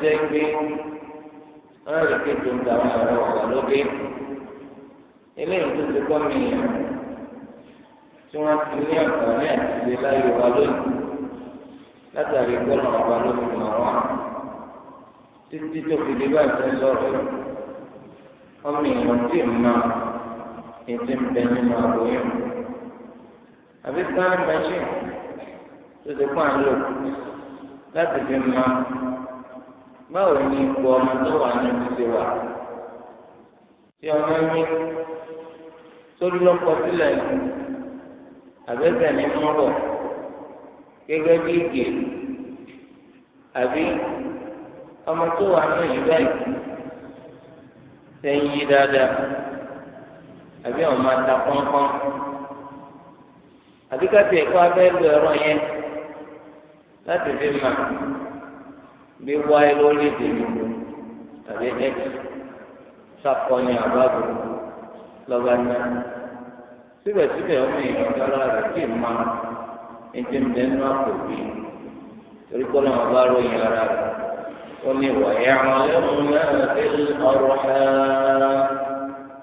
ti jẹ́ pé wọ́n rí kéjì ń ta àwọn ọ̀rọ̀ ọ̀gá lóge eléyìí tó ti kọ́ mi yàn tí wọ́n ti ní àǹfààní àti ṣe láyé wa lónìí látàrí gbọ́nà ọba ló fi títí tó fi dé báyìí tó sọ̀rọ̀ ọmọ èèyàn tí ì máa ètò ń bẹ nínú àgbóyún àbí sáà mẹ́ṣìn tó ti kọ́ àlọ́ láti fi máa. báwo ni ipò ọmọ tó wà ní ìdíje wà tí ọmọ mi sórí lọkọ sílẹ̀ ní àbẹsẹ ní mọbọ gẹ́gẹ́ bí ìgè àbí ọmọ tó wà ní ìgbà yìí sẹ́yìn dáadáa àbí ọmọ ata pọnpọn àbí káfíńkọ abẹ lu ẹ̀rọ yẹn láti fi bí wáyé lórí èdè yìí tàbí x sàkọyìn àbábò lọ́ba náà síbẹ̀síbẹ̀ ọmọ èèyàn dára rẹ̀ kì í ma ẹjẹ̀ ń bẹ́ẹ̀ nínú àpòbí torí kọ́ náà bá ròyìn ara rẹ̀ wọ́n ní ìwà ẹ̀yà àwọn ọlẹ́mú náà ti ọrọ̀ ẹ̀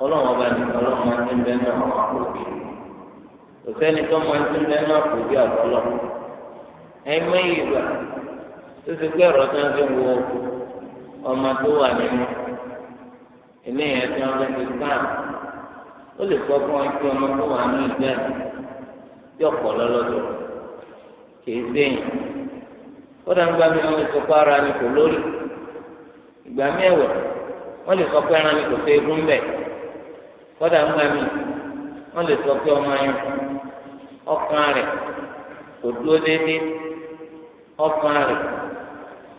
ọlọ́run ọba nìkan ọlọ́run máa ti ń bẹ́ẹ̀ nínú àwọn kò sẹ́ni tó máa ti ń bẹ́ẹ̀ nínú àpòbí àbọ̀lọ́ ẹ̀mẹ́yìí tó ti gbé ẹ̀rọ tí wọ́n fi wo ọmọ tó wà nínú eléyìí tí wọ́n fi ti scan ó lè kọ́ fún wọn kí ọmọ tó wà nínú ìgbà tí ọ̀pọ̀ lọ́lọ́dọ̀ kìí sẹ́yìn ó dá ń gbá mi wọ́n sọ pé ara ni kò lórí ìgbà mi wọ́n lè sọ pé ara ni kò fẹ́ egun bẹ̀ kọ́dà ń gbá mi wọ́n lè sọ pé ọmọ yẹn ọkàn rẹ̀ kò dúró déédéé ọkàn rẹ̀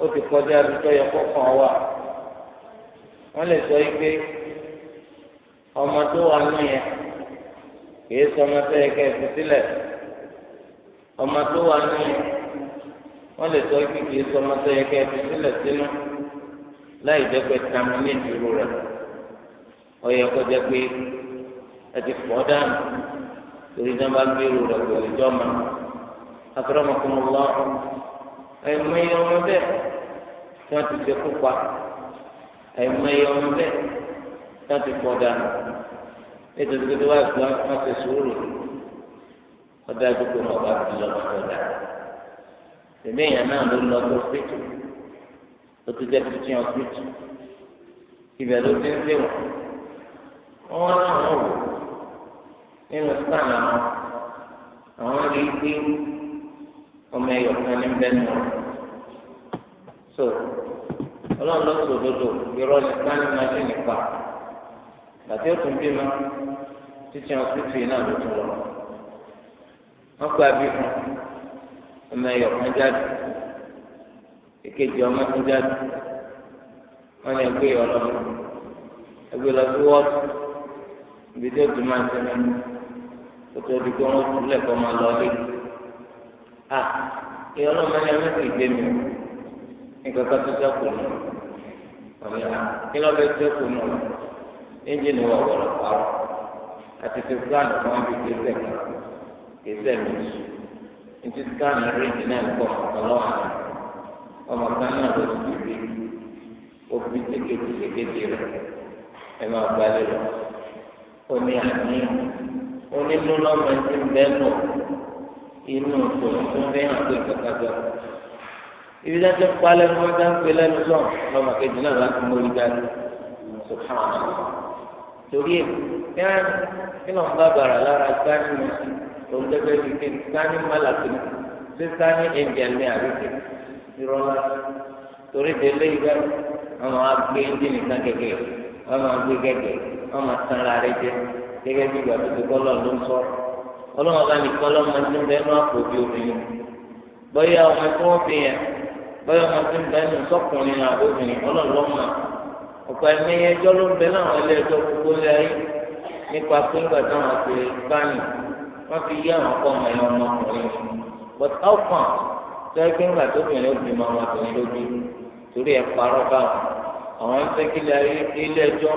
ó ti kọjá abitọ́ yẹ kọ́kàn wà wọ́n lè sọ yìí pé ọmọ tó wà nù yẹn kìí sọ ọmọ tó yẹ ká ẹ̀sìn sílẹ̀ ọmọ tó wà nù yẹn wọ́n lè sọ yìí kìí sọ ọmọ tó yẹ ká ẹ̀sìn sílẹ̀ sínú láì jẹ́ pé tàmí ní ìdúró rẹ̀ ọyẹ kọjá pé ẹ ti pọ̀ dànù torí náà bá gbèrú rẹ̀ pẹ̀lú ìjọ́ ma akérèmọkùnrin lọ́rùn ẹ̀mọye ọmọ bẹ́ẹ̀ tí wọ́n ti ṣe kópa ẹ̀mọye ọmọ bẹ́ẹ̀ tí wọ́n ti pọ̀ dànù nítorí pé wọ́n ti wọ́n ti sùúrù ọdọ àdúgbò náà bá fi lọ́wọ́ tó dà tèmi èèyàn náà ló lọ tó fìtì ó ti jẹ́ tuntun yàn fìtì ibẹ̀ ló ti ń dé wọn wọn náà wò nínú sáà náà àwọn rí i pé ọmọ ẹyọ kan ní bẹnu so Ọlọ́run ló sọ òdodo irọ́ nìkan ní máa ṣe nípa àti òtún bímọ títí wọn fi fìyà náà ló tún lọ wọn kọ abí fún ọmọ ẹyọ kan jáde èkejì ọmọ kan jáde wọn lè gbé ọlọmọ ẹgbẹ́ lọ sí wọọtù ibi tí ó ti máa ń sẹlẹ kótó di pé wọn tún lẹkọọ máa lọ lé à ìyọ́n náà máa ń yẹ kí gbé mi nǹkan kan tó sẹ́kù nù ọ̀nà kí ló bẹ sẹ́kù nù ẹ́ńjìnì wọ̀ wọ̀rọ̀ pàrọ̀ àti ti fúlàní kan bí kéésẹ̀ kan kéésẹ̀ mi ntí fúlàní rèéjì náà ń bọ̀ ọmọ kan náà lọ sí ibi òbí tẹkẹtì tẹkẹtì rẹ ẹ máa gbalẹ lọ ó ní àní onínú lọ́mọ ẹtí ń bẹ́ẹ̀ náà. inú kò tó fẹ́ hàn pé kàkà jọ. ibi dájọ́ palẹ̀ ní wọ́n dáhùn pé lẹ́nu sọ̀ lọ́mọ kejì náà láti mú orí dání subhanahu wa torí ẹ̀ kí wọ́n kí wọ́n bá bàrà lára sáni mi òun gẹ́gẹ́ bíi kí sáni mọ́làkì sí sáni ẹ̀ǹdíàn ní àríkè ìrọ̀lá torí délé ìgbà àwọn agbé ẹ́ńjìnì kan gẹ́gẹ́ àwọn agbé gẹ́gẹ́ àwọn sanra rẹ jẹ gẹ́gẹ́ bíi ìgbà tó ti kọ́ lọ́ọ̀ ló ń sọ̀rọ̀. ọlọ́wọ́n bá nìkan ọlọ́mọ tí ń bẹ nú àpò bí obìnrin bóyá ọmọ tí wọ́n fi yẹn bóyá ọmọ tí ń bẹ nù sọ́kùnrin àbóbìnrin ọlọ́ọ̀lọ́mọ ọ̀pọ̀ ẹ̀mí ẹjọ́ ló ń bẹ láwọn ẹlẹ́jọ́ gbogbo ilé ayé nípa pé ńgbà táwọn ti báyìí wọ́n fi yí àwọn ọkọ ọmọ ẹ̀yọ ọmọkùnrin but how come tó ẹgbẹ́ ńgbà tó bìnrin obìnrin ọmọkùnrin lójú torí ẹ̀ parọ́ báwọn àwọn ń fẹ́ ilé ẹjọ́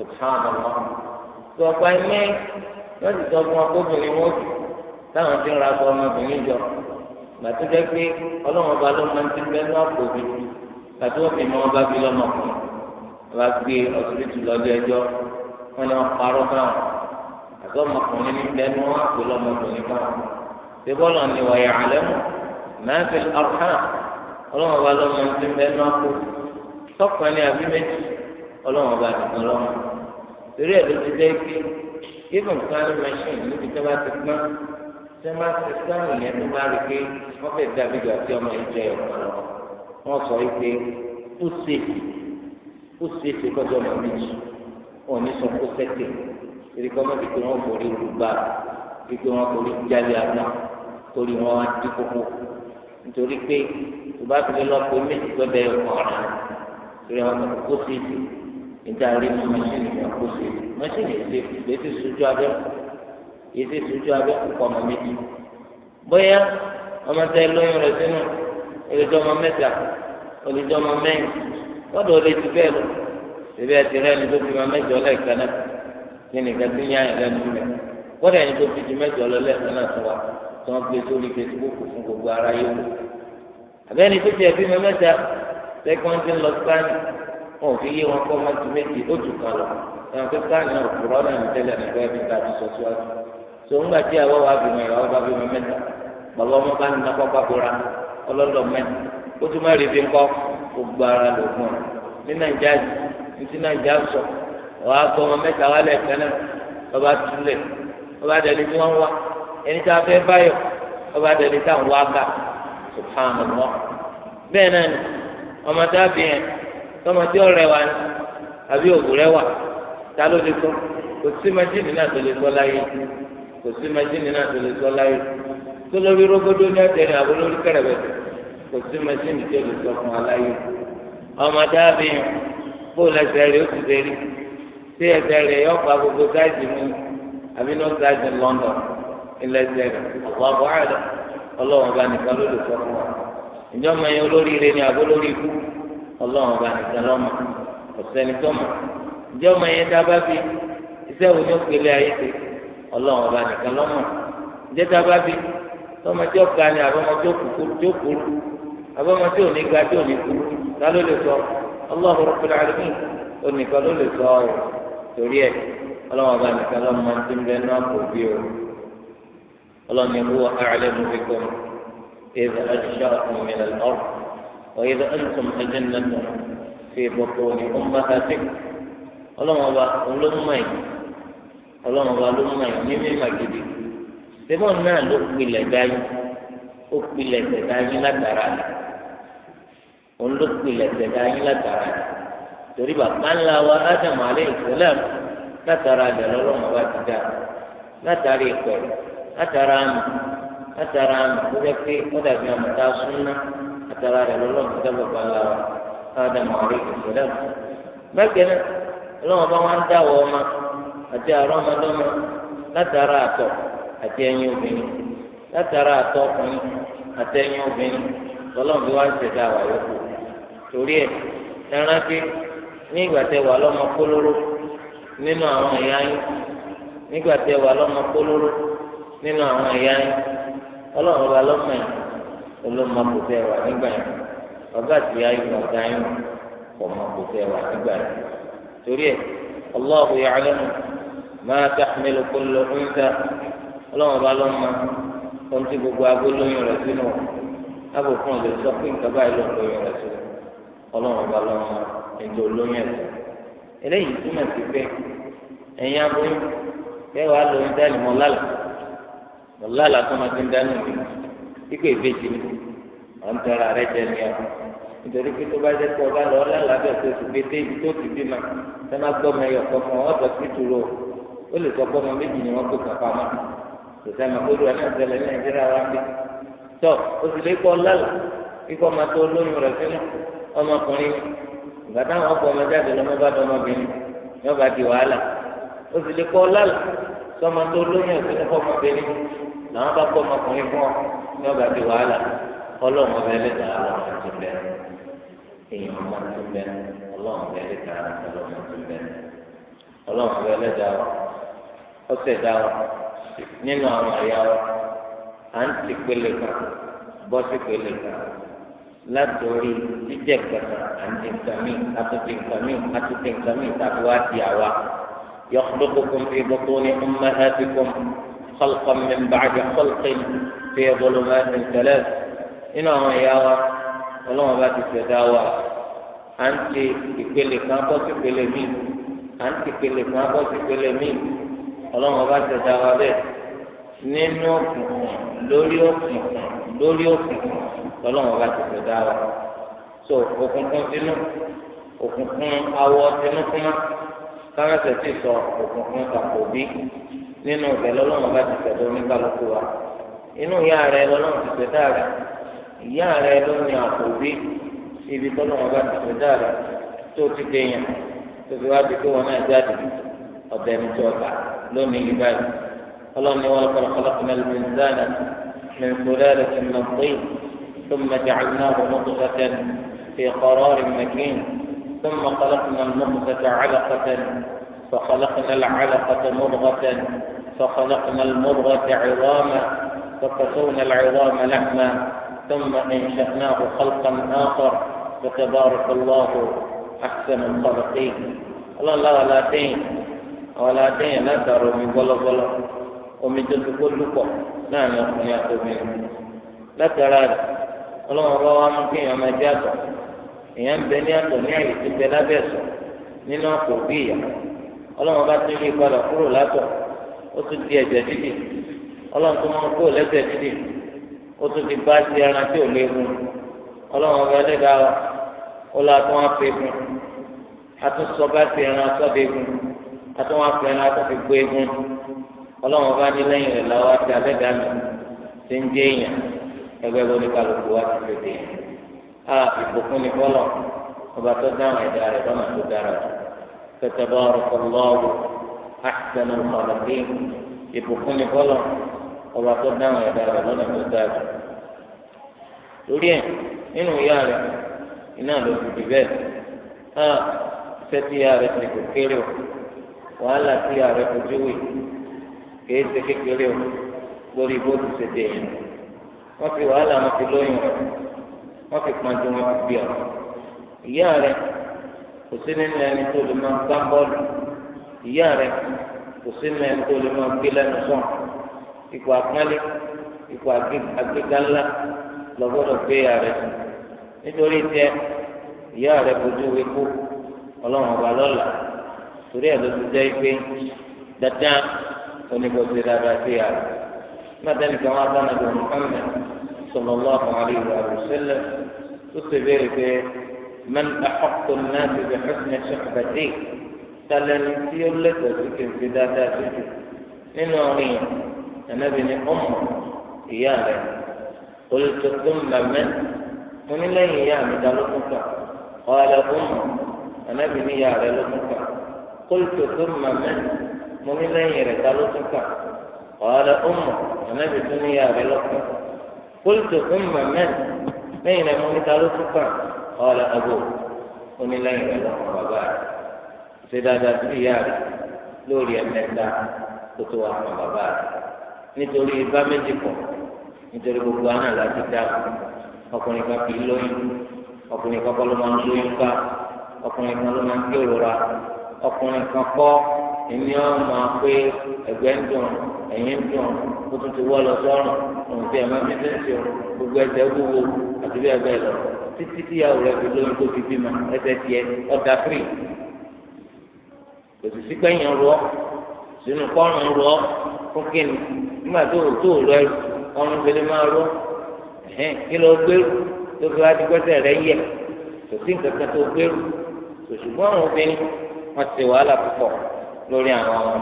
subhanallah tó ọ̀pọ̀ ẹ̀mí wọ́n ti sọ fún akóbìnrin wọn jù táwọn ti ń ra sọ ọmọbìnrin jọ gbàtí jẹ́ pé ọlọ́run ọba ló máa ń ti bẹ́ẹ̀ náà pò mí gbàtí wọ́n fi mọ ọba bí lọ́mọkùnrin wọ́n gbé ọ̀sibítù lọ́dọ̀ ẹjọ́ wọ́n ní wọ́n parọ́ báwọn àti ọmọkùnrin ní bẹ́ẹ̀ ni wọ́n pè lọ́mọkùnrin báwọn ṣé bọ́ọ̀lù ni wọ́n yà á lẹ́mú máa ọlọ́run ọba ló máa ń ti bẹ́ẹ̀ náà pò tọkàn àbí méjì ọlọ́run ọba nìkan lọ́mọ torí ẹ̀ ló ti jẹ́ pé gígùn sáré machine níbi tí wọ́n bá ti pọ́n tí wọ́n bá ti sáré yẹn tó bá rí pé wọ́n fẹ́ dàbí ìgbà tí ọmọ yìí jẹ ọ̀kan lọ wọ́n sọ pé ó ṣèṣì ó ṣèṣì kọjọ́ ọmọ méjì wọn ò ní sọ kó sẹ́tì torí kọ́ mọ́tò pé wọ́n borí olùgbà pípé wọ́n borí jáde àgbà torí wọ́n wá dín kókó nítorí pé tó bá fi lọ́pọ̀ méjì tó bẹ̀rẹ̀ ọ̀kan rẹ̀ torí wọ́n kọ́ kó ṣèṣì níta rí mú mẹsìnì kan kó sí mẹsìnì ṣe gbèsè sojú abẹ gbèsè sojú abẹ kọ ọmọ méjì bóyá ọmọ tẹ lóyún rẹ sínú olùdó ọmọ mẹ́ta olùdó ọmọ mẹ́rin lọ́dọ̀ olè ti bẹ́ẹ̀ lọ bẹbẹ ẹtì rẹ ni tó fi máa mẹ́jọ lẹ́ẹ̀kan náà kí nìkan ti yàn yàn lẹ́nu rẹ gbọ́dọ̀ ẹni tó fi ju mẹ́jọ lọ lẹ́ẹ̀kan náà tó wa tí wọn gbé sórí Facebook fún gbogbo ara yẹ̀wò àbẹ́ni tó fi ẹbí mẹ́ta sẹ́kọ́ńtì lọ sáyẹn. wọn ò fi yé wọn kọ́ mọ́tò méjì ó kan lọ ẹ̀wọ̀n pé káàní òkúrọ́ náà ní tẹ́lẹ̀ nígbà ẹ̀mí ta ti sọ síwájú tó ń tí àwọn wà bímọ ìyàwó bá bímọ mẹ́ta bàbá ọmọ bá ọlọ́dọ̀ ó tún má rí ńkọ́ gbogbo ara ní nàìjíríà ní ti nàìjíríà sọ wàá kọ́ ọmọ ọba ọba tọmọ tí ọ̀rẹ́ wa ni àbí òwúrẹ wa ta ló lè sọ kò sí májìnì náà tó lè sọ láyé kò sí májìnì náà tó lè sọ láyé tó lórí rógódó ní ọ̀tẹ̀ ní àbó lórí kẹrẹ̀bẹ̀tẹ̀ kò sí májìnì tó lè sọ fún wa láyé ọmọ dábì bóòlù ẹsẹ̀ rẹ̀ ó ti dẹrí tí ẹsẹ̀ rẹ̀ yọ pa gbogbo sáìsì mi àbí no sáìsì London ilẹ̀ ẹsẹ̀ rẹ̀ ọ̀pọ̀ àbọ̀ àdá ọlọ́wọ́n bá nìkan ló lè sọ fún wa ìjọ́ ọlọ́run ọba nìkan lọ́mọ ọ̀sẹ́ni tọ́mọ ǹjẹ́ ọmọ yẹn tá a bá fi iṣẹ́ wo ni ó pèlè ayé ṣe ọlọ́run ọba nìkan lọ́mọ ǹjẹ́ tá a bá fi tọ́mọ tí ó ga ni àbọ̀mọ tí ó kúkú tí ó kúrú àbọ̀mọ tí ò ní ga tí ò ní kúrú ta ló lè sọ ọlọ́run Rabbul Alamin onìkan ló lè sọ ọ torí ẹ ọlọ́run ọba nìkan lọ́mọ ti ń bẹ náà kò bí o ọlọ́run ni wọ́n àlẹ́ mú fi kọ́ mi. إذ أنشأكم من الأرض وإذا أنتم أجنة في بطون أمهاتكم ọlọ́run ọba olóńgbò yìí ọlọ́run ọba olóńgbò yìí ní mímà gidi sẹ́fọ̀n náà ló pilẹ̀ dáyé ó pilẹ̀ tẹ̀dáyé látara rẹ̀ òun ló pilẹ̀ tẹ̀dáyé látara rẹ̀ torí bàbá ńlá wa ádámù alẹ́ ìsẹ́lẹ̀m látara rẹ̀ lọ́lọ́run ọba ti dá látara ìpẹ̀rẹ̀ látara àmì látara àmì tó jẹ́ pé ó dàbí àmì tá a sún náà àtàrà rẹ̀ lọ́lọ́run ti dábàá bá la ádámù àrí ìṣẹ̀lẹ̀ bákẹ́ náà ọlọ́run bá wọn dáwọ́ ọmọ àti àrọ́ ọmọdọ́mọ látara àtọ̀ àti ẹyin obìnrin látara àtọ̀ ọkùnrin àti ẹyin obìnrin lọ́lọ́run bí wọ́n ṣẹ̀dá àwà yòókù torí ẹ̀ ẹrántí ní ìgbà tẹ wà lọ́mọ kólóró nínú àwọn ẹ̀yà yín nígbà tẹ wà lọ́mọ kólóró nínú àwọn ẹ̀yà yín ọlọ́run bá lọ́mọ yìí olóma kò tẹ wà nígbà yẹn ọgá àti ayé wọn ọgá yẹn pọ̀ mọ́ kò tẹ wà nígbà yẹn torí ẹ Allahu ya'lamu ma tahmilu kullu unsa ọlọ́wọ́n bá lọ́ ma ohun tí gbogbo agbólóyún rẹ̀ sínú ábò fún ọ̀dọ̀ sọ pé nǹkan báyìí ló ń lóyún rẹ̀ sínú ọlọ́wọ́n bá lọ́ ma ètò olóyún ẹ̀sìn eléyìí túmọ̀ sí pé ẹ̀yin aboyún kẹwàá lóyún dání mọ́lálà mọ́lálà tó máa ti ń dání kíkọ ìbejì ni wọn ń tọrọ àrẹ jẹ ní ọ nítorí pé tó bá jẹ pé ọba lọ lálàbẹ tó ti gbé dé ibi tó ti bí ma ṣé má gbọ́ ọmọ ẹyọ kọ fún ọ ọdọ sí ìtúró ó lè sọ pé ọmọ méjì ni wọn kó kàkà mọ kò sẹ ma kóru ẹni ìṣẹ̀lẹ̀ ní nàìjíríà wa ń bí tọ o sì lè kọ lálà kíkọ ọmọ tó lóyún rẹ sínú ọmọkùnrin ìgbà táwọn ọkọ ọmọ jáde lọmọ bá dọmọbìnrin ní ọba di wàhálà o sì lè kọ lálà sọmọ tó lóyún rẹ ní ọba ti wàhálà ọlọ́run ọba ẹlẹ́ta ọlọ́run ti bẹ èèyàn ọba ti bẹ ọlọ́run ọba ẹlẹ́ta ọlọ́run ti bẹ ọlọ́run ọba ẹlẹ́ta ọ̀sẹ̀ dá ọ nínú àwọn àyà ọ à ń ti pele kan bọ́ sí pele kan látòrí jíjẹ kẹta àti nkàmí àtúntì nkàmí àtúntì nkàmí tàbí wá di àwa يخلقكم في بطون أمهاتكم خلقا من بعد خلق في ظلمات ثلاث إن هو ياوى ọlọ́run bá ti ṣẹ̀dá wa à ń ti ìpele kan bọ́ sí ìpele míì à ń ti ìpele kan bọ́ sí ìpele míì ọlọ́run bá ṣẹ̀dá wa bẹ́ẹ̀ nínú òkùnkùn lórí òkùnkùn lórí òkùnkùn ọlọ́run bá ti ṣẹ̀dá wa so òkùnkùn tinú òkùnkùn awọ tinú kúmá kámẹ́sẹ̀ ti sọ òkùnkùn kàkó bí nínú ìbẹ̀lẹ́ ọlọ́run bá ti ṣẹ̀dá oníkálukú wa. inú ìyá rẹ lọ́nà ti pẹ̀dá rẹ ìyá rẹ ló ní àkòbí ibi tó lọ́wọ́ bá ti pẹ̀dá rẹ tó ti dé dèèyàn tó fi wá di pé wọn náà jáde ọ̀dẹ ní tí ọ̀tà lónìí yìí báyìí ọlọ́ni wọn kọ́ lọ́kọ́lọ́kọ́ mẹ́lẹ́ mi zánà mi nkúlẹ̀ rẹ tó nà mi ń zana mi ń nkule re ti mọ̀ pe ثم جعلناه نطفة في قرار مكين ثم خلقنا النطفة علقة فخلقنا العلقة مضغة فخلقنا المضغة عظاما وكسونا العظام لحما ثم انشاناه خلقا اخر فتبارك الله احسن الخلقين الله ولا دين ولا دين لا ترى من ولا ولا ومن جد كلكم نعم يا اخوي لا ترى ọlọ́run bá wá mú kí èèyàn máa jẹ́ àtọ̀ èèyàn ń bẹ ní àtọ̀ ní àyè tí bẹ lábẹ́ ẹ̀sọ̀ nínú àpò bí ìyá ọlọ́run bá tún lè padà kúrò látọ̀ ó tún di ẹ̀jẹ̀ dídì ọlọ́run tó máa kó lẹ́sẹ̀ dídì ó tún ti bá ti ẹran tí ò léegun ọlọ́run ọba ẹlẹ́dàá ó lọ àtún wọn fi sọ bá ti ẹran sọ́dọ̀ egun àtún tó fi gbé egun ọlọ́run ọba ní lẹ́yìn rẹ̀ àti mi ti ń jẹ́ èèyàn ẹgbẹ́ ní kálukú ti a ìbùkún ní bọ́lọ̀ ọba tó dáhùn ẹ̀dá rẹ̀ lọ́nà tó dára tẹ̀tẹ̀ bá kọ́ ọba tó dáhùn ẹ̀dá rẹ̀ lọ́nà tó dáàbò lórí ẹ̀ nínú ìyá rẹ̀ iná ló fi di bẹ́ẹ̀ á iṣẹ́ tí ìyá rẹ̀ ti kò kéré o wàhálà tí ìyá rẹ̀ kò jówè kìí ṣe kékeré o lórí bó ti ṣe dé yẹn wọ́n fi wàhálà wọn fi lóyún rẹ̀ fi pọ́njú wọn fi bí ọ ìyá rẹ̀ kò sí nínú ẹni tó lè máa gbá bọ́ọ̀lù ìyá rẹ̀ kò sí nínú ẹni tó lè máa gbé lẹ́nu sọ̀rọ̀ ipò àpọ́nlé ipò àgbéga ńlá lọ́gbọ́dọ̀ gbé ìyá rẹ̀ sùn nítorí tiẹ̀ ìyá rẹ̀ bójú wípé ọlọ́run ọba lọ́la torí ẹ̀ ló ti jẹ́ pé dandan onígbọ̀sẹ̀ dáadáa sí ìyá rẹ̀ nígbàdàn nìkan wọn bá nàbẹ̀ Muhammad sallallahu alayhi wa sallam tó ṣe béèrè pé man ahaqqu an-nas bi husni suhbatihi tàlẹ́ni tí ó lẹ́tọ̀ọ́ sí kìí Ànábì ní ọmọ ìyá rẹ̀ olùtọ́tọ́ mẹ́mẹ́ mo ní lẹ́yìn ìyá mi ta ló tún kà ọ̀rẹ́ ọmọ Ànábì ní ìyá rẹ̀ ló tún kà olùtọ́tọ́ mẹ́mẹ́ mo ní lẹ́yìn rẹ̀ ta ló tún kà ọ̀rẹ́ ọmọ Ànábì tún ní ìyá rẹ̀ ló tún kà olùtọ́tọ́ mẹ́mẹ́ lẹ́yìn ní ta ló tún kà ọ̀rẹ́ àbò mo ní bàbá rẹ̀ ṣe dáadáa sí ìyá rẹ̀ lórí ẹ̀mẹ́ta tó tó wà fún bàbá rẹ̀ nítorí ibà méjì pọ̀ nítorí gbogbo àná láti dá ọkùnrin kan kì í lóyún ọkùnrin kan kọ́ ló máa ń lóyún ká ọkùnrin kan ló máa ń gbé òrora ọkùnrin kan kọ́ èmi ọ̀ máa pé ẹ̀gbẹ́ ń dùn ẹ̀yìn ń dùn ó tún ti wọ́ lọ sọ́rùn òun ti ẹ̀ máa fi tẹ́sí o gbogbo ẹsẹ̀ wúwo àti bẹ́ẹ̀ bẹ́ẹ̀ lọ títí tíyàwó rẹ̀ fi lóyún tó fi bímọ ẹsẹ̀ tiẹ̀ ọ̀dà fírì kò sì sí pẹ́yìn rọ sínú kọ́rùn rọ kókè ni nígbà tó o tó o lọ ẹrù ọrùn fèlè máa rọ ẹhìn kí lọ gbèrú tó fi wá di gbẹ́sẹ̀ rẹ yẹ kò sí nǹkan kan tó gbèrú ṣùgbọ́n àwọn obìnrin wọ́n ti wàhálà púpọ̀ lórí àwọn ọmọ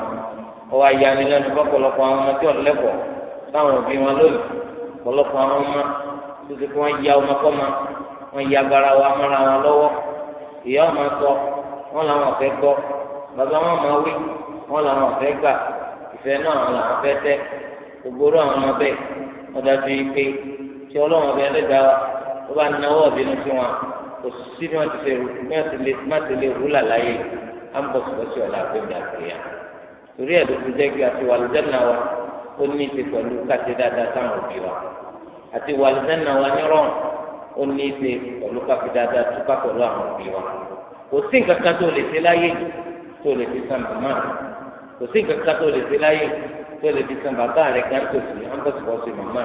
ọwọ́ ayanilẹ́nu fọ́pọ̀lọpọ̀ àwọn ọmọ tí wọ́n lẹ́kọ̀ọ́ táwọn òbí wọn lónìí pọ̀lọpọ̀ àwọn ọmọ tó ti fi wọ́n ya ọmọ kọ́mọ wọ́n ya agbára wa mọ́ra wọn lọ́wọ́ ìyá ọmọ sọ wọ́n làwọn ọ̀fẹ́ gbọ́ bàbá wọn máa wí wọ́n làwọn ọ̀fẹ́ gbà ìfẹ́ náà àwọn làwọn fẹ́ tẹ́ gbogbo àwọn ọmọ bẹ́ẹ̀ wọ́n dájú yìí pé tí ọlọ́run ọbẹ̀ ẹlẹ́dàá wa ó bá náwó ọ̀bínú sí wọn kò sí bí wọ́n ti fẹ́ lè wúlà láyé à ń bọ̀ sọ́sì ọ̀la àgbẹ̀dà àgbẹ̀yà torí ẹ̀ ló ti jẹ́ kí àti wàlúdẹ́nà wa ó ní í ṣe pẹ̀lú káṣí dáadáa sáwọn òbí wa àti wàlúdẹ́nà wa nírọ̀rùn ó ní í pẹ̀lú káṣí dáadáa túká pẹ̀lú àwọn òbí wa kò sí nǹkan kan tó lè ṣe láyé tó lè fi sàmì máa kò sí nǹkan kan tó lè fi láyè tó lè fi san bàbá rẹ kan tó sì ń bọ̀sibọ̀ sí màmá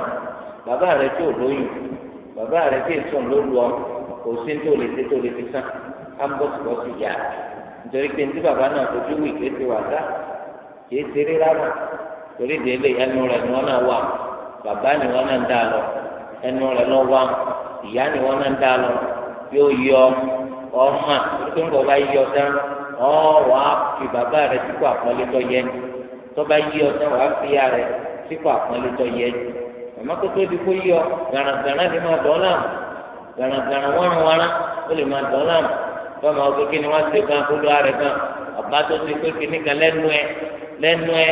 bàbá rẹ tí ò lóyún bàbá rẹ tí èso ló lu ọ kò sí tó lè fi tó lè fi san á ń bọ̀sibọ̀ sí yá nítorí pé ní bàbá náà fojú wì kí ti wà kì í ṣeré rárá torí délé ẹnu rẹ ni wọn náà wà bàbá ni wọn náà ń dá lọ ẹnu rẹ lọ wà ìyá ni wọn náà ń dá lọ yóò yọ ọmọ tó ń bọ̀ bá yọ dáná ọ wà á fi bàbá rẹ sípò àpọ́nlé tó yẹ tọ́ba yí ọ náà wà á fi ya rẹ sípò àpọ́nlé tó yẹ màmá kótó di kó yí ọ gàràgàrà lè máa dán láàmú gàràgàrà wárànwárà ó lè máa dán láàmú fọmọ ọgbẹ kí ni wọn ṣe kan kó lóra rẹ kan ọba tó ti pé kíní kan lẹ́nu ẹ lẹ́nu ẹ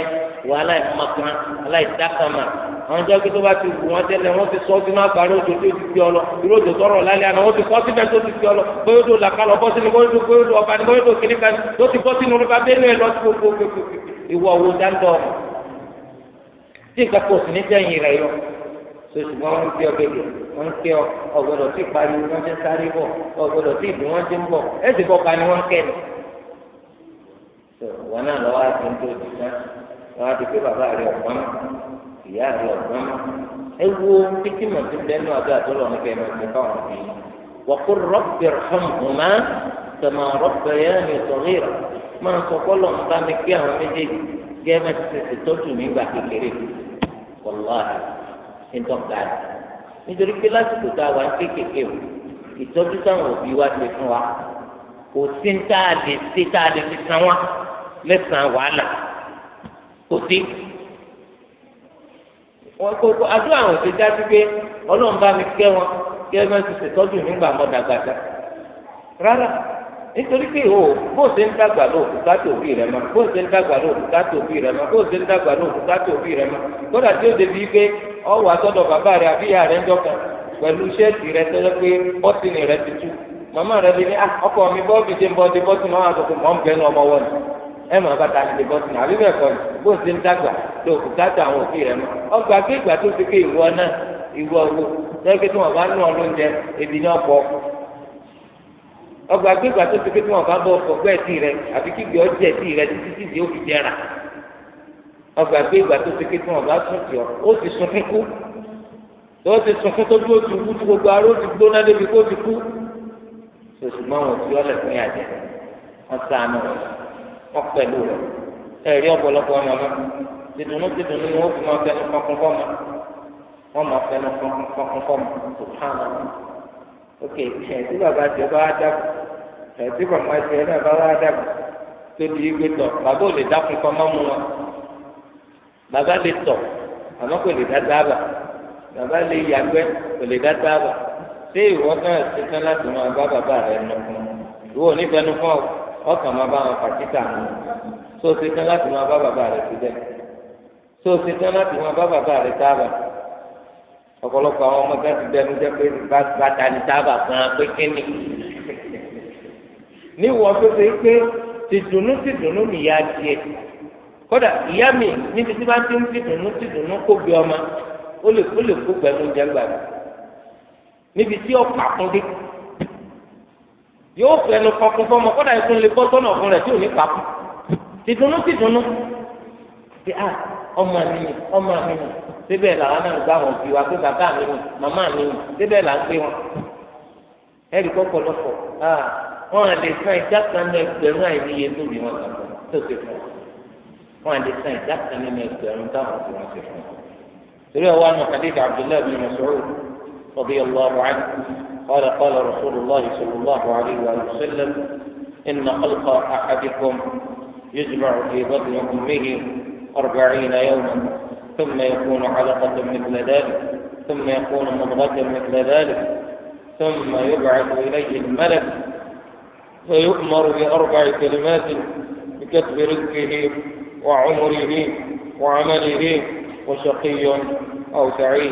ìwà aláìmọ̀kan aláìdákàmà àwọn jẹ́ pé tó bá ti wù wọ́n tẹ́lẹ̀ wọ́n ti sọ sínú àgbàrá òjò tó ti fi ọlọ irú òjò tọrọ lálẹ́ àná wọ́n ti sọ síbẹ̀ tó ti fi ọlọ bóyá odò làkàlọ̀ bọ́ sínú bóyá odò bóyá odò ọba ni bóyá odò kìnìkan tó ti bọ́ sínú rúbà bẹ́ẹ̀ náà lọ sí gbogbo ìwọ owó dáńdọ̀ tí nǹkan kò sí ní tẹ̀yìn rẹ̀ yọ sọ̀tùmọ́ wọn fi ọ wọn á ti pé bàbá rẹ ọ̀gbọ́n mọ́ ìyá rẹ ọ̀gbọ́n mọ́ ẹ wo títí mọ̀ sí lẹ́nu àdó àtọ́lọ́ ní kẹ́mi ọ̀gbìn káwọn ọ̀gbìn yìí wọ́n kó rọ́bì rọ́mùmá tẹ̀mọ̀ rọ́bì yẹn ní sọ̀rọ̀ máa sọ kọ́lọ̀ ń bá mi pé àwọn méjèèjì gẹ́gẹ́ ti ṣe tọ́jú mi gbà kékeré wàláhì ìtọ́ka nítorí pé lásìkò tá a wà kékeré o ìtọ́jú táwọn òbí wa ti fún wa kò sí ní tá a lè ṣe tá a lè fi san wa lẹ́sàn-án wàhálà. kò sí wọn kò kó àwọn òṣèlú dájú pé ọlọ́run bá mi kẹ́ wọn kí ẹ máa ti ṣètọ́jú nígbà mọ́ dàgbàdà rárá nítorí pé o bó ṣe ń dàgbà ló òkúta tó bí rẹ mọ bó ṣe ń dàgbà ló òkúta tó bí rẹ mọ bó ṣe ń dàgbà ló òkúta tó bí rẹ mọ kódà tí ó pé bàbá rẹ àbí ìyá rẹ ń rẹ pé rẹ ti ẹ mọ̀ bàtà ti bọ́sì náà àbí bẹ́ẹ̀ kọ́ ni bó ń ṣe ń dàgbà tó kù káàtó àwọn òbí rẹ mọ́ ọgbà pé ìgbà tó ti pé ìwọ náà ìwọ owó lẹ́gbẹ̀ẹ́ tí wọ́n bá nù ọ lóúnjẹ ebi ní ọ̀pọ̀ ọgbà pé ìgbà tó ti pé tí wọ́n bá bọ̀ ọ̀pọ̀ gbẹ́ ẹ̀tì rẹ àbí kígbe ọjẹ́ ẹ̀tì rẹ títí tí ìdí ó fi ọgbà pé ìgbà tó ti pé tí wọ́n bá sùn tì ọ ó ti sun kíkú tó ti sun kú tó dúró ti wú tí gbogbo ti gbóná débi kó ti kú sòṣùgbọ́n wọn ti ọlẹ̀ fún yàjẹ́ wọn sáà náà kọ́ pẹ̀lú rẹ̀ ẹ̀rí ọ̀pọ̀lọpọ̀ màmá tìdùnnú tìdùnnú ni wọ́n fi máa fẹnu kọ́kún kọ́ ma wọ́n máa fẹnu kọ́kún kọ́ ma tó hàn án ok ẹ̀sí bàbá tiẹ̀ bá wá dàgbà ẹ̀sí bàbá tiẹ̀ bá wá dàgbà tó igbe tọ̀ bàbá ò lè dákun kọ́ mọ́ mu wọn bàbá lè tọ̀ àmọ́ kò lè dá dáàbà bàbá lè yàgbẹ́ kò lè dá dáàbà ṣé ìwọ náà ṣe tán láti máa bá bàbá rẹ̀ nù fún un ìwọ ò ní fẹnu fún ọ ọkàn máa bá wọn pàkítà nù tó o ṣe tán láti máa bá bàbá rẹ síbẹ̀ tó o ṣe tán láti máa bá bàbá rẹ tábà ọ̀pọ̀lọpọ̀ àwọn ọmọ gáàsì bẹ́ẹ̀ jẹ́ pé bàtà ní tábà gan pé kíni níwọ̀n tó ṣe pé tìdùnnú tìdùnnú nìyá tiẹ̀ kódà ìyá mi níbi tí wọ́n ti ń tìdùnnú tìdùnnú kó gbé ọmọ ó lè kó gbẹmú jẹ gbàgbé níbi tí ọ̀pọ̀ àkúndé yóò fẹnu kọkun fọmọ kódà ikú lè bọ́ sọ́nà ọ̀fun rẹ̀ tí ò ní papò tìdùnnú tìdùnnú ti a ah, ọmọ mi ni ọmọ mi ni síbẹ̀ làwọn náà gbá wọn bí wa pé bàbá mi ni màmá mi ni síbẹ̀ là ń gbé wọn ẹ̀rí kọ́kọ́ lọ́kọ̀ ah, wọn à lè san ìjà kan ní ẹgbẹ̀rún àìníye tó bí wọn kàn tó ti fún wọn à lè san ìjà kan ní ẹgbẹ̀rún táwọn tó wọn ti fún torí ọwọ́ àwọn kàdé رضي الله عنه قال قال رسول الله صلى الله عليه وآله وسلم إن خلق أحدكم يجمع في بطن أمه أربعين يوما ثم يكون علقة مثل ذلك ثم يكون مضغة مثل ذلك ثم يبعث إليه الملك فيؤمر بأربع كلمات بكتب رزقه وعمره وعمله وشقي أو سعيد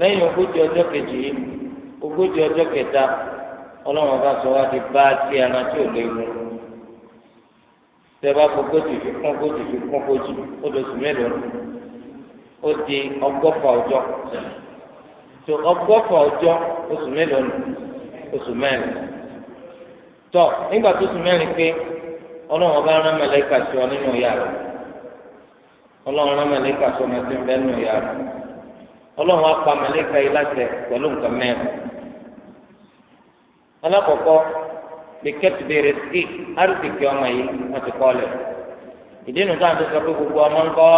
lẹ́yìn ogójì ọjọ́ kejì yìí ogójì ọjọ́ kẹta ọlọ́run bá sọ wá di bá ti ẹran tí ò léwu tẹ bá gbogójì fi kún gójì fi kún gójì ó lóṣù mélòó ó di ọgọ́fà ọjọ́ tó ọgọ́fà ọjọ́ oṣù mélòó oṣù mẹ́rin tọ nígbà tó oṣù mẹ́rin pé ọlọ́run bá rán mẹ́lẹ́kà sí ọ nínú ìyá ọlọ́run apá mẹ́lẹ́ka yìí láti pẹ̀lú nǹkan mẹ́rin alákọ̀ọ́kọ́ lè kẹ́tù sí ọmọ yìí wọ́n ti kọ́ lẹ̀ ìdí nu sáà tó sọ pé gbogbo ọmọ ń kọ́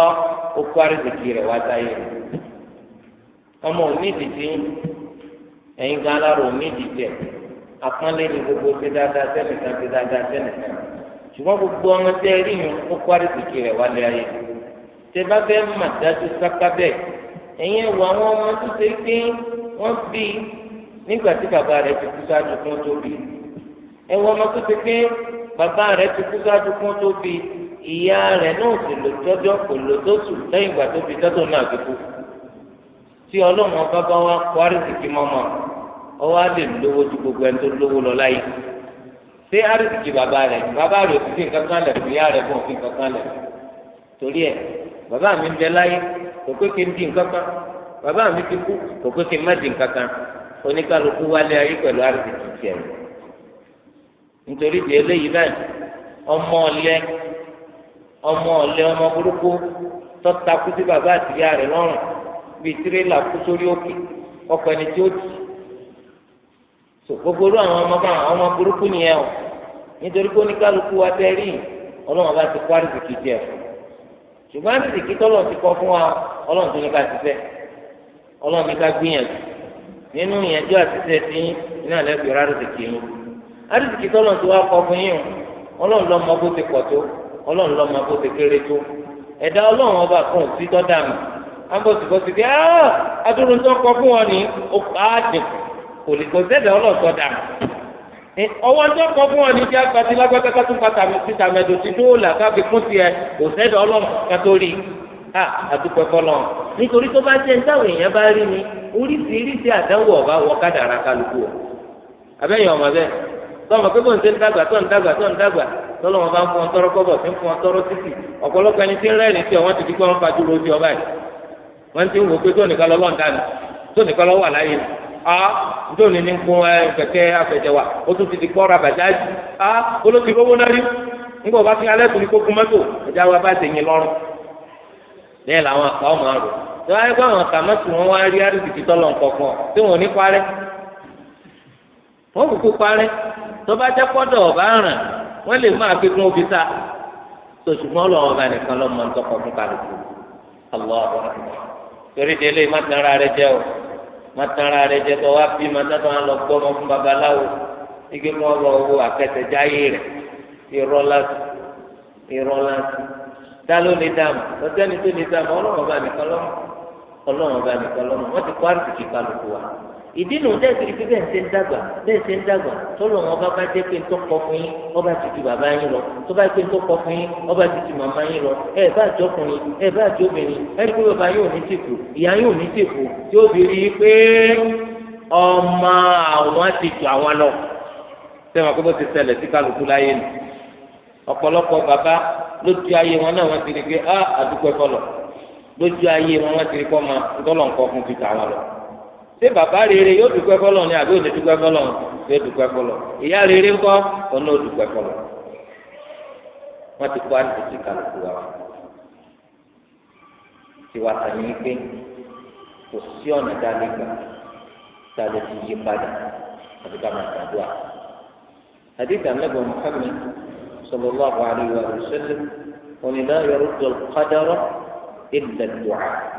ó kó rẹ̀ wá sáyé ọmọ òní ìdìtì ẹ̀yin gan alára òní ìdìtì ẹ̀ ni gbogbo ṣe dáadáa sẹ́nìkan ṣe dáadáa sẹ́nìkan ṣùgbọ́n gbogbo ọmọ tẹ́ ẹ̀yin ẹ̀wọ̀ àwọn ọmọ tó ṣe pé wọ́n bí nígbà tí bàbá rẹ̀ ti kú sáájú kún tó bí ẹ̀wọ̀ ọmọ tó ṣe pé bàbá rẹ̀ ti kú sáájú kún tó bí ìyá rẹ̀ náà sì lò tọ́jọ́ kò lò tó sùn lẹ́yìn ìgbà tó bí tọ́tò náà ti kú tí ọlọ́run ọba bá wá kó àrísìkí mọ́mọ́ ọwọ́ á lè lówó ju gbogbo ẹni tó lówó lọ láyé ṣé àrísìkí bàbá rẹ̀ bàbá rẹ̀ òfin kankan lẹ̀ ìyá rẹ̀ fún òfin kankan lẹ̀ torí ẹ̀ bàbá mi ń bẹ láyé kò pé kí n di nǹkan bàbá mi ti kú kò pé kí n má di nǹkan kan wálé ayé pẹ̀lú àrùtìtì tiẹ̀ nítorí di eléyìí náà ọmọ ọ̀lẹ ọmọ ọ̀lẹ ọmọ burúkú tọ́ta kú sí bàbá lọ́rùn bíi kú sórí òkè ẹni tí ó tì so o ṣùgbọ́n àtìkí tọ́lọ̀ ti kọ́ fún wa ọlọ́run tó ní ká ṣiṣẹ́ ọlọ́run ní ká gbìyànjú nínú ìyànjú àṣiṣẹ́ tí iná lẹ́gbẹ̀ẹ́ rárá ti kì í lò àtìkí tọ́lọ̀ tó wá kọ́ fún yín ọlọ́run mọ bó ti pọ̀ tó ọlọ́run ló mọ bó ti kéré tó ẹ̀dá ọlọ́run ọba kan ò sí tọ́da mi ọwọ́ ń tọ́kọ fún ọ ní kí agbati lágbàtà ká tún pàtà títà mẹ́tò tí dóòlà káfí kún tiẹ̀ kò sẹ́dọ̀ ọlọ́run kátó rí a àdúpẹ́ fọlọ́run nítorí tó bá jẹ́ níta èèyàn bá rí ni oríṣiríṣi àdánwò ọ̀bá wọ kádàrá kálukú ọ abẹ́yẹn ọmọ bẹ́ẹ̀ tọmọ pé kò dàgbà tó ń dàgbà tó ń dàgbà tọ́lọ́ bá fún ọ a ntọ́ ní ní kún ẹ kẹ̀kẹ́ afẹ̀jẹ̀wà ó tún ti di kọ́ ra bàjáàjì a olóòtú ìfowó náà rí ńgbọ̀ bá fi alẹ́ tó ní kó kú mọ́tò ẹ̀já wa bá tẹ̀yìn lọ́rùn bẹ́ẹ̀ làwọn àká ọmọ rò tó wáyé kó àwọn àká mọ́tò wọn wá rí àrídìtì tọ́lọ̀ nǹkankan tí wọn ò ní parẹ́ wọn kò kó parẹ́ tó bá jẹ́ pọ́dọ̀ ọ̀bá ràn wọ́n lè má akékun òbí sa tó ṣùgbọ́n ọlọ́wọ́ bá nìkan lọ́mọ ń tọkọ̀ fún kálukú mọtara rẹ jẹ kọ wá bí mọtara lọ gbọ ọmọ fún babaláwo igi mọ lọ wọ akẹtẹdáyé rẹ ìrọlásí ìrọlásí dáló ní dáàmú lọtẹni tó ní dáàmú ọlọrun ọba nìkan lọmọ ọlọrun ọba nìkan lọmọ wọn ti kọ àrùn kìkì kálukú wa. ìdí nu dẹ́sí rí pé bẹ́ẹ̀ ṣe ń dàgbà bẹ́ẹ̀ ṣe ń dàgbà tọ́lọ̀ wọn bá bá jẹ́ pé ń tọ́kọ fún yín ọba ti ju bàbá yín lọ tó bá pé ń tọ́kọ fún yín ọba ti ju màmá yín lọ ẹ bá àjọ ọkùnrin ẹ bá àjọ obìnrin ẹni pé bàbá yóò ní tìkù ìyá yóò ní tìkù tí ó fi rí i pé ọmọ àwọn ti ju àwọn lọ. sẹ́wọ̀n kó bó ti ṣẹlẹ̀ sí kálukú láyé nù ọ̀pọ̀lọpọ̀ bàbá lójú ṣé bàbá rere yóò dúpẹ́ fọlọ́ ni àbí òní dúpẹ́ fọlọ́ yóò dúpẹ́ fọlọ́ ìyá rere ńkọ́ ọ̀nà òdúpẹ́ fọlọ́ wọ́n ti kó àdìsí kálukú wa tiwa tani pé kò sí ọ̀nà dálé gbà tá a lè fi yí padà àti ká máa gbàdúrà àdìsí anábọ̀ Muhammad sallallahu alaihi wa sallam wọn ni náà yọrọ tó kádàrọ ilẹ̀ dùn.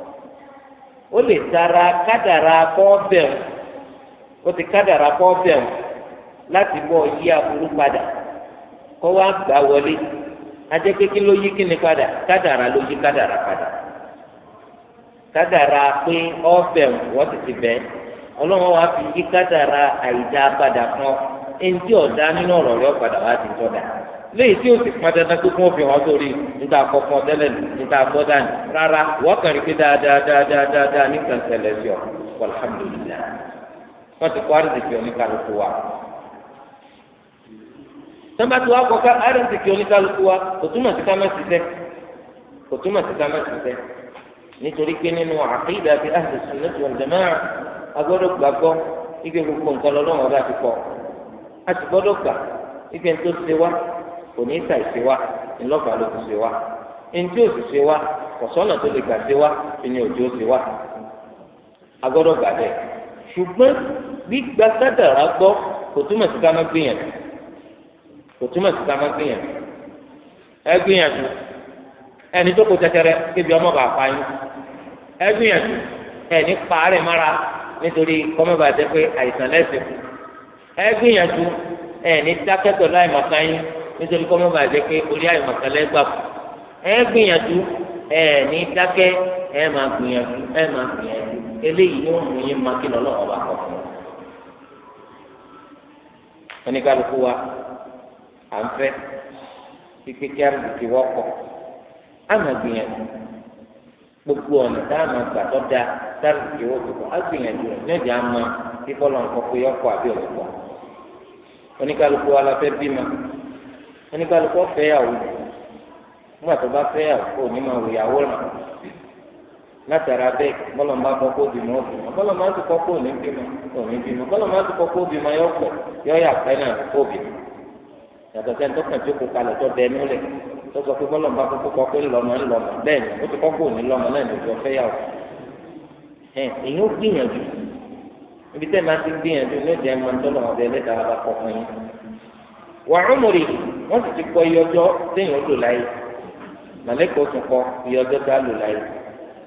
ó lè tara kádàrà kọ́ bẹ̀rù ó ti kádàrà kọ́ bẹ̀rù láti mọ yí aburú padà kó wá gbà wọlé ajẹ́ pé kí ló yí kíni padà kádàrà ló yí kádàrà padà kádàrà pé ọ́ bẹ̀rù wọ́n ti ti bẹ́ẹ̀ ọlọ́run wa fi yí kádàrà àìdá padà kan ẹni tí ọ̀dá nínú ọ̀rọ̀ rẹ̀ padà wá ti tọ́ da léyìí tí o sì pọn dandan pé kí wọn fi hàn sórí níta kọkàn tẹ́lẹ̀ níta gbọdá ni rárá wọn kàn rí pé dáadáa dáadáa dáadáa nígbà ṣẹlẹ̀ sí ọ alhamdulilayi wọn ti kọ àrídìkì oníkàlùkù wa tẹmẹtù wa kọ ká àrídìkì oníkàlùkù wa kò túmọ̀ sí ká má ṣiṣẹ́ kò túmọ̀ sí ká má ṣiṣẹ́ nítorí pé nínú àkídà àti ahlu sunnah wal agbọ́dọ̀ gbàgbọ́ ike gbogbo nǹkan lọ́wọ́ kò ní ta ìṣe wa ńlọ́fà ló ti ṣe wa ntí ó sì ṣe wa kọ̀sọ́nà tó lè gbà ṣe wa ìní òjò ṣe wa agbọ́dọ̀ gbà bẹ́ẹ̀ ṣùgbọ́n sádàrà gbọ́ kò túmọ̀ sí gbìyànjú kò túmọ̀ sí gbìyànjú ẹ gbìyànjú ẹni tó kó tẹtẹrẹ kébi ọmọ bàá fa yín ẹ gbìyànjú ẹni mara nítorí pé ẹ gbìyànjú dákẹ́tọ̀ láì nítorí kọ́ mọ́ba jẹ́ pé orí àyùmọ̀kẹ́lẹ́ gbà kú ẹ gbìyànjú ẹ ní dákẹ́ ẹ máa gbìyànjú ẹ máa gbìyànjú eléyìí yóò mú yín máa kí lọ́lọ́wọ́ bá kọ̀ fún un. oníkálukú wa à ń fẹ́ kíkí kí arúgbìkì wọ́pọ̀ á máa gbìyànjú gbogbo ọ̀nà tá a máa gbà tó da tá a lè wọ́n kọ́ á gbìyànjú rẹ̀ ní ọjà máa kíkọ́ lọ́nkọ́ pé ọkọ̀ àbí ọ̀pọ̀ oníkálukú ọ̀fẹ́ yàwó nígbà tó bá fẹ́ yàwó kò ní máa wò yàwó rà látara bẹ́ẹ̀ bọ́lọ̀ máa kọ́ kó bímọ bímọ bọ́lọ̀ máa ti kọ́ kó ní bímọ kò ní bímọ bọ́lọ̀ máa ti kọ́ kó bímọ yọ pọ̀ yọ yà pẹ́ náà kó bímọ yàtọ̀ sẹ́ni tó kàn tó kó kalẹ̀ tó bẹ́ẹ̀ nílẹ̀ tó sọ pé bọ́lọ̀ máa kọ́ kó pé ńlọmọ ńlọmọ bẹ́ẹ̀ ni ó ti kọ́ kó ní lọ́mọ náà ní ìjọ fẹ́yàwó ẹ̀ èyí ó gbìyànjú ibi tẹ́ máa ti gbìyànjú ní ìjẹ́ máa ń tọ́lọ̀ ọ̀bẹ wà ọmọrì wọn sì ti kọ iye ọjọ́ téèyàn ó lò láyé màlẹkọọ tún kọ iye ọjọ́ tá a lò láyé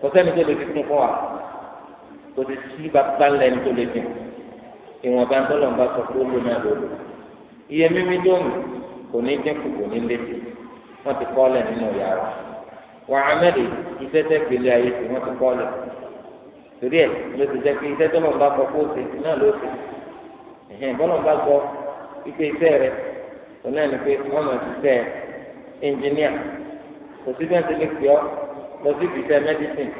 kò sẹ́ni tó lè fi kún fún wa kò sì sí bàbá lẹni tó lè fi ìwọn bá ń tọ́lọ̀ ń bá sọ pé ó lò náà lò lò iye mímí tó mú kò ní dínkù kò ní létí wọn ti kọ́ lẹ̀ nínú yàrá wà á iṣẹ́ tẹ́ gbélé ayé tí wọ́n ti kọ́ lẹ̀ torí ẹ̀ ló ti jẹ́ pé iṣẹ́ tọ́lọ̀ ń bá sọ pé ó ti náà ló ti bọ́lọ̀ bá sọ ipe iṣẹ́ rẹ̀ òun náà ni pé wọ́n mọ̀ sísẹ́ ẹnjìníà kò sí bí wọ́n ti lè pè ọ́ lọ sí ìfisẹ́ mẹ́dísìn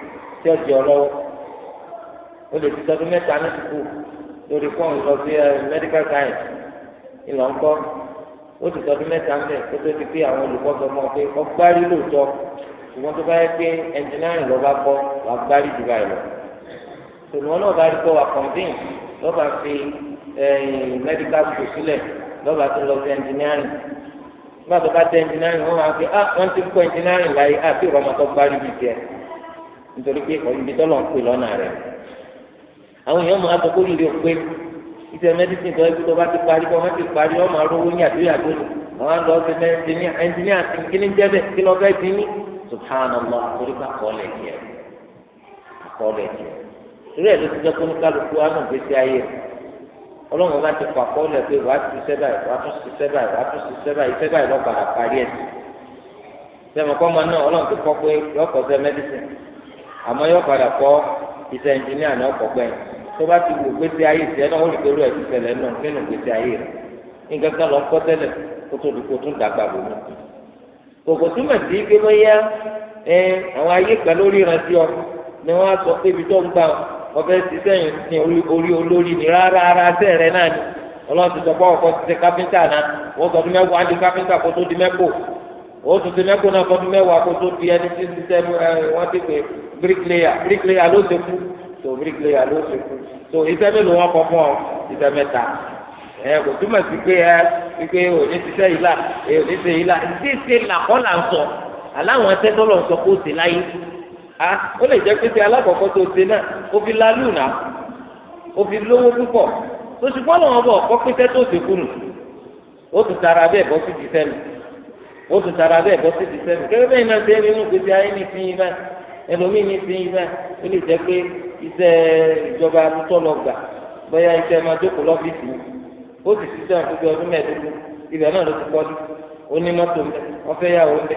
tí ó di ọ lọ́wọ́ ó lè ti tọdún mẹ́ta ní sùkúù lórí fọ́ọ̀mù lọ sí medical science ìlọ ńkọ́ ó ti tọdún mẹ́ta ńlẹ̀ kó tó ti pé àwọn olùkọ́ sọ mọ́ pé ọgbárí lóòótọ́ ṣùgbọ́n tó bá yẹ pé ẹnjìnírìn lọ́ba kọ́ wàá gbárí jù báyìí lọ tòun náà rí pé wàá kọ̀ǹdín lọ́ba fi medical school sílẹ̀ lọ́ba tó lọ sí ẹnjìnírìn nígbà tó bá tẹ ẹnjìnírìn wọ́n máa fi ah wọ́n ti kọ́ ẹnjìnírìn láyé ah bí ìrọ̀mọ́ tó gbárí bíi tiẹ̀ nítorí pé ibi tó ń pè lọ́nà rẹ̀ àwọn èèyàn máa pé iṣẹ́ mẹ́dísìn tó tó bá ti parí wọ́n ti parí wọ́n máa rówó ní àdúyàdó ni ọlọ́run bá ti pàpọ̀ lẹ̀ pé wàá ti sẹ́bà wàá tún ti sẹ́bà wàá tún ti sẹ́bà ìsẹ́bà ìlọ́ba àparí ẹ̀ sẹ́mọ̀kọ́ ọmọ náà ọlọ́run ti kọ́ pé yọ kọ́ sẹ́ mẹ́dísìn àmọ́ yọ padà kọ́ iṣẹ́ ẹnjìníà náà kọ́ pẹ́ tó bá ti wò gbèsè ayé ìṣẹ́ náà ó rí pẹ̀lú ẹ̀sìn ìṣẹ̀lẹ̀ náà nínú gbèsè ayé rẹ̀ nǹkan kan lọ kọ́ tẹ́lẹ̀ kó tó dùkú tún dàgbà bò mí. kòkò túmọ̀ sí pé bóyá àwọn ayé ọbẹ̀ ti sẹ́yìn sin orí olórí ni rárá ara sẹ́rẹ̀ náà ni ọlọ́run ti sọ pé ọkọ̀ ti ṣe káfíńtà náà wọ́n sọ ọdún mẹ́wàá di káfíńtà kó tó di mẹ́kò wọ́n tún ti mẹ́kò náà fọdún mẹ́wàá kó tó di ẹni tí ṣiṣẹ́ wọ́n ti pè bíríkìlẹ́yà bíríkìlẹ́yà ló ṣe kú tó bíríkìlẹ́yà ló ṣe kú tó iṣẹ́ mélòó wọn kọ fún ọ iṣẹ́ mẹ́ta ẹ kò túmọ̀ sí pé ẹ pípé òní ṣiṣẹ́ yìí là òní ṣe yìí là ṣíṣe làkọ́ là ń sọ aláwọn ẹsẹ́ tó a ó lè jẹ́ pé ti alákọ̀ọ́kọ́ tó ṣe náà ó fi lálù náà ó fi lówó púpọ̀ tó ṣùgbọ́n lọ́wọ́ bọ̀ kọ́ pípẹ́ tó ṣe kùnù ó tún tara bẹ́ẹ̀ bọ́ sí ti sẹ́nu ó tún tara bẹ́ẹ̀ bọ́ sí ti sẹ́nu kẹ́kẹ́ bẹ́ẹ̀ náà ṣe é nínú gbèsè ayé ní ti yín báyìí ẹlòmíì ní ti yín báyìí ó lè jẹ́ pé iṣẹ́ ìjọba tó lọ gbà iṣẹ́ máa jókòó lọ́fíìsì ó sì ọdún mẹ́ẹ̀ẹ́dógún ibẹ̀ náà ló ti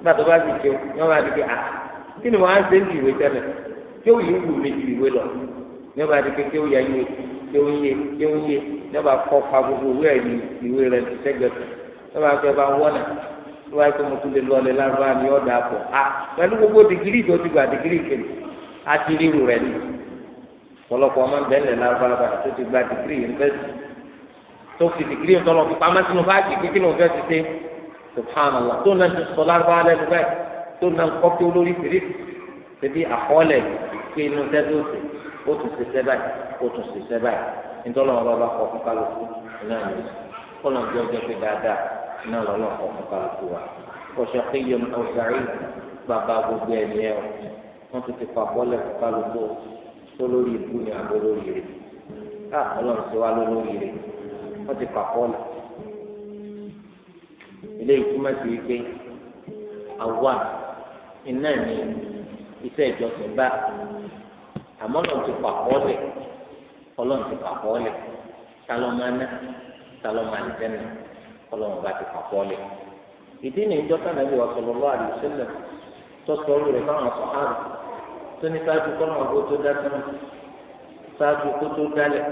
nígbà tó bá ti jẹun ní bá di pé à ah, kí ni wọn á ń sẹ́ńdì ìwé tẹ́lẹ̀ tí ó yìí wù mí ju ìwé lọ ní bá di pé tí ó yà yé tí ó yé tí ó yé ní bá kọ́ pa gbogbo ìwé ẹ̀yìn ìwé rẹ̀ ti sẹ́gbẹ̀ẹ́ ní bá fẹ́ bá wọ́nà ní wọn bá tó mo tún lè lọ́ọ́ lárúbá ni ọ̀dà pọ̀ à ah, pẹ̀lú gbogbo dìgírì tó ti gbà dìgírì kiri á ti ríru rẹ̀ ni ọ̀pọ̀lọpọ̀ ọmọ bẹ́ẹ̀lẹ̀ lárúbá subhanallah tó náà ti sọ lárúbáwá lẹ́nu báyìí tó náà kọ́ kí olórí fèrè ṣebí àkọọ́lẹ̀ kí inú sẹ́bí ó sì ó tún ṣe sẹ́bà ó tún ṣe sẹ́bà nítorí wọn bá kọ fún kálukú náà ní kó náà jẹ́ ọjọ́ pé dáadáa náà lọ́nà kọ fún kálukú wa kọ̀ṣọ́ pé yẹn ọ̀sàrí bàbá gbogbo ẹ̀ ẹ̀ wọ́n ti ti pa bọ́lẹ̀ fún kálukú tó lórí ibú ni àbó lórí rẹ̀ ká ah, ọlọ́run ti wá lórí rẹ̀ wọ́n ti pa bọ́lẹ̀ ilé ìkúmọ̀ sí wípé àwa iná ní iṣẹ́ ìjọsìn bá àmọ́ lọ́n ti pàpọ̀ lẹ̀ ọlọ́run ti pàpọ̀ lẹ̀ talọ́mọ aná talọ́mọ àlìjẹ́nà ọlọ́run bá ti pàpọ̀ lẹ̀ ìdí ni ìjọ kánàbí wa sọ̀rọ̀ lọ́wọ́ àdìsílẹ̀ tó sọ orí rẹ̀ fáwọn sọ̀hárù tó ní sáájú kọ́nà ọgbó tó dá sánà sáájú kó tó dálẹ̀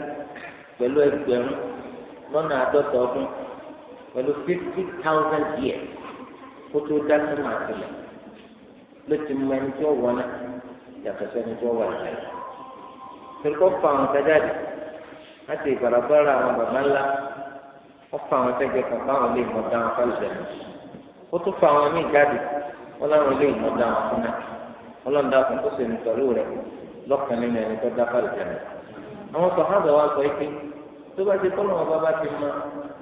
pẹ̀lú ẹgbẹ̀rún lọ́nà àádọ́ta ọdún pẹ̀lú fifty thousand years kó tó dá sí màá tilẹ̀ ló ti mọ ẹni tí ó wọ náà yàtọ̀ sẹ́ni tí ó wà láyé torí kó fa àwọn sẹ́jáde láti ìbarabara àwọn bàbá ńlá ó fa àwọn sẹ́jẹ́ kan fáwọn ilé ìmọ̀ dáhùn fáìlẹ̀ ó tún fa àwọn míì jáde wọ́n láwọn ilé ìmọ̀ dáhùn fún náà ọlọ́ọ̀dà kan tó sèmi pẹ̀lú rẹ̀ lọ́kàn nínú ẹni tó dá fáìlẹ̀ àwọn sọ̀hádà wa sọ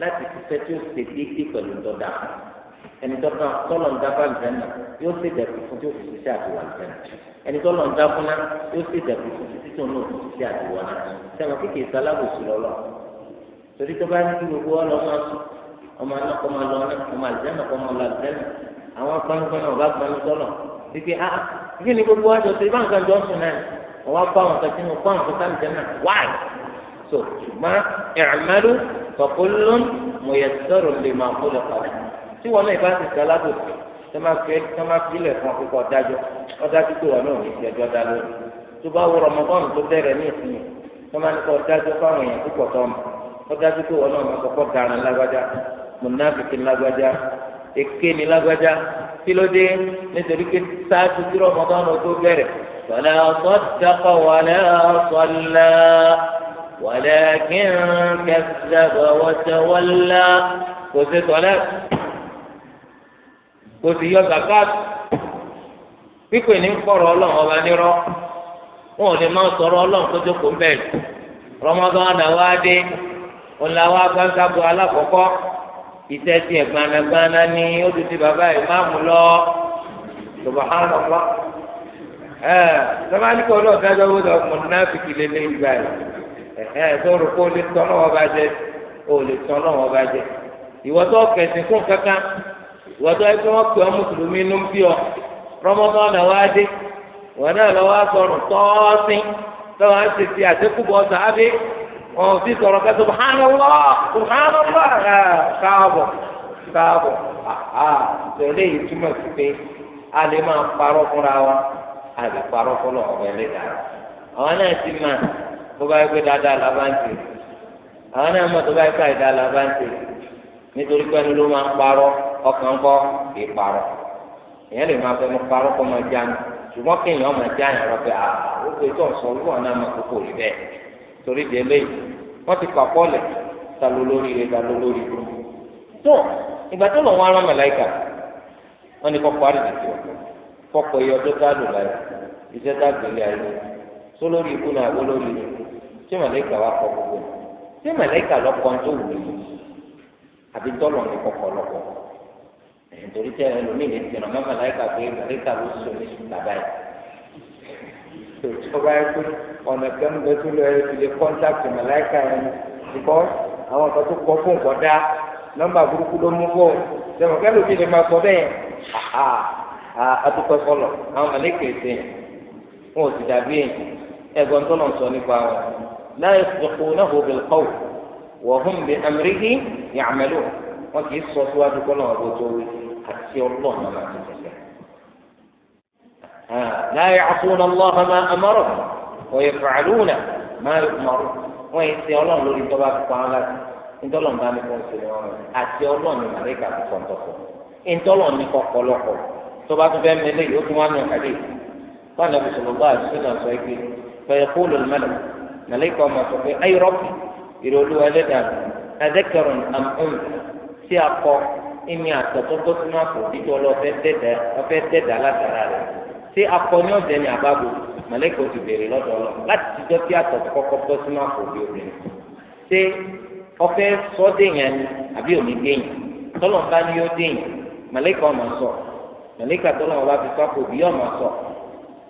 láti ṣiṣẹ́ tí ó ṣe déédéé pẹ̀lú dọ́dà ẹni tọ́ka tọ́lọ̀ ń dábàá àlùfẹ́nà yóò ṣe dẹ̀kú fún tí ó fi ṣiṣẹ́ àtiwọ́ àlùfẹ́nà ẹni tọ́lọ̀ ń dábúná yóò ṣe dẹ̀kú fún títí tó náà fi ṣiṣẹ́ àtiwọ́ náà sẹ́wọ̀n kékeré sálábòsí lọ́lọ́ torí tó bá ní kí gbogbo ọlọ́ máa sùn ọmọ aná kọ́ máa lọ ọ̀nà ọmọ àlùfẹ́nà kọ́ máa lọ àlùfẹ́nà àwọn gbanugbanu ọba gbanu tọ́lọ̀ wípé ah kí ni gbogbo àjọ ṣe báwọn kan jọ sùn náà wọ́n bá wọn kan sínú fún àwọn kan sáà fọkúlùn mọ̀yẹ́sọ̀rò lè máa kó lọ́kọ̀ rẹ̀ tí wọn náà bá ti sọ alábòsí tó máa fẹ́ tó máa fi ilẹ̀ fún akókò ọ̀dájọ́ ọ̀dájú pé wọn náà ní ti ẹjọ́ dá lórí tó bá wọ Ramadan tó bẹ̀rẹ̀ ní ìsinmi tó máa ní kọ́ ọ̀dájọ́ fáwọn èèyàn púpọ̀ tó mọ̀ ọ̀dájú pé wọn náà máa kọ́kọ́ daran lágbájá mùnàfíkì lágbájá èké ni lágbájá kí ló dé nítorí pé sáájú tí Ramadan tó bẹ̀rẹ̀ ولكن كذب وتولى كوسي صلاة كوسي يا زكاة pípé ní kọrọ Ọlọ́run ọba nírọ́ wọn ò lè máa sọ̀rọ̀ Ọlọ́run tó jókòó ń bẹẹ rọmọdún àdáwà dé ọlàwà gbàgbàgbọ alákọọkọ iṣẹ́ tiẹ̀ gbanagbana ni ó ti di bàbá ìmáàmù lọ subhanallah ẹ sábà ní kọ́ ọlọ́ọ̀dájọ́ wọ́n sọ mọ̀ náà fi kìlẹ̀ lé ìgbà yìí. Ehe ẹ̀gbọ́n kó lè tọ́ lọ́wọ́ bá jẹ ó lè tọ́ lọ́wọ́ bá jẹ ìwọ kẹsìn kún kankan ìwọ tó pè ọ́ mùsùlùmí inú ń bí ọ wá dé náà tọ́ọ́sìn ti ti sàábì wọn ò sì a lè máa parọ́ fúnra wa a lè parọ́ fúnra tó bá yẹ pé dáadáa la bá ń tè àwọn náà mọ̀ tó bá yẹ pé àìdáa la bá ń tè nítorí pé ẹnu ló máa ń parọ́ ọkàn kọ́ kì èèyàn lè máa fẹnu parọ́ kọ́ máa já mi ṣùgbọ́n kéèyàn yẹn lọ pé à ó tó ń sọ náà kókó rí torí di ti pa ta ló lórí ta ló lórí a lò tí màlẹ́kà wà kọ gbogbo ẹ̀ tí màlẹ́kà lọ́kọ́ tó wù yìí àbí tọ́lọ̀ ní kọ̀kọ́ lọ́kọ́ nítorí tẹ́ ẹlòmíì lè tẹ̀ràn mọ́ màlẹ́kà pé màlẹ́kà ló sọ ní sùn bàbá yìí tòjọba yẹn pé ọ̀nà kan bẹ tó lọ ẹ ti lè kọ́ńtàkì màlẹ́kà yẹn bíkọ́ àwọn kan tó kọ́ fún nǹkan dá nọ́mbà burúkú ló mú fún ṣẹ̀wọ̀n kẹ́lòmíì lè máa sọ bẹ́ẹ̀ àtúkọ̀ sọlọ̀ àwọn màlẹ́kà ẹ̀sìn wọn ò sì dàbí ẹ̀gbọ́n tó lọ sọ nípa wọn. لا يسبقونه بالقول وهم بأمره يعملون وكي الصوت واجب الله أبوتوي أكسي الله ما تسلم لا يعصون الله ما أمره، ويفعلون ما يؤمرون ويسي الله لوري تبارك وتعالى إن تلون بامي كونسي أكسي الله من عليك أكسون تقول إن تلون نكو قلوكو تبارك بامي لي يتمنى الحديث قال النبي صلى الله عليه وسلم فيقول الملك màlẹ́kọ̀ ọmọ sọ pé ayé rọ́pì ìrè olúwa ẹlẹ́dàá ẹ̀dẹ́kẹrùn àmúhùn sí akọ ìní àtọ̀tọ̀ tó sínú àpò dídọ́ lọ ọfẹ́ dẹ́dà látara rẹ̀ sí akọ ní ọ̀dẹ́ ní àbábo màlẹ́kọ̀ ti béèrè lọ́dọ̀ lọ láti tijọ́ tí àtọ̀tọ̀ kọ́kọ́ bọ́ sínú àpò bí obìnrin ṣé ọfẹ́ sọ́dẹ̀yàn ni àbí òní dẹ̀yìn tọ́lọ̀ bá ní ó dẹ̀yìn ọmọ sọ màlẹ́kọ̀ tọ́lọ̀ bá fi sọ́kò bí ọmọ sọ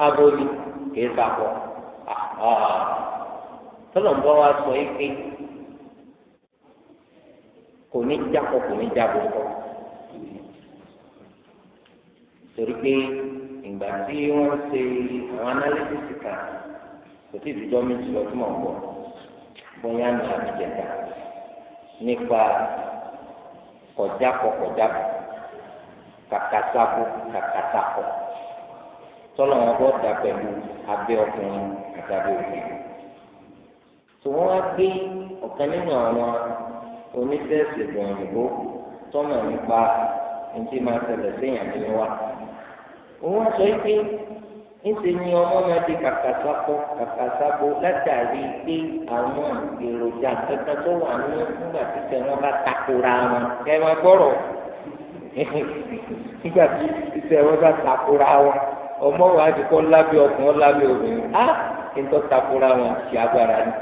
aboli kìí sàkọ tọ́lọ̀ ń bọ́ wa sọ yìí kò ní jákọ̀ kò ní jábọ̀ kọ́ torí pé ìgbà tí wọ́n ṣe àwọn analysis kan kò tí ìdíjọ́ méjì lọ tí mò ń bọ̀ bóyá ní àbíjẹta nípa kọjákọ̀ kọjákọ̀ kàkàtàkọ̀ kàkàtàkọ̀ tọ́lọ̀ wọn bọ́ da pẹ̀lú abẹ́ ọkùnrin àti abẹ́ obìnrin. tó wọ́n wá gbé ọ̀kan nínú àwọn oníṣẹ́ẹ̀sì ìgbọ̀nyìnbó tọ́nà nípa ntí máa ṣẹlẹ̀ séèyàn nínú wa. òun wá sọ pé ńṣe ni ọmọ náà di kàkàsápọ̀ kàkàsápọ̀ látàrí pé àwọn èròjà kankan tó wà ní nígbà tí tẹ̀wọ́n bá takora wọn. ẹ máa gbọ́rọ̀ nígbà tí tẹ̀wọ́n bá takora wọn ọmọ wa ti kọ́ lábẹ́ ọkùnrin lábẹ́ obìnrin á kí n tọ́ takora wọn ti agbára ni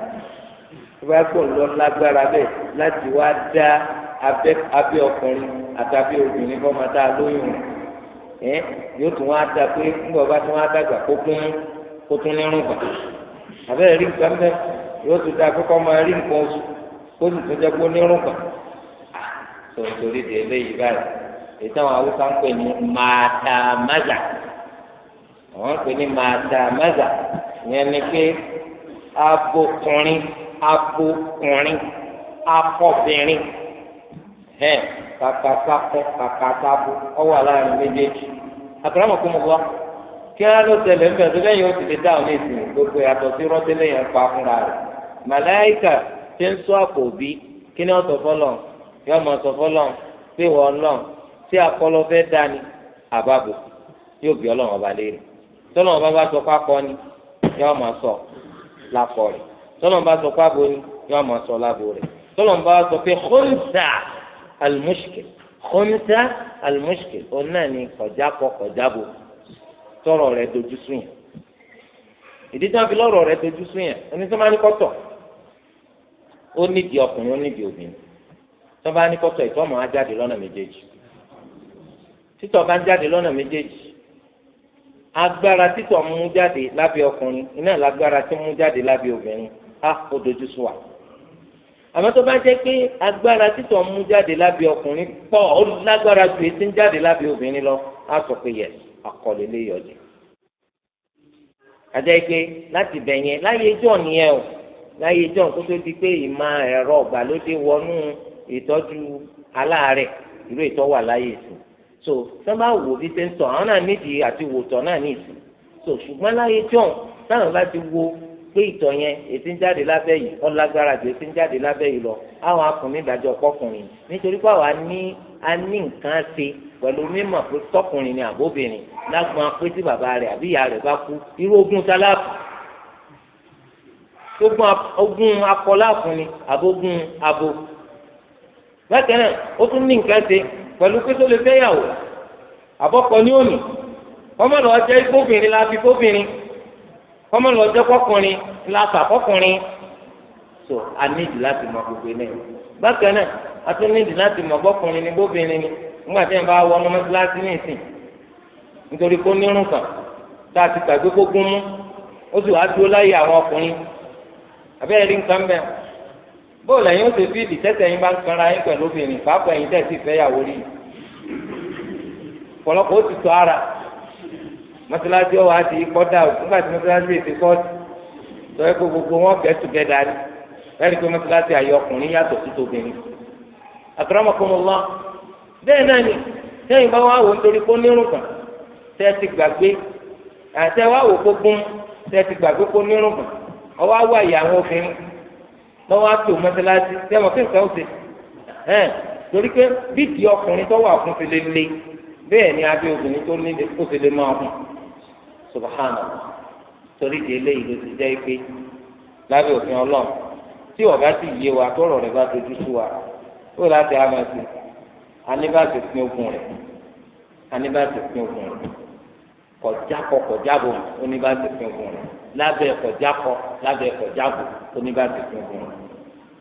ìwé ẹ̀kọ́ lọ lágbára bẹ́ẹ̀ láti wá dá abẹ́ ọkùnrin àtàbí obìnrin kọ́ máa dá lóyún ẹ̀ yóò tún wá dá pé nígbà bá tún wá dàgbà kó kún kó tún nírùn gbà àbẹ́rẹ́ rí nǹkan bẹ́ẹ̀ yóò tún dá pé kọ́ máa rí nǹkan oṣù kó sì tún jẹ́ kó nírùn gbà sọ̀rọ̀ torí de eléyìí báyìí èyí táwọn awúsá ń pè ní màtàmájà àwọn pè ní máa dá mẹ́ta ìyẹn ni pé abokùnrin abokùnrin akọbìnrin ẹ kàkà sákọ kàkà sábò ọwọ́ aláàrin méjèèjì àtàràmọ̀ kó mo wá kí á ló tẹ̀lé ń bẹ̀ tó lẹ́yìn ó ti lè dá òní ìsìn gbogbo yàtọ̀ sí rọ́tẹ́lẹ̀ yẹn pa fúnra rẹ̀ màláìkà ṣe ń sọ àpò bí kí ni ọ̀sọ̀ fọlọ̀ yọ ọmọ ọ̀sọ̀ fọlọ̀ pé wọ́n lọ̀ tí akọlọ fẹ́ dání àbábò yóò bí ọlọ́run ọba léèrè tọ́lọ́ wọn bá bá sọ pé akọ ni yóò máa sọ lápọ̀ rẹ̀ tọ́lọ́ wọn bá sọ pé abo ni yóò máa sọ lábo rẹ̀ tọ́lọ́ wọn bá sọ pé khamsa al-mushkil khamsa al-mushkil òun náà ni kọjá kọ kọjá bo tọrọ rẹ̀ dojú sùn yẹn ìdí tí wọn fi lọ́rọ̀ rẹ̀ dojú sùn yẹn onísọ́mọ́ ní kọ́tọ̀ ó nídìí ọkùnrin ó nídìí obìnrin tọ́ba ní kọ́tọ̀ ìtọ́mọ̀ á jáde lọ́nà méjèèjì agbára títọ̀ mú jáde lábẹ́ ọkùnrin iná lágbára tí mú jáde lábẹ́ obìnrin á ah, ó dojú sú wa àmọ́ tó bá jẹ́ pé agbára títọ̀ mú jáde lábẹ́ ọkùnrin pọ̀ ó lágbára ju etí ń jáde lábẹ́ obìnrin lọ á sọ pé yẹ àkọlé lè yọjú àjẹ́ pé láti bẹ̀ yẹn láyé ìjọ nìyẹn o láyé ìjọ kó tó di pé ìmọ̀ ẹ̀rọ ọ̀gbàlódé wọnú ìtọ́jú aláàárẹ̀ ìlú ìtọ́wà láyé ìsìn so tó bá wò bí ṣe ń sọ àwọn náà nídìí àti wòtọ́ náà ní ìsìn so ṣùgbọ́n láyé jọ̀hún táwọn bá ti wo pé ìtọ̀ yẹn ètí ń jáde lábẹ́ yìí ó lágbára ju ètí ń jáde lábẹ́ yìí lọ àwọn akùnrin ìdájọ́ ọkọkùnrin nítorí pé àwa ní a ní nǹkan ṣe pẹ̀lú mímọ̀ pé tọkùnrin ni àbóbìnrin lágbọn pé tí bàbá rẹ̀ àbí ìyá rẹ̀ bá kú irú ogún tálákù ogún akọlákùnrin àbógún abo bákan náà ó tún ní nǹkan ṣe pẹ̀lú pé tó lè fẹ́yàwó àbọ̀kọ ní òní kọ́mọ̀lù ọjọ́ ikóbìnrin la fi kóbìnrin kọ́mọ̀lù ọjọ́ kọkùnrin la fà kọkùnrin so a nídìí láti mọ gbogbo eléyìí bákan náà a tún nídìí láti mọ bọ́kùnrin ní bóbìnrin ni nígbà tí wọn bá wọ ọmọ mọ́sálásí ní ìsìn nítorí kó nírun kan tá a ti gbàgbé kó gún mú ó sì wá dúró láyé àwọn ọkùnrin àbẹ́rẹ́ rí nǹkan bẹ́ẹ̀ bóòlù ẹ̀yin ó ṣe fíìlì tẹ́tẹ̀ yín bá ń kanra yín pẹ̀lú obìnrin pàápàá ẹ̀yin tẹ̀sí ìfẹ́yàwó rí ọ̀pọ̀lọpọ̀ ó ti ara mọ́tíláṣí ọ̀wá ti kọ́dà nígbà tí mọ́tíláṣí ètè kọ́ọ̀tù tọ́ ẹ́ gbogbo wọn gẹ̀ pé mọ́tíláṣí ayé ọkùnrin yàtọ̀ bẹ́ẹ̀ náà ni sẹ́yìn bá wà wò nítorí kó nírun kan tẹ́ ti gbàgbé wọn wá tó mọ́sálásí sẹmọ kí nǹkan ó ṣe ẹn torí pé bíìdì ọkùnrin tó wà fún fele lé bẹ́ẹ̀ ni abẹ́ obìnrin tó ní kó ṣe lè máa hùn subahana torí di eléyìí ló ti jẹ́ pé lábẹ́ òfin ọlọ́run tí ọ̀gá sì yé wa tọrọ rẹ̀ bá dojú sú wa ó láti àmọ́ sí aníbàṣe pín ogun rẹ̀ aníbàṣe pín ogun rẹ̀ kọjákọ kọjábọ oníbàṣe pín ogun rẹ̀ lábẹ́ kọjákọ lábẹ́ kọjábọ oníbàṣe pín ogun rẹ̀.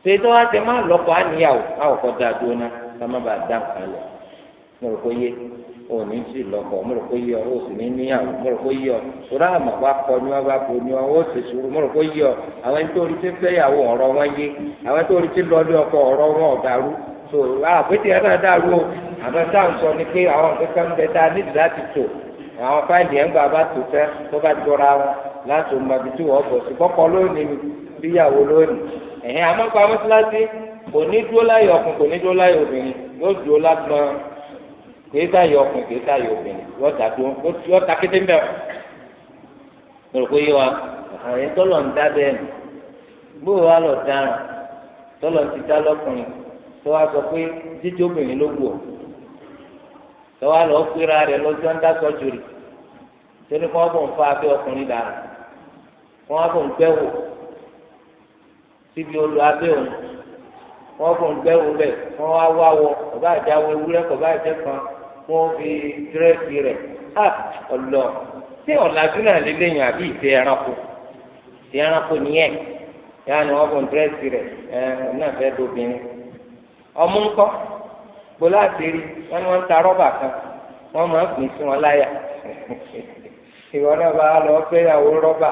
tètè wá tẹ máa lọ́kọ̀ àníyàwó àwòkọ́ da dúró ná ká má bàa dá nǹkan lẹ̀ mo rò pé yé o ní sì lọ́kọ̀ mo rò yé ọ o sì ní níyàwó mo rò pé yé ọ torí àmọ̀ bá kọ wọn bá wọn o sì ọkọ ọrọ wọn so àpètè náà dàrú a nídìí láti tò àwọn fáìlì ń gbà bá tò tó bá jọra wọn láti mọ ibi tí sí ẹ̀hìn amọ́kọ amọ́síláṣí kò ní dúró láyé ọkùnrin kò ní dúró láyé obìnrin yóò dúró lágbọ́n kìí sáyé ọkùnrin kìí sáyé obìnrin yóò ta tó yóò ta kété mbẹ́ mo rò pé yé wa àwọn yẹn tọ́lọ̀ ń dá bẹ́ẹ̀ nù bó wa lọ dáhùn tọ́lọ̀ ti dá lọ́kùnrin tó wá sọ pé jíjí obìnrin ló gbò tó wá lọ péra rẹ̀ lọ́jọ́ ń dá sọ́júrì tó ní kí síbi olú abẹ́ òun wọ́n fún un gbẹ́wò bẹ́ẹ̀ wọ́n wá wá wọ ọba àjáwọ ewúrẹ́ kọba àjẹ kan wọ́n fi dírẹ́sì rẹ̀ á ọ̀lọ́ tí ọ̀làjú náà lé lẹ́yìn àbí ìfẹ́ ẹranko ìfẹ́ ẹranko nìyẹn yáà ni wọ́n fún un dírẹ́sì rẹ̀ ẹ̀ náà fẹ́ dobìnrin ọmú ńkọ́ gbọ́dọ̀ àti rí wọ́n ní wọ́n ń ta rọ́bà kan wọ́n máa ń pín sí wọn láyà ìwọ náà bá lọ fẹ́yàwó rọ́bà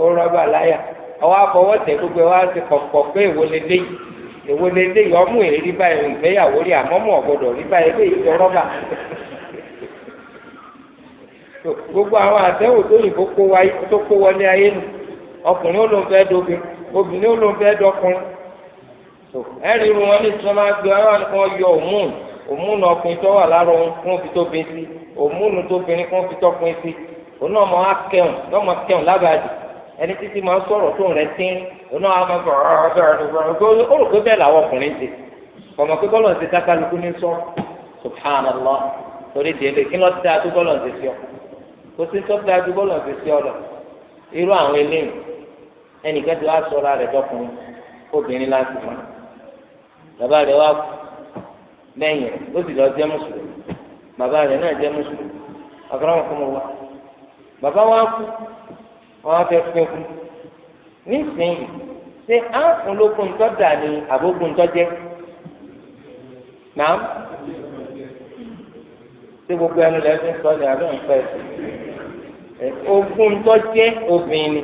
ó rọ́bà láyà ọwọ́ afọwọ́ tẹ gbogbo wa ti kọ̀kọ̀ pé èwo lè dé yìí èwo lè dé yìí ọmú èrí báyìí ìgbéyàwó rí àmọ́ mọ̀ ọ̀gbọ́dọ̀ rí báyìí lè yọ rọ́bà gbogbo àwọn àtẹ̀wò tó yìnbó kó wa tó kó wọlé ayé nu ọkùnrin olóńfẹ́ dóbi obìnrin olóńfẹ́ dọkùnrin ẹ̀rí irun wọn ní ìtura gbé wọn kí wọ́n yọ òmùn òmùn ọkùnrin tó wà lára òun kí fi tó bin sí òmùn tóbìnrin kí wọ́n fi tọkùnrin sí òun náà mọ akẹ́hùn náà mọ akẹ́hùn lábàdì ẹni títí máa sọ̀rọ̀ tó rẹ̀ tín oná àwọn ọmọ ọ̀rọ̀ ó rò pé bẹ́ẹ̀ làwọn ọkùnrin ti ọmọ pé kọ́lọ̀ ti dákàlùkù ní sọ subhanallah torí délé kí lọ́ọ́ ti dáa tó kọ́lọ̀ ti sọ kó sí tó dáa tó kọ́lọ̀ ti sọ lọ irú àwọn eléyìí ẹnìkan ti wá sọra rẹ̀ dọ́kùnrin obìnrin láti mọ́ bàbá rẹ̀ wá lẹ́yìn ó sì lọ jẹ́ mùsùlùmí bàbá rẹ̀ náà jẹ́ mùsùlùmí wọn fẹ́ pín nísìnyí ṣé àǹfọ̀n lókun tó dà ní àbókun tó jẹ́ nàá ṣé gbogbo ẹnu lẹ́sìn sọ ní abẹ́ nǹkan ẹ̀sìn ogún tó obìnrin ni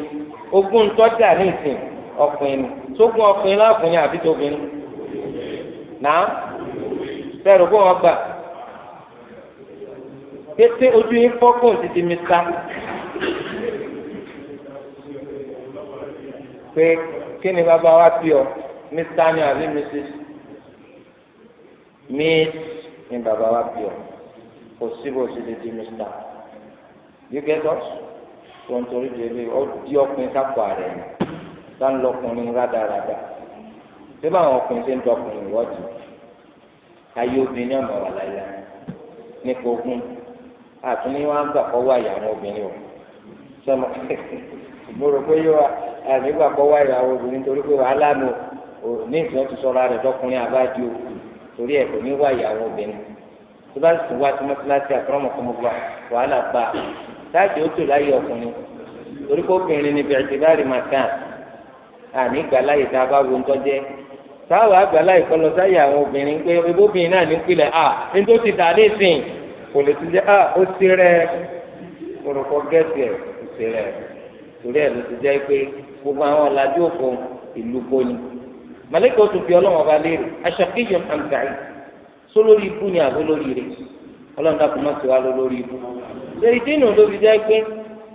ogún tó dà ní ìsìn ọkùnrin ni sógun ọkùnrin láàkùnrin àbí tóbìnrin nàá bẹ́ẹ̀ rògbò wọn gbà pété ojú yín di pé kí ni bàbá wa pè ọ́ mr ni àbí mrs miss ni bàbá wa pè ọ́ kò síbò sí ti di mr you get us tó ń torí di ebi ó di ọkùnrin sápò ààrẹ ni tá ń lọkùnrin rádaràda tí báwọn ọkùnrin ṣe ń dọkùnrin ìwọ́dì ayé obìnrin ọmọ wà láyé nípa ogún àtúnyẹ̀wò àgbà kọ́ wà yàrá obìnrin o sọmọ mo rò pé yóò wá nígbà kọ́ wá ìyàwó obìnrin torí pé wàhálà nù ní ìsìn ti sọ̀rọ̀ rẹ̀ dọ́kùnrin àbájú torí ẹ̀ kò ní wá ìyàwó obìnrin tó bá sì wá tọmọtìláṣí àkọ́rọ́mọkọ́mọgbà wàhálà pa táàtì ó tò láyé ọkùnrin torí pé obìnrin ni bẹ̀rẹ̀ ti bá rí màkàn àní gbàláyè tá a bá wo ń tọ́jẹ́ táwọn àgbàlá ìkọlọ sáyà àwọn obìnrin pé ebóbìnrin náà ní pilẹ̀ a nítorí ti dà lẹ́sìn kò lè ti jẹ́ a ó ti rẹ̀ kórókó gẹ̀ẹ́sì ẹ̀ ti rẹ̀ torí ẹ̀ ló ti jẹ́ pé gbogbo àwọn ọ̀làjú òfò ìlú gbóni màlẹ́kà ó tún fi ọlọ́run ọba léèrè aṣàkéyàn àǹtàrí só lórí ibú ni àbó lórí rẹ̀ ọlọ́run dàpọ̀ má ti wá lọ lórí ibú. lórí dínú ló fi jẹ́ pé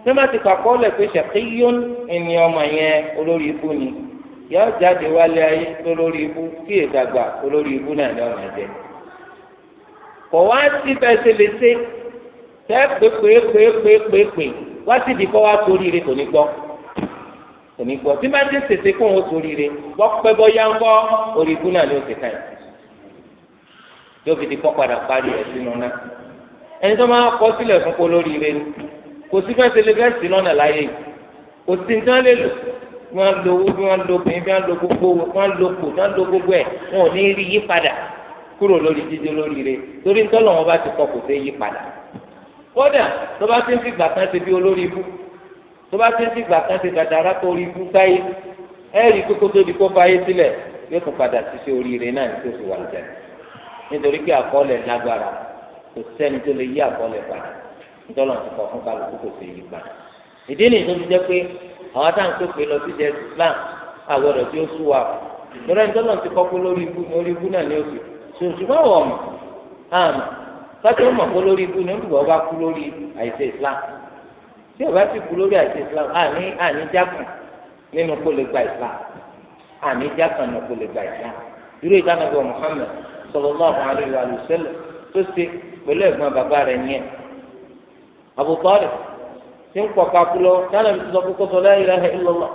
ṣé má ti kàkọ́lẹ̀ pé ṣàkéyàn ẹni ọmọ yẹn olórí ibú ni yọ jáde wálé ayé lórí ibú kí èdàgbà olórí ibú náà ni ọmọ jẹ kò wá sí bẹ́ẹ̀ ṣe tẹ́ pépépépépépé wá síbi kọ́ wá torí rẹ̀ kò ní gbọ́ kò ní gbọ́ tí bá dé sèse kó ń sori re bọ́ pẹ́ bọ́ yá ń kọ́ orí ikú náà ló ti ká yìí yóò fi di kọ́ padà parí ẹ̀ sínú náà ẹni tó máa kọ́ sílẹ̀ fún kó lórí re ni kò sí fẹ́ ṣe lè fẹ́ sí lọ́nà láyé yìí kò sí ní tí wọ́n lè lò bí wọ́n lo owó bí wọ́n lo obìnrin bí wọ́n lo gbogbo bí wọ́n lo kò bí wọ́n lo gbogbo ẹ̀ wọn ò ní rí yí padà kúrò lórí jíjẹ lórí re torí nítorí wọn bá ti kọ kò sí yí padà kódà tó bá ti ń fi gbà kan ṣe bí olórí ibú tó bá ti ń dìgbà kan ṣe dàdàrà tó rí ikú sáyé ẹ kókó tó di kó fáyé sílẹ̀ yóò tún padà sí sí oríire náà ní tó fi wà lójà nítorí pé àkọọ́lẹ̀ lágbára kò sẹ́ni tó lè yí àkọọ́lẹ̀ padà nítorí wọn ti kọ fún kálukú kò sí yí padà ìdí nìyí tó fi jẹ́ pé àwọn àtàwọn tó pè lọ sí jẹ Islam àgbọ̀dọ̀ tí ó sú wa lọ́rẹ́ nítorí ti kọ́ pé lórí ibú lórí ibú náà ni olùwọ́ bá kú lórí àìsè Islam tí ìbá ti kú lórí àti islam àní àní jákàn nínú kó lè gba islam àní jákàn nínú kó lè gba islam irú ìdánilẹ́bí wa muhammed sallallahu alayhi wa sallam tó ṣe pẹ̀lú ẹ̀gbọ́n bàbá rẹ̀ yẹn Abu Talib tí ń pọ̀ kakú dáná ti sọ kókó sọ la ilaha illallah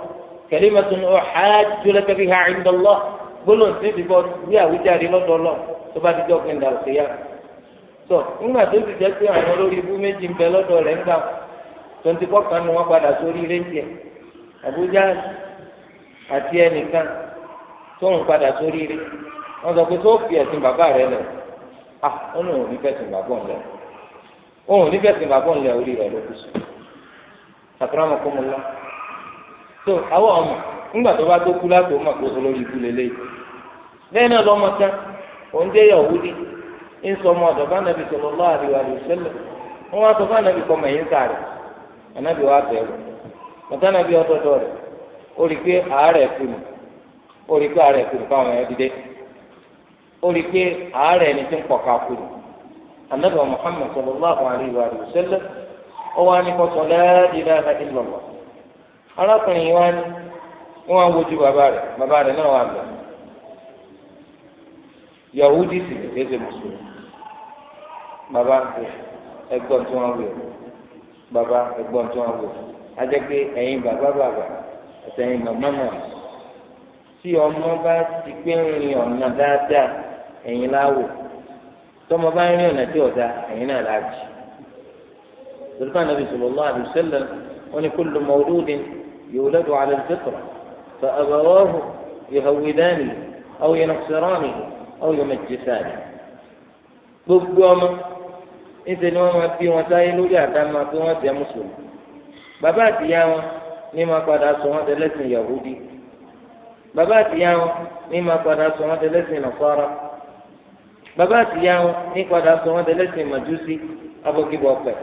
kalimatun uhajju laka biha inda Allah gbólóhùn tí ti bọ́ ní àwíjàre lọ́dọ̀ tó bá ti jọ́ gbẹ̀ndà òkè yá. sọ nígbà tó ti jẹ́ pé àwọn olórí ibú méjì ń bẹ lọ́dọ̀ rẹ̀ ń gbà tonti kọkàn ni wọn padà sórí rẹńtìẹ Abuja àti ẹnìkan tóun padà sórí rẹ wọn sọ pé tó fi ẹ̀sìn bàbá rẹ lẹ ah ó ní òun nífẹ̀ẹ́ sìn bàbá òun lẹ òun nífẹ̀ẹ́ sìn bàbá òun lẹ orí rẹ ló kù sí àtúrámọ kó mo lọ tó àwọn ọmọ ńgbà tó bá tó kú láti ọmọ ikú náà lọmọ tán òun anabi wa bẹ̀rù mọ̀tá anabi ọ̀dọ́dọ̀ rẹ̀ ó rí i pé àárẹ̀ kù ní ó rí pé àárẹ̀ kù fáwọn ẹ̀yọ́ dídé ó rí pé àárẹ̀ ni ti ń na kù ní anabi muhammed sallallahu alayhi wa sallam ó wá ní kọ́sọ̀ la ilaha illallah arákùnrin yìí wá ní wọ́n á wojú bàbá rẹ̀ bàbá rẹ̀ náà wà bàbá ẹ̀gbọ́n tí wọn wò ajẹ pé ẹ̀yin bàbá bàbá àtẹ̀yin màmá mọ tí ọmọ bá tó wà wo aje pe eyin baba baba ateyin mama mo ti omo ba ti pe rin ọ̀nà dáadáa ẹ̀yin láwò tọmọ bá rin ọ̀nà tí ọ̀dà ẹ̀yin náà láàjì lórúkọ ànábì sallallahu alaihi wasallam wọn ni kullu mawludin yuladu ala al-fitra fa abawahu yahawidani aw yanṣirani aw yumajjisani gbogbo ọmọ. níṣẹ́ ni wọ́n máa bí wọn sáyé lórí àdámà pé wọ́n jẹ́ mùsùlùmí bàbá àtìyá wọn ní máa padà sọ wọn tẹlẹ́sìn yahudi bàbá àtìyá wọn ní máa padà sọ wọn tẹlẹ́sìn nàkọ́rọ́ bàbá àtìyá wọn ní padà sọ wọn tẹlẹ́sìn màjúsí abọ́kíbọ̀pẹ̀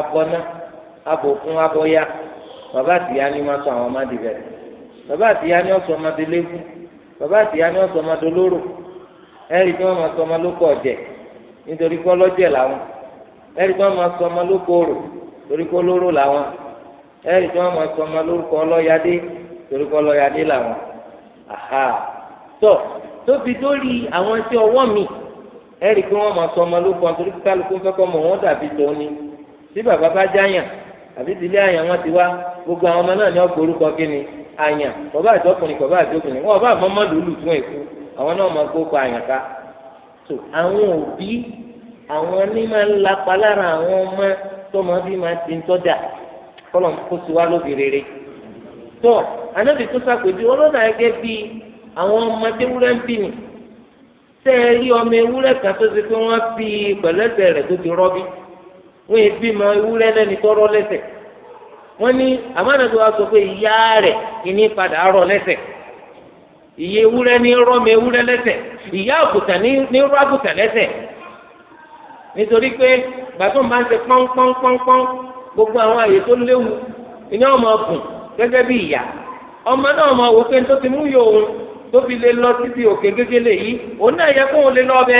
abọ́ná abòkun abọ́yá bàbá àtìyá ni máa sọ àwọn ọmọ adìbẹ̀ bàbá àtìyá ni ọ̀sọ̀ ọmọdé léwu bàbá àtìyá ni ọ̀sọ̀ ọmọdé wọ́n sọ ọmọ ẹ̀rí tí wọ́n máa sọ ọmọ lóko Toriko torí kó lóró làwọn ẹ̀rí tí wọ́n máa sọ ọmọ lórúkọ ọlọ́yadé torí kó ọlọ́yadé làwọn àhà tó tóbi dórí àwọn tí ọwọ́ mi ẹ̀rí pé wọ́n máa sọ ọmọ lóko torí kálukú fẹ́ mọ̀ wọ́n dàbí tòun ni tí bàbá bá jáyàn àbí àyàn wọn ti gbogbo àwọn ọmọ náà ní orúkọ àyàn bàbá àjọkùnrin bàbá àjọkùnrin wọn fún àwọn ní máa ń lapa lára àwọn ọmọ tọmọ bí máa ti ń tọ́jà kọlọ̀ kó sí wa lóbi rere tó anábì tó sàpèjú ọlọ́dà gẹ́gẹ́ bí àwọn ọmọdé wúrẹ́ ń bì ní tẹ́ ẹ rí ọmọ ewúrẹ́ kan tó ṣe pé wọ́n fi pẹ̀lẹ́sẹ̀ rẹ̀ tó ti rọ́bí wọ́n yẹ bí ma ewúrẹ́ lẹ́ni tó rọ́ lẹ́sẹ̀ wọ́n ní àmọ́nàbí wa sọ pé ìyá rẹ̀ ìní padà rọ́ lẹ́sẹ̀ ìyá ewúrẹ́ ní rọ́mọ ewúrẹ́ lẹ́sẹ̀ ìyá àgùtàn ní rọ́ nítorí pé gbàtó máa ń ṣe pọ́npọ́npọ́npọ́n gbogbo àwọn àyè tó léwu iná ọmọ ọkùn gẹ́gẹ́ bí ìyá ọmọ náà mọ wò pé tó ti mú yòó òun tó fi lè lọ síbi òkè gégélé yìí òun náà yẹ kóun lè lọ ọbẹ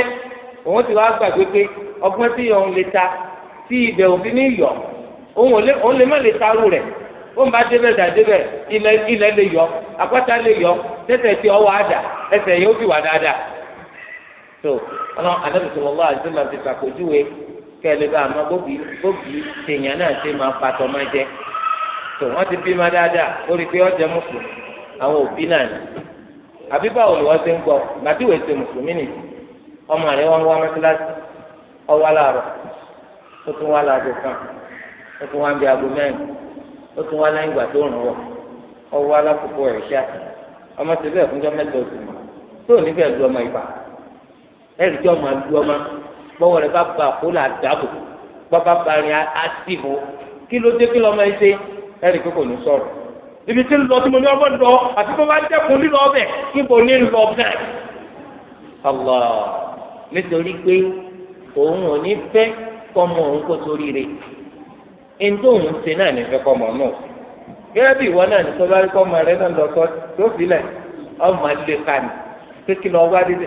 òun ti wá gbàgbé pé ọgbọ́n tí òun lè ta tí ibẹ̀ òfin ní yọ òun lè má lè tarú rẹ̀ ó ń bá débẹ̀ dà débẹ̀ ilẹ̀ ilẹ̀ lè yọ àpáta lè yọ tẹ́tẹ̀ tí ọwọ́ àdà ẹsẹ̀ yóò fi wà dáadáa so ọlọ́run anábì sallallahu alaihi wasallam ti ṣàpèjúwe kẹ́lẹ́ bá a máa bóbi bóbi tèèyàn náà ṣe máa máa jẹ tó ti bí dáadáa ó rí i pé ó jẹ́ mùsùlùmí àwọn òbí náà ni àbí báwo ni wọ́n ṣe ń gbọ́ gbàtí wòye ṣe mùsùlùmí ọmọ wá ọmọ ti ẹ̀rí tí ọmọ àlú ọmọ gbọ́wọ́ rẹ̀ bá ba kó là dáàbò bàbá barin àtìbò kí ló dé kí lọ́mọ ẹ ṣe ẹ̀rí pé kò ní sọ̀rọ̀ ibi tí ń lọ tí mo ní ọmọ lọ àti bó bá dẹ́kun lílọ ọbẹ̀ níbo ní lọ náà. Allah nítorí pé òun ò ní fẹ́ kọ́mọ òun kó sórí rẹ̀ ẹni tó òun ṣe náà ní fẹ́ kọ́mọ náà gẹ́gẹ́ bí ìwọ náà ní sọ́dọ́ kọ́mọ rẹ náà lọ sọ tó fi lẹ̀ ọmọ ilé kan ní kékeré ọgbà dídé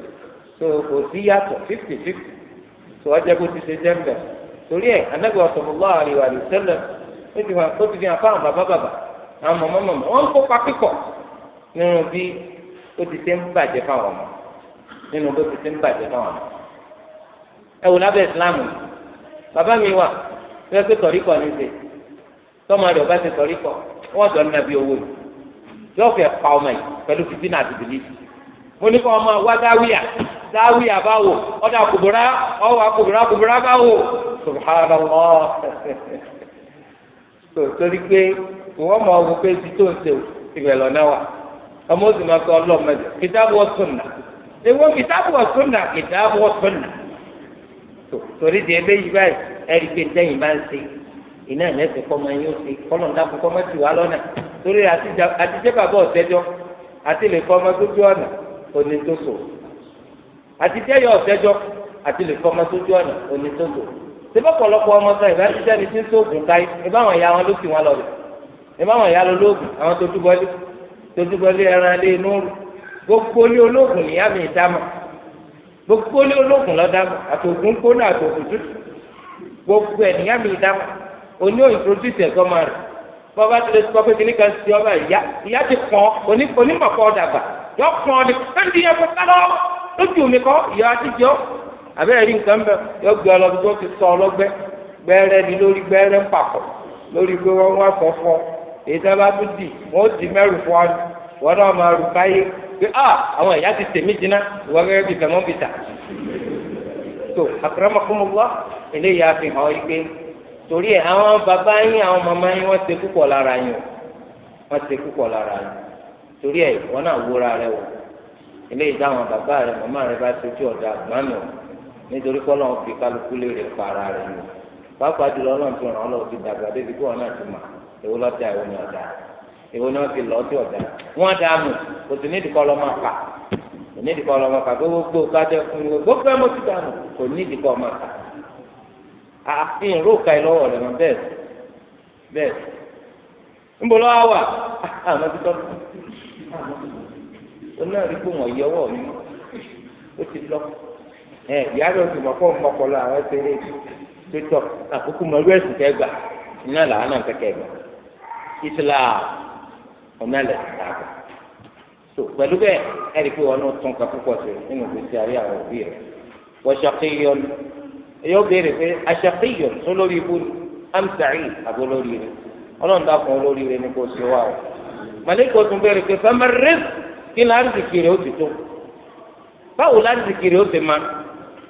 so kò sí yàtọ̀ fifty fifty so ọjọ́ bó ti ṣe jẹ́ mbẹ́ torí ẹ̀ Ànábì sallallahu alaihi wa sallam ó ti fi ó ti fi hàn fáwọn bàbá bàbá àwọn màmá màmá wọ́n kópa pípọ̀ nínú bí ó ti ṣe ń bàjẹ́ fáwọn ọmọ nínú bó ti ṣe ń bàjẹ́ fáwọn ọmọ ẹ wò lábẹ́ ìsìláàmù bàbá mi wà lọ́wọ́ pé tọ̀ríkọ̀ ní ṣe tọ́mọ rẹ̀ ọba ṣe tọ̀ríkọ̀ wọ́n dọ̀ nínú abí owó yìí yọ̀ọ́fẹ́ pa ọmọ yìí pẹ̀lú fìdí àti bìlíìsì mo ní kọ́ ọmọ wa dáwìyà dáwìyà báwo ọ̀dà kùbùrà ọ̀wà kùbùrà kùbùrà báwo subhanallah tó torí pé wọ́n mọ̀ ọ́ pé ti tó ń ṣe ìbẹ̀ lọ́nà wa ọmọ òsì máa sọ ọlọ́mọdé kìtàbù wa sunna ewu kìtàbù wa sunna kìtàbù wa sunna torí di eléyìí báyìí ẹ̀rí pé dẹ́yìn bá ń ṣe iná ẹ̀lẹ́sìn kọ́ máa yóò ṣe kọ́lọ̀ ń dákun kọ́ máa ti wá lọ́nà torí àtijọ́ bàbá ọ̀tẹ́jọ́ àti lè kọ́ ọmọ tó ju ọ̀nà onítòsò àti tẹ́yọ ọ̀sẹ́jọ́ àti lè fọmọ sójú ọ̀nà onítòsò sebọ́pọ̀lọpọ̀ ọmọ sọ ìbá ti sẹ́ni tí ń sóògùn káyé ìbá wọn ya wọn ló sì wọn lọ rẹ̀ ìbá wọn ya lọ lóògùn àwọn tó dúbọ́lé tó dúbọ́lé ẹran lé inú rù gbogbo ní olóògùn nìyá mi dámọ̀ gbogbo ní olóògùn lọ́dámọ̀ àtògùn gbóná àtògùn tútù gbogbo ẹ̀ nìyá mi dámọ̀ oní òyìnbójútì ẹ̀kọ́ máa rẹ̀ bọ́ba ti lè sọ pé kíní kan ti ọba ìyá ìyá ti pọ̀ onímọ̀kọ́ dàgbà yọ kàn ọ́ ni ẹni yẹ kó sálọ lójú mi kọ́ ìyá àtijọ́ àbẹ́rẹ́ rí nǹkan bẹ́ẹ̀ yọ gbé ọlọ́dún tó ti sọ ọlọ́gbẹ́ gbẹ́rẹ́ ni lórí gbẹ́rẹ́ ń papọ̀ lórí pé wọ́n wá sọ fún ọ èyí tá a bá tún dì wọ́n ó dì mẹ́rù fún ọ wọn náà máa rù káyé pé a àwọn ìyá ti tèmi jiná ìwọ gẹ́gẹ́ bíi tẹ̀mọ́bìtà tó àkàràmọ́kọ́mọ́gbá eléyìí á fi hàn yí pé torí ẹ̀ àwọn bàbá yín àwọn màmá yín wọ́n ṣe púpọ̀ lára yín wọ́n ṣe púpọ̀ lára yín. torí ẹ wọn náà wúra rẹ wò eléyìí táwọn bàbá rẹ màmá rẹ bá ṣojú ọ̀dà àgbọ̀nù nítorí kọ́lọ́ fi kálukú lè rè para rẹ ni pàápàá jùlọ ọlọ́run ti ti dàgbà débi wọn náà ti mà èwo lọ́tà èwo ọ̀dà èwo ni wọ́n ti lọ́ọ́ sí ọ̀dà wọ́n dà kò nídìí kọ́ lọ́mọ kò nídìí kọ́ lọ́mọ gbogbo kájọ fún gbogbo kò ó náà rí pé o yọ ọwọ́ mi ó ti lọ ẹ ìyá rẹ̀ ti mọ̀ fọ́ọ̀mù ọpọlọ àwọn ẹsẹ̀rẹ̀ pétọ̀ àkókò mọ̀ lórí ẹ̀sìn kẹgbà iná làwọn náà kẹkẹ gbà Islam ọ̀nà lẹ̀sìn dàgbà tó pẹ̀lú bẹ́ẹ̀ ẹ rí pé wọn tún ká púpọ̀ sí nínú ìgbésí ayé àwọn òbí béèrè pé tó lórí ibú màlẹ́kọ̀ tún bẹ̀rẹ̀ pé fẹ́mi kí ni arzikì rẹ̀ ó ti tó báwo lárzikì rẹ̀ ó ti ma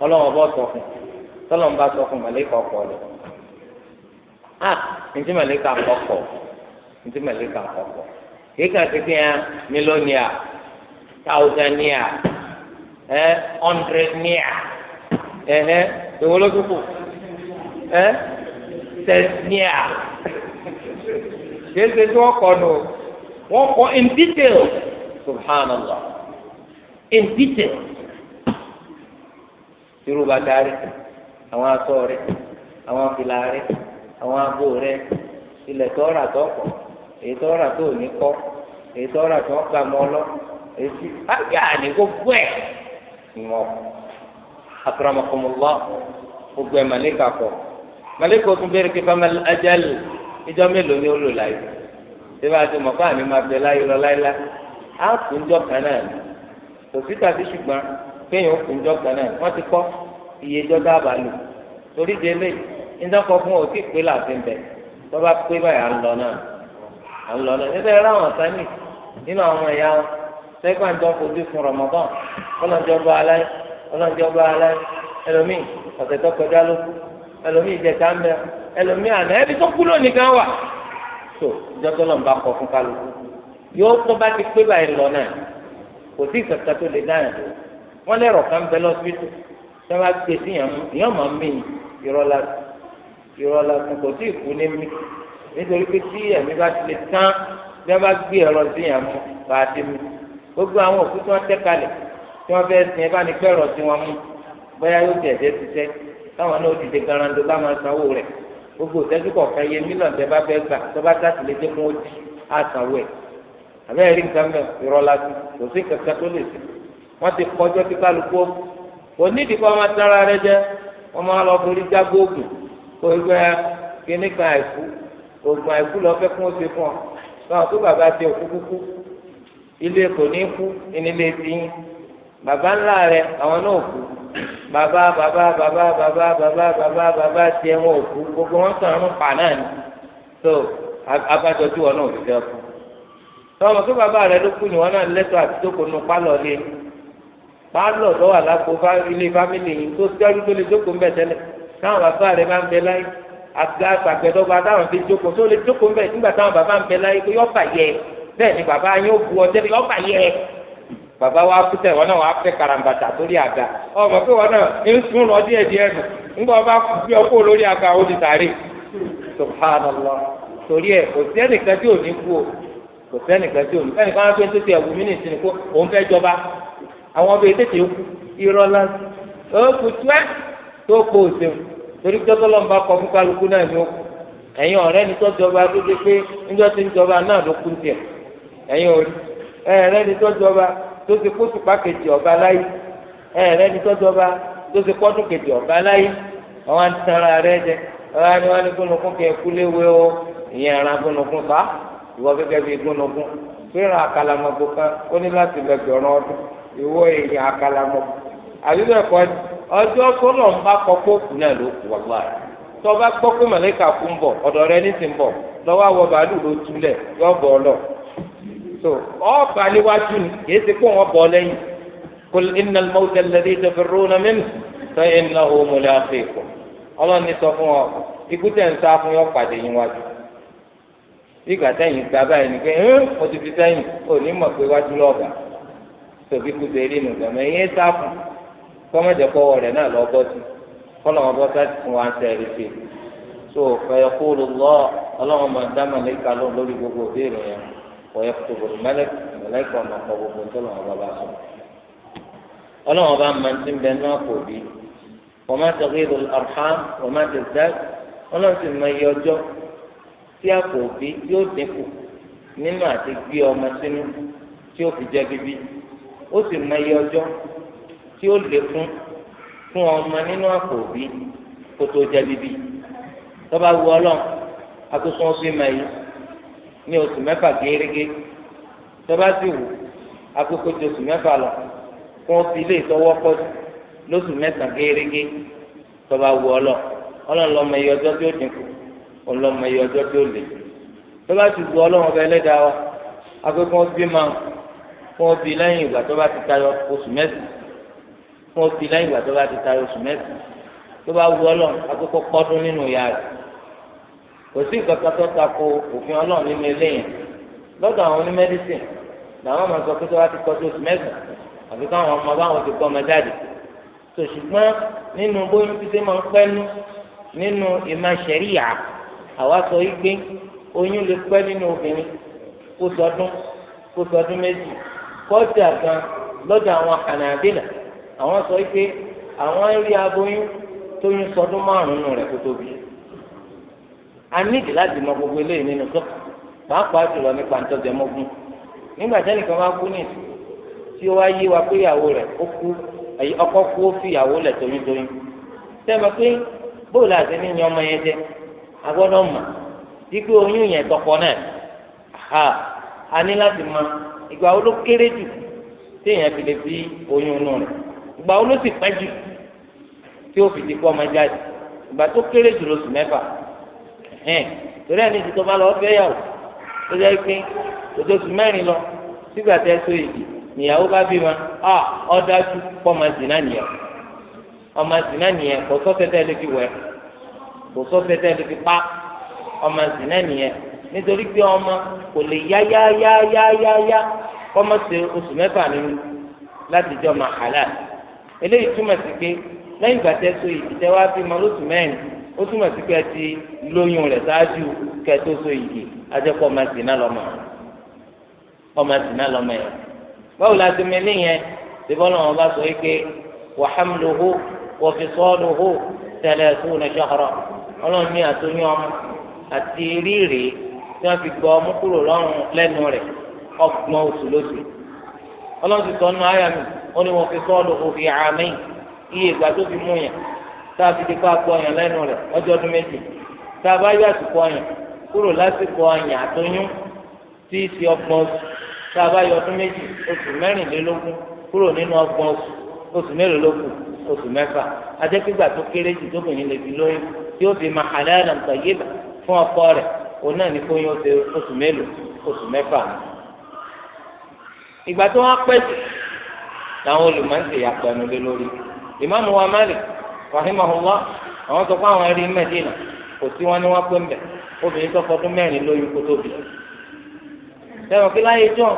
ọlọ́wọ́n bọ́ sọ fún tọ́lọ́n bá sọ fún màlẹ́kọ̀ ọkọ̀ rẹ̀ a ntí màlẹ́kọ̀ àkọ́kọ̀ ntí màlẹ́kọ̀ àkọ́kọ̀ kì í kà sí pé mílíọ̀nìà ẹ ìwọlọ́dúnkù ẹ wọn kọ in detail subhanallah in detail irú bàtà àwọn aṣọ rẹ àwọn afìlà rẹ àwọn abo rẹ ilẹ̀ tọ́ra tó kọ èyí tọ́ra tó ní kọ́ èyí tọ́ra tó gbà mọ́ lọ àgbà ní gbogbo ẹ̀ ni wọ́n gbogbo ẹ̀ màlíkà kọ. màlíkà ó tún kí famal ajal ìjọ mélòó ni ṣé bá a ti mọ̀ fún àmì máa bẹ láyé lọ láéláé á kúnjọ́ kan náà kò sí tàbí ṣùgbọ́n kéèyàn kúnjọ́ kan náà wọ́n ti kọ́ ìyẹjọ́ dábàá lò torí de lé nítakọ̀ fún òkè pé làbí bẹ̀ tó bá pé báyà ń lọ náà à ń lọ náà níbẹ̀ rẹ àwọn sani nínú àwọn ẹ̀yà wọn sẹ́gbọ̀n tó fojú fún Ramadan ọlọ́njọ́ bá aláì ọlọ́njọ́ bá aláì ẹlòmíì ọ̀sẹ̀ tó kọjá ló kú ẹlòmíì ìjẹta ń bẹ ẹlòmíì àná ẹbí tó kú lónìí gan wà tó ìjọ́tọ́lọ́ ń bá kọ fún kálukú yóò tó bá ti pé báyìí lọ náà kò sí ìkàkà tó lè dáhùn tó wọ́n lẹ́rọ̀ kan bẹ lọ́sibítù tí wọ́n bá gbé sí yàn mú ìyàn máa ń mí ìrọ́lá ìrọ́lá kò sí ìkú ní mí nítorí pé tí ẹ̀mí bá ti lè tán tí wọ́n bá gbé ẹ̀rọ sí yàn mú bá a ti mú gbogbo àwọn òkú tí wọ́n tẹ́ kalẹ̀ tí wọ́n fẹ́ sin ẹ bá ní sí wọn mú bóyá yóò tẹ̀ ẹ̀jẹ̀ ṣiṣẹ́ táwọn náà ó dìde garando bá máa sanwó rẹ̀ gbogbo ìtẹ́jú kọ̀ọ̀kan yẹ mílíọ̀nù tẹ́ bá fẹ́ gbà tó bá sáàtì lé dẹ́kun ó di àsanwó ẹ̀ àbẹ́rẹ́ rí nǹkan mẹ́ ìrọ̀lá sí kò sí kankan tó lè sí wọ́n ti kọjọ́ kí kálukú kò nídìí kó ọmọ tẹ́ra rẹ jẹ́ wọ́n máa lọ borí jágbó ògùn kó gbẹ kíní kan àìkú ògùn àìkú lọ fẹ́ kún ó ṣe fún ọ náà tó bàbá ti òkú kúkú ilé kò ní kú ìnílé ti yín bàbá ńlá rẹ àwọn náà kú bàbá bàbá bàbá bàbá bàbá bàbá bàbá tiẹ̀ wọn ò kú gbogbo wọn sàn án pa náà ni so abájọ tí wọn náà ò fi fẹ́ kú tọ́wọ́ pé bàbá rẹ ló kú ni wọn náà lẹ́tọ̀ àti jókòó nu pálọ̀ lé pálọ̀ tó wà lápò ilé fámìlì yìí tó dẹ́rú tó lè jókòó mbẹ tẹ́lẹ̀ táwọn bàbá rẹ bá ń bẹ láyé àgbà àgbẹ̀dọ́gba táwọn fi jókòó tó lè jókòó mbẹ nígbà táwọn bàbá ń bẹ láyé pé yọ bàbá wa kú tẹ wọn náà wàá fẹ karambata sórí àga ọmọ pé wọn náà ń sún lọ díẹ̀ díẹ̀ nù ńgbọ bá gbé ọkọ lórí àga ó di sàárè subhanallah torí ẹ kò sí ẹnìkan tí ò ní kú o kò sí ẹnìkan tí ò ní ẹnìkan wọn pé tó ti ẹwù mí nìsí ni kó òun fẹ́ jọba àwọn ọbẹ tètè kú irọ́ lásì ó kù tíwẹ tó kó o ṣeun torí tọ́tọ́ lọ́n bá kọ fún kálukú náà ni ó kù ẹ̀yin ọ̀rẹ́ ni tó tó dé pé níjọ́ tí ń jọba náà ló kú tiẹ̀ ẹ̀yin ọ̀rẹ́ ni tó tó ti kó tùpá kejì ọba láyé ẹ̀rẹ́ ni tọ́jú ọba tó ti kọ́dún kejì ọba láyé àwọn àtàrà rẹ jẹ ọba ni wọn kẹ o ìyẹn ara gbónukún fa ìwọ gẹ́gẹ́ bíi gbónukún fíran àkàlàmọ̀gbò kan ó ní láti ọdún ìwọ tó lọ ń bá náà ló so ọba níwájú ni kìí ṣe kó wọn bọ̀ lẹ́yìn kul innal mawta alladhi tafirruna minhu fa innahu mulaqikum ọlọ́run ní sọ fún ọ ikú tẹ̀ ń sá fún yọ pàdé yín wájú bí ìgbà sẹ́yìn gba báyìí ni pé ẹ́ mo ti fi sẹ́yìn ò ní mọ̀ pé wájú lọ́ọ̀bà tòbí kú ṣe nu gbọ̀mọ̀ ẹ̀yìn sá fún kọ́mọ̀jẹ̀ kọ́wọ́ náà lọ́ọ́ bọ́ sí kọ́lọ̀ wọn bọ́ sáà fún wa ń sí so fẹ̀yẹ̀ kúrò lọ́ọ̀ ọlọ́run mọ̀ dámọ̀ lẹ́ka lórí gbogbo òbí ìròyìn ويكتب الملك الملائكة وما قبوا بنتلهم وبابا سوء ọlọ́run ọba máa ń ti bẹ náà kò bí wọ́n máa tẹ̀lé ìlú arham wọ́n máa tẹ̀lé dáàbì ọlọ́run sì máa yẹ ọjọ́ tí a yóò dínkù nínú àti gbé ọmọ sínú tí ó fi jẹ́ bíbí ó sì máa yẹ ọjọ́ tí ó lékún fún ọmọ nínú àpò kó tó jẹ́ bíbí tọ́ba wu ọlọ́run akóso wọn fi máa yìí ní oṣù mẹ́fà gẹ́gẹ́ tọ́ba sì wù akókò tí oṣù mẹ́fà lọ kó o ti lè tọwọ́ kọ́ lóṣù mẹ́sàn gẹ́gẹ́ tọ́ba wù ọ lọ ọlọ́run lọ́mọ iye ọjọ́ tí ó dínkù ọlọ́mọ iye ọjọ́ tí ó lè tọ́ba sì wù ọlọ́run ọba ẹlẹ́dàá wa akókò bí máa kó o bí lẹ́yìn ìgbà tọ́ba ti tayọ oṣù mẹ́sàn kó o bí lẹ́yìn ìgbà tọ́ba ti tayọ oṣù mẹ́sàn tọ́ba wù ọlọ́run akókò pọ́dún nínú ìyá rẹ̀ kò sí nǹkan kan tó tako òfin ọlọ́run nínú ilé yẹn lọ́dọ̀ àwọn onímẹ́dísìn làwọn máa sọ pé tó bá ti kọjú oṣù mẹ́sàn-án àfi káwọn ọmọ báwọn ti kọ́ ọmọ jáde tó ṣùgbọ́n nínú bóyún títí máa ń pẹ́nu nínú ìmọ̀ ṣẹ̀ríyà àwa sọ yìí gbé oyún lè pẹ́ nínú obìnrin kó sọdún kó sọdún méjì kọ́ọ̀tì àgbọn lọ́dọ̀ àwọn ànàbìlà àwọn sọ yìí pé àwọn rí aboyún tóyún sọdún márùn-ún rẹ̀ kó tóbi a nídìí láti mọ gbogbo eléyìí nínú tó pàápàá jùlọ nípa ntọ́jẹmọ́gún nígbà tẹ́nìkan bá kú ní tí ó wá yé wa pé ìyàwó rẹ̀ ó kú ọkọ kú ó fi ìyàwó lẹ̀ toyúntoyún sẹ́mi pé bóòlù àti níyan ọmọ yẹn jẹ́ agbọ́dọ̀ mọ̀ dípé oyún yẹn tọkọ náà ha a ní láti mọ ìgbà wo ló kéré jù téèyàn fi lè fi oyún inú rẹ̀ ìgbà wo ló sì pẹ́ jù tí ó fi di kú ọmọ jáde ìgbà tó kéré jù lóṣù mẹ́fà ẹ̀ torí ẹni tí tó bá lọ fẹ́ yàwó tó jẹ́ pé tòtò sùn mẹ́rin lọ sígbà tẹ́ so èdè nìyàwó bá bí wọn a ọ̀dájú pọ́mọ zìnnà nìyẹn ọmọ zìnnà nìyẹn kò sọ́fẹ́tẹ́ ló fi wẹ̀ kò sọ́fẹ́tẹ́ ló fi pa ọmọ zìnnà nìyẹn nítorí pé ọmọ kò lè yá yá yá yá yá yá kọ́mọ ṣe oṣù mẹ́fà nínú láti jọ màhálà eléyìí túmọ̀ sí pé lẹ́yìn ìgbà tẹ́ so èdè tẹ́ wá bímọ lóṣù mẹ́rin ó túmọ̀ sí pé ẹ ti lóyún rẹ̀ ṣáájú kẹ́ tó so yìí ajẹ́pọ̀ ọmọ zina lọ́mọ ọmọ zina lọ́mọ yẹn báwo la ti mẹ́lẹ́ yẹn ṣùgbọ́n náà wọ́n bá sọ yìí pé wa hamluhu wa fisaluhu thalathuna shahra ọlọ́run ní àtúnyọ́ ọmọ àti rírèé tí wọ́n fi gbọ́ ọmú kúrò lọ́rùn lẹ́nu rẹ̀ ọgbọ̀n oṣù lóṣù ọlọ́run ti sọ nù ayà ó ní wọ́n fi sọ́ọ́lù òfin àmì iye ìgbà tó fi mú yẹn tá a fi di pa pọ ọyàn lẹ́nu rẹ̀ ọjọ́ ọdún méjì tá a bá yọ àsìkò ọyàn kúrò lásìkò ọyàn àtọyún tí í ṣe ọgbọ̀n oṣù tá a bá yọ ọdún méjì oṣù mẹ́rìnlélógún kúrò nínú ọgbọ̀n oṣù oṣù mẹ́rìnlélógún oṣù mẹ́fà adékúgbà tó kéré jù tóbìnrin lè fi lóyún tí ó fi máa halalan tayyiba fún ọkọ rẹ̀ òun náà ní kó yín oṣù mélòó oṣù mẹ́fà ni ìgbà tó wá pẹ́ jù làwọn olùmọ̀ọ́sẹ̀ yà pẹ̀lú lé lórí ìmáàmù wa Malik rahimahullah àwọn sọ pé àwọn ẹrí mẹdínà kò sí wọn ni wọn pé mbẹ obìnrin tó fọdún mẹ́rin lóyún kó tóbi sẹ́wọ̀n kí láyé jọ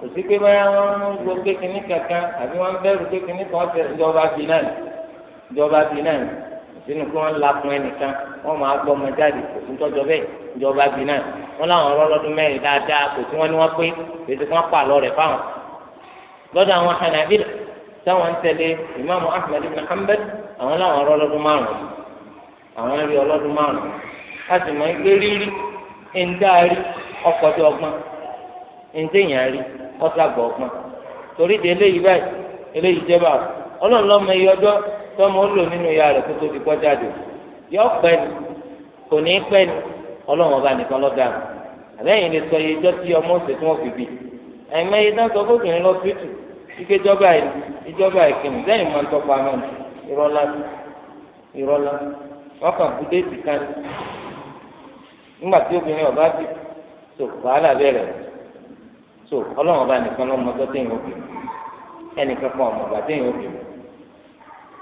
kò sí pé báyà wọn ń lo kékeré kankan àbí wọn ń kékeré kan tẹ ìjọba bíi náà ìjọba bíi náà sínú kí wọn lakun ẹnìkan wọn máa gbọ́ ọmọ jáde kò sí tọjọ bẹ́ẹ̀ ìjọba bíi náà wọn làwọn ọlọlọdún mẹ́rin dáadáa kò sí wọn ni wọn pé ètò kan pa àlọ rẹ fáwọn lọ́dọ̀ àwọn Hanabila táwọn ń tẹ̀lé Imam Ahmad ibn Hanbal àwọn làwọn rọ ọlọ́dún márùn àwọn rí ọlọ́dún márùn láti mọ ẹgbẹ́ rírí ẹ̀ńdáàrí ọkọ̀ ọgbọ́n ẹ̀ńdẹ́yìnàrí ọ̀sàgbọ̀ ọgbọ́n torí de eléyìí báyìí eléyìí jẹ́ báwò ọlọ́run lọ́mọ iye ọjọ́ tọ́mọ ó lò nínú rẹ̀ kó tó ti kọ́ jáde yọ pẹ́ ni kò ní pẹ́ ni ọlọ́run ọba nìkan sọ iye ọjọ́ tí ọmọ òsè tí wọ́n fi bì dáńtọ́ ìkéjọba lẹ́yìn irọ́ lásán irọ́ lásán wọ́n kàn kú kan nígbà tí obìnrin ọba bí so wàhálà bẹ̀rẹ̀ so ọlọ́run ọba nìkan lọ́mọ tó téèyàn obìnrin ẹnìkan kan ọmọ ọba téèyàn obìnrin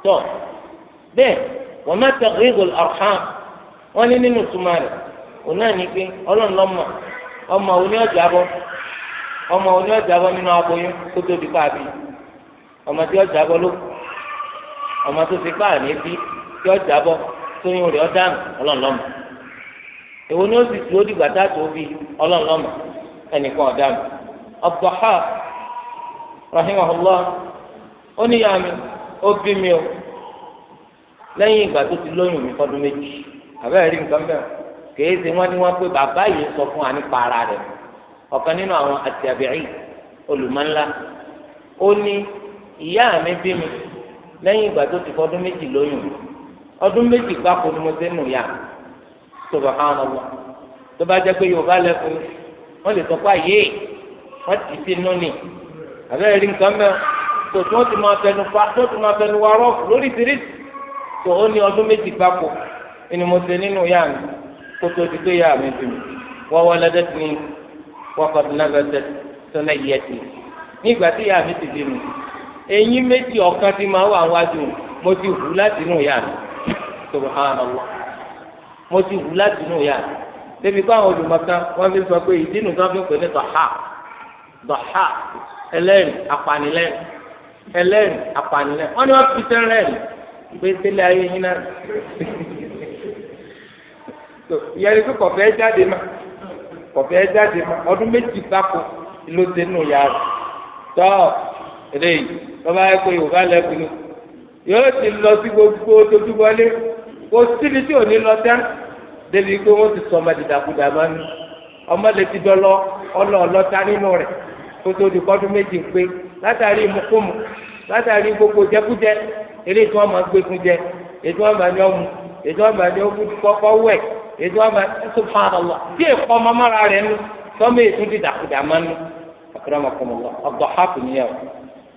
tọ́ bẹ́ẹ̀ wọ́n má tẹ rígòl ọ̀hán wọ́n ní nínú túmọ̀ rẹ̀ òun náà ní pé ọlọ́run lọ́mọ ọmọ òní ọjà bọ́ ọmọ òní ọjà bọ́ nínú aboyún kó tóbi káàbí ọmọ tí ọjà bọ́ lókun ọmọ tó fi páàní bí kí ọ jábọ́ tóyún rẹ̀ ọ dànù ọlọ́ọ̀lọ́mọ èwo ni ó sì dúró dìgbà táàtò bí ọlọ́ọ̀lọ́mọ ẹnìkan ọ dànù ọ̀bọ̀há rahimahullah ó níyà mi ó bí mi o lẹ́yìn ìgbà tó ti lóyún mi fọdún méjì àbẹ́rẹ́ rí nǹkan bẹ́ẹ̀ kèé ṣe wọ́n ní wọ́n pé bàbá yìí sọ fún wa nípa rẹ̀ ọ̀kan nínú àwọn àtìyàbẹ̀rì olùmọ̀ńlá ó ní ìyá mi bí mi lẹ́yìn ìgbà tó ti fọdún méjì lóyún ọdún méjì gbáko ni mo sẹ́nu yá subhanallah tó bá jẹ́ pé yorùbá lẹ́kùn wọ́n lè sọ pé àyè wọ́n ti sínú ni àbẹ́rẹ́ rí nǹkan mẹ́wọ́ tó tí wọ́n ti máa fẹnu fa tó ti máa fẹnu wa rọ́ọ̀fù lórí tìrìsì tó ó ní ọdún méjì gbáko ni mo ṣe nínú yá mi kó tó ti gbé yá mi fi mi wọ́n wọ́n lẹ́dẹ́ ti ní wọ́n kọ́ tó náà fẹ́ tẹ́ tó náà yẹ ti nígbà tí yá mi ti di mi. eyín méjì ọ̀kan ti máa wà wájú mo ti hù láti inú ìyá mi subhanallah mo ti hù láti inú ìyá mi débi kó àwọn wọ́n fi sọ pé ìdínú tó fi pè ní dọ̀há dọ̀há ẹlẹ́rìn apanilẹ́rìn ẹlẹ́rìn apanilẹ́rìn wọ́n ní wọ́n fi sẹ́rẹ́rìn pé sílẹ̀ ayé yín náà yẹri jáde ma jáde ma ọdún méjì gbáko ló bàbá yẹ pé yorùbá lẹ́kùn ni yóò ti lọ sí gbogbo tójúbọlé kò síbi tí ò ní lọ tán débi pé wọ́n ti sọ ọmọ dìdàkudà máa ń ọmọ lè ti dọ́lọ́ ọlọ́ ọlọ́ta nínú rẹ̀ kó tó di kọ́dún méjì pé látàrí ìmúkúmu látàrí gbogbo jẹkújẹ eré tí wọ́n máa gbé fún jẹ ètò àmà ni ọmú ètò àmà ni ọmú kọ́kọ́ wẹ̀ ètò àmà subhanallah tí èkó ọmọ mọ́ra rẹ̀ nù tọ́mọ ètò dìdàkudà máa ń nù àkàrà ọmọkùnrin ọgbà hápù nìyẹn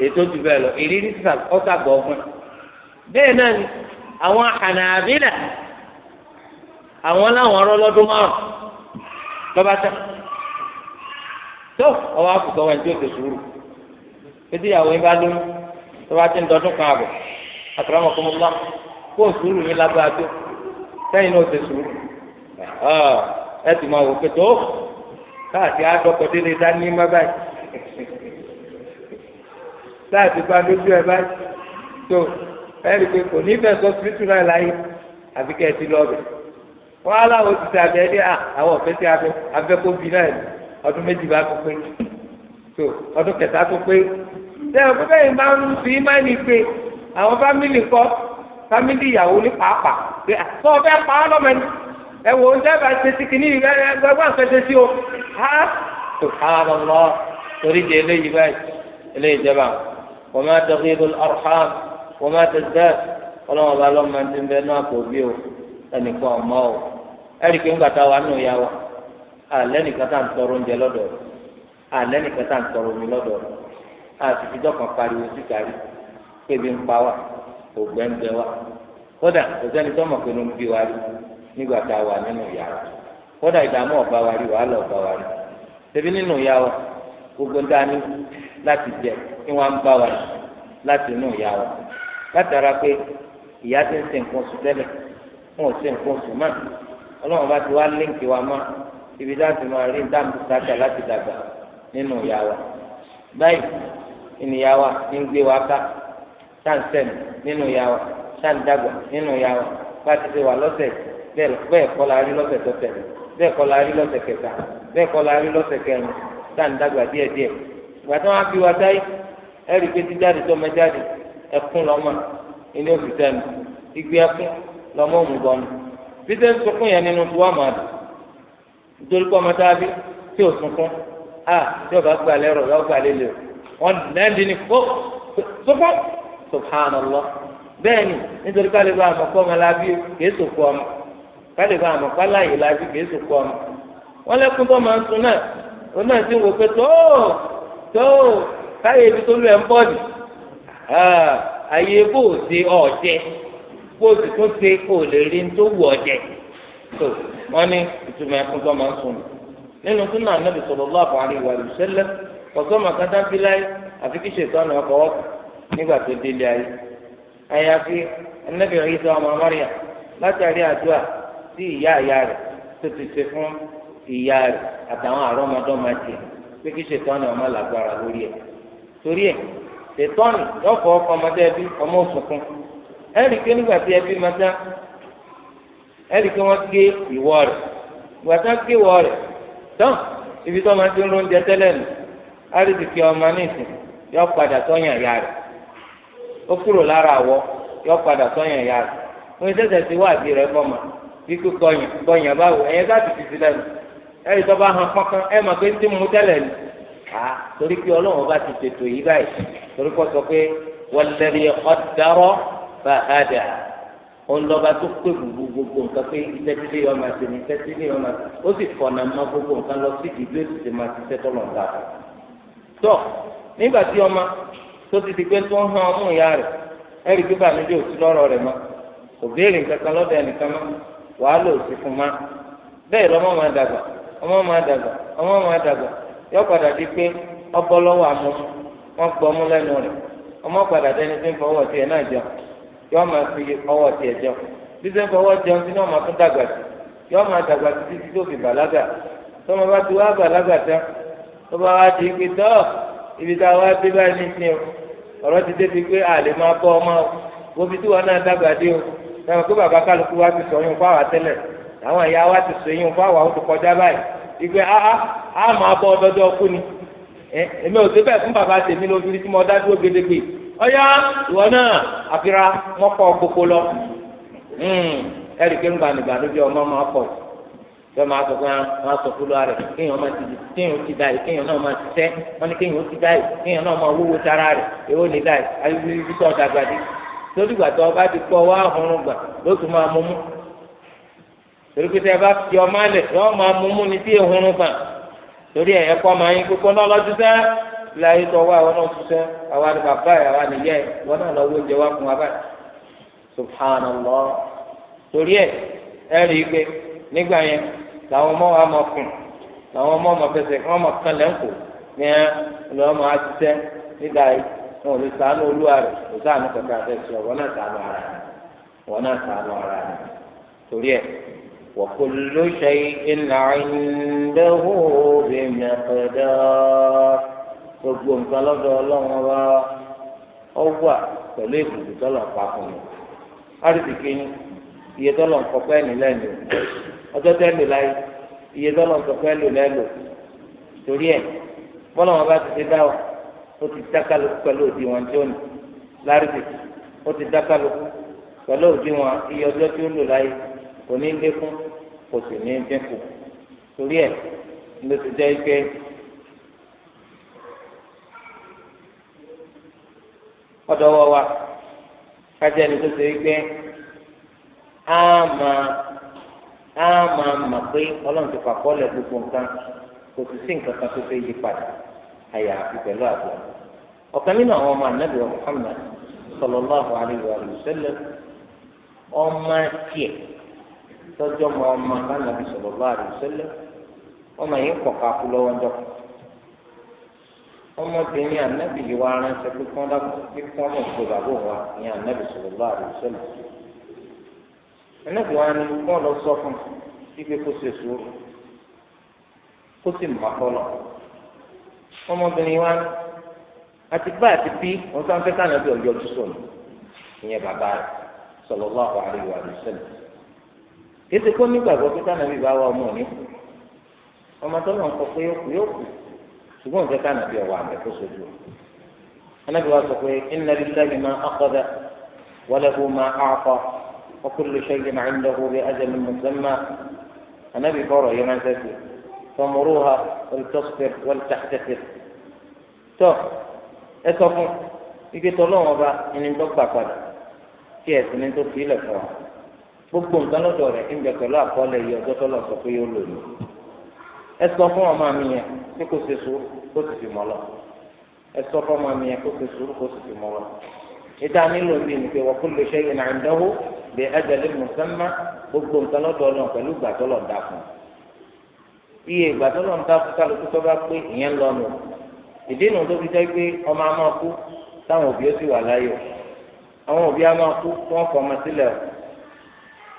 ètò jù bẹ́ẹ̀ lọ ìrírí ọ̀sàgbọ̀ ọ̀gbọ́n bẹ́ẹ̀ náà ni àwọn Hanabila àwọn láwọn ọ̀rọ̀ lọ́dún márùn lọ́ba tán tó ọwọ́ àkùsọ wọn tí ó ti sùúrù pété ìyàwó yín bá lóyún lọ́ba tí ń dọdún kan àbọ̀ àtàràmọ̀ kọ́mọ́ bá kó sùúrù mi lágbára tó sẹ́yìn náà ti sùúrù ẹ ti máa wò pé tó káàkiri àdọ́kọ̀ délé dání má báyìí láti bá lójú ẹ báyìí tó ẹ̀rí pé kò ní fẹsọ spiritu náà láyé àfi kẹ́ ẹ ti lọ́ọ̀bẹ̀ wọ́n á láwọn ti tàbí ẹ ní àwọn ọ̀fẹ́ tí a fẹ́ afẹ́ kó bi náà ọdún méjì bá tó pé tó ọdún kẹta tó pé lẹ́yìn pé bẹ́ẹ̀ máa ń fi máa ní pé àwọn fámìlì kọ́ fámìlì ìyàwó ní pàápàá pé àtọ́ ọbẹ̀ pa á lọ́mọ ẹni ẹ wò ó dábàá ṣe ti kìíní rẹ gbẹgbẹ́ àfẹ́ ṣe sí o ha tó ká lọ́ọ́ torí di eléyìí báyìí eléyìí jẹ́ báwọn. وما تغيض الأرحام وما تزداد ọlọ́wọ́n bá lọ́ọ́ máa ti ń bẹ náà kò bí o ẹnìkan ọ̀mọ́ o ẹ̀ríkì ń gbàtà wà nù ya wa alẹ́ nìkan tá à ń tọrọ oúnjẹ lọ́dọ̀ rẹ̀ alẹ́ nìkan tá à ń tọrọ omi lọ́dọ̀ rẹ̀ àtìfíjọ́ kan pariwo síta rí pébi ń pa wa ògbẹ́ ń bẹ wa kódà kò sẹ́ni tó mọ̀ pé ló ń bí wa rí nígbà tá a wà nínú yàrá kódà ìdààmú ọ̀bá wa rí wàhálà ọ̀bá wa rí tẹ̀bí nínú ya wa gbogbo ń dání láti jẹ kí wọn bá wa láti inú ìyá wa látara pé ìyá ti ń ṣe nǹkan oṣù tẹ́lẹ̀ wọn ò ṣe nǹkan oṣù mọ́ ọlọ́run bá ti wá líǹkì wa mọ́ ibi dáàbò máa rí dáàbò sáàtà láti dàgbà nínú ìyá wa báyìí nínú ìyá wa ní ń gbé wa ká táǹsẹ̀n nínú ìyá wa táǹdàgbà nínú ìyá wa bá ti ṣe wà lọ́sẹ̀ bẹ́ẹ̀ kọ́ la rí lọ́sẹ̀ tó tẹ̀lé bẹ́ẹ̀ kọ́ la rí lọ́sẹ̀ kẹta bẹ́ẹ̀ kọ́ la rí lọ́sẹ̀ kẹrin táǹdàgbà díẹ̀díẹ̀ ìgbà tí wọn á fi wá sáyé ẹrí pé ti jáde tó mẹjáde ẹkún lọmọ ilé òfìsẹ mi igbe ẹkún lọmọ òun bọ mi bí sẹ ń sunkún yẹn nínú tí wọn mọ àdùn nítorí pé ọmọ tá a bí tí ò sunkún a tí ọba gba lẹrọ ọba gba lélẹ wọn lẹ́ndín ní kó sunkún subhanallah bẹ́ẹ̀ ni nítorí kálí bá àmọ́ kọ́ lábí kìí sòkò ọmọ kálí bá àmọ́ kọ́ lábí kìí sòkò ọmọ wọn lẹ́kún tó máa ń sun náà òun náà ti wò pé tó tó káyọ̀ ibi tó lu ẹ̀ ń bọ̀ nì àyè ah, bó o ṣe ọ̀jẹ́ bó o sì tún ṣe kó lè rí ní tó wù ọ̀jẹ́ tó wọ́n ní ìtumọ̀ ẹ̀kún tó máa ń sùn nínú tó náà nàbì sallallahu alaihi wa sallam kọ̀sọ́ màkàtà ń fi láyé àfi kí ṣètò àná ọkọ̀ wọ́pọ̀ nígbà tó délé ayé àyàfi ẹnẹ́bì Ìsá ọmọ látàrí àdúrà sí pé kí ṣètọ́ni ọmọ làgbára lórí ẹ̀ torí ẹ̀ ṣètọ́ni yóò fọ ọkọ ọmọdé ẹbí ọmọ òṣùnkún ẹ̀rì pé nígbà tí ẹbí máa dá ẹ̀rì pé wọ́n gé ìwọ rẹ̀ ìgbà tí wọ́n gé ìwọ rẹ̀ tán ibi tó máa ti ń lóúnjẹ tẹ́lẹ̀ nù àrísìkí ọmọ nísìn yóò padà sọ́yàn ìyá rẹ̀ ó kúrò lára àwọ̀ yóò padà sọ́yàn ìyá rẹ̀ wọ́n ṣẹ̀ṣẹ̀ ti wá àbí rẹ̀ bọ́mà bí kíkọ́ yàn bọ́yàn ẹ̀rí tó bá hàn kankan ẹ̀ mà pé ń tí mu tẹ́lẹ̀ ni à torí pé ọlọ́run bá ti tètò yí báyìí torí kọ́ sọ pé walladhi qaddara fahada ọlọ́ba tó pé gbogbo gbogbo nǹkan pé iṣẹ́ tí léyìn ọmọ àti iṣẹ́ tí léyìn ọmọ àti ó sì fọ̀nà mọ́ gbogbo nǹkan lọ sí ìdílé tó ti máa ṣiṣẹ́ tó lọ́n dà tó nígbà tí ọmọ tó ti di pé tó ń hàn ọmú ìyá rẹ̀ ẹ̀rí gbígbà níbi òsì lọ́rọ̀ rẹ̀ mọ́ kò béèrè nǹkan kan lọ́dọ̀ ẹnìkan mọ́ wàá lò sí fún ma bẹ́ẹ̀ lọ́mọ́ máa dàgbà ọmọ máa dàgbà ọmọ máa dàgbà yọ padà di pé ọbọ àmú wọn gbọ ọmú lẹ́nu rẹ̀ ọmọ padà dẹni ń náà jẹun máa fi ọwọ́ tiẹ̀ jẹun bí sẹ ń na jẹun sí náà máa dàgbà sí máa dàgbà sí títí tó fi bàlágà bá ti wá bàlágà tán tó bá wá di pé tọ́ ibi tá a wá dé báyìí ní ìsìn ọ̀rọ̀ ti dé ọmọ tí wọn àwọn ìyá wa ti sèyìn fún àwọn àwọn tó kọjá ah máa bọ ọdọdọ kú ni èmi ò débẹ̀ fún bàbá tèmi ló fi tí mo dá dúró gédégbé ọyá ìwọ náà àfira mọ́kọ́ gbogbo lọ hmm, ẹ̀rí pé ńgbà nígbà lójú ọmọ máa pọ̀ máa sọ fún wa sọ fún kéèyàn máa ti kéèyàn ti dà yìí kéèyàn náà máa ti kéèyàn ti dà yìí kéèyàn náà máa wúwo sára èwo dà yìí ayélujára lórí ọba ti kọ́ wa ọ̀hún gbà torí pé tẹ bá fi ọmọ alẹ yọọ máa mú mú ni tí ehun fà torí ẹ ẹkọ máa yín kókó náà lọ́dún sẹ́ láyé tó wá àwọn náà ṣiṣẹ́ àwa ni bàbá ẹ̀ àwa nìyẹ́ ẹ̀ wọn náà lọ́wọ́ oúnjẹ wá fún wa báyìí subhanallah torí ẹ ẹ rí i pé nígbà yẹn làwọn ọmọ wa máa kùn làwọn ọmọ ọmọ fẹsẹ̀ kí wọ́n máa kàn lẹ́ńkù ní ẹ lọ́wọ́ máa ṣiṣẹ́ nígbà yìí wọn ò lè sàánú olúwa rẹ̀ kò sàánú kankan àfẹ́sọ̀ wọn náà sàánú ara rẹ̀ wọn náà sàánú ara rẹ̀ torí ẹ وكل شيء عنده بمقدار gbogbo nǹkan lọ́dọ̀ ọlọ́run ọba ọ wà pẹ̀lú ìbùdó tọ́lọ̀ papọ̀ ni árìsìkì ni iye tọ́lọ̀ ń kọ́kọ́ ẹ̀nì lẹ́nu ọjọ́ tẹ́lẹ̀ láyé iye tọ́lọ̀ ń kọ́kọ́ ẹ̀lò lẹ́lò torí ẹ̀ bọ́lọ̀ wọn bá ti ṣe dáwọ̀ ó ti dákàlùkù pẹ̀lú òdiwọ̀n tí ó nì lárìsìkì ó ti dákàlùkù pẹ̀lú òdiwọ̀n iye ọjọ́ tí ó lò láyé kò ní lékún kò sì ní dínkù torí ẹ̀ ló ti jẹ́ pé ọ̀dọ̀ wọ wa kájẹ́ ni tó ṣe á máa á máa pé ọlọ́run ti lẹ̀ gbogbo nǹkan kò sì sí nǹkan kan tó fẹ́ yí padà àyà àti pẹ̀lú ọ̀kan nínú àwọn ọmọ tọ́jọ́ mọ ọmọ kánàbí sọ̀rọ̀ bá rẹ̀ sẹ́lẹ̀ ọmọ yìí kọ̀ kakú lọ́wọ́ dọ́ ọmọbìnrin ànábì yìí wá ránṣẹ́ pé kí wọ́n dákọ̀ pé kí wọ́n mọ̀ pé bàbá òun wà ní ànábì sọ̀rọ̀ bá rẹ̀ sẹ́lẹ̀ ànábì wa ni wọ́n lọ sọ fún pípé kó ṣe sùúrù kó sì mọ̀ akọ́lọ̀ ọmọbìnrin wa àti bá àti bí wọ́n sáfẹ́ kánàbì ọ̀yọ́ ọdún sọ̀rọ̀ ìyẹn bàbá rẹ̀ sọ̀rọ̀ lọ́wọ́ àríwá rẹ̀ sẹ́lẹ̀ èsì kó nígbàgbọ́ pé kánàbí bá wà ọmọ òní ọmọ tó lọ ń kọ pé yoku yoku sugbon kú kana bi owo àmì kó sojú o anabi wa sọ pé ìnáli sẹ́yìn máa wọlé kó máa àkọ́ ọkùnrin sẹ́yìn máa ń dọ̀hu bí ajẹ́mi mùsùlùmá anabi bọ̀rọ̀ yìí ha wọlé fọmùrúha wọlé wọlùtàkìtẹ̀fẹ̀r tó ẹ sọ fún ike tọ́lọ́wọ́n ọba ẹni tó gbà kí ẹ̀sìn ní tó fi ilẹ̀ fún wa. gbogbo nǹkan lọ́dọ̀ rẹ̀ ń bẹ pẹ̀lú àkọọ́lẹ̀ yìí ọjọ́ tó lọ sọ pé yóò lò ní. ẹ sọ fún ọmọ mi yẹn pé kó ṣe sùúrù kó sì fi mọ́ lọ. ẹ sọ fún ọmọ mi yẹn kó ṣe sùúrù kó sì fi mọ́ lọ. ìdá nílò bíi ní wọ́n kú lè ṣe ìrìn àǹdáwó lè ẹ̀jẹ̀lẹ̀ mùsànmá gbogbo nǹkan náà pẹ̀lú ìgbà tó lọ iye ìgbà tó lọ kálukú tó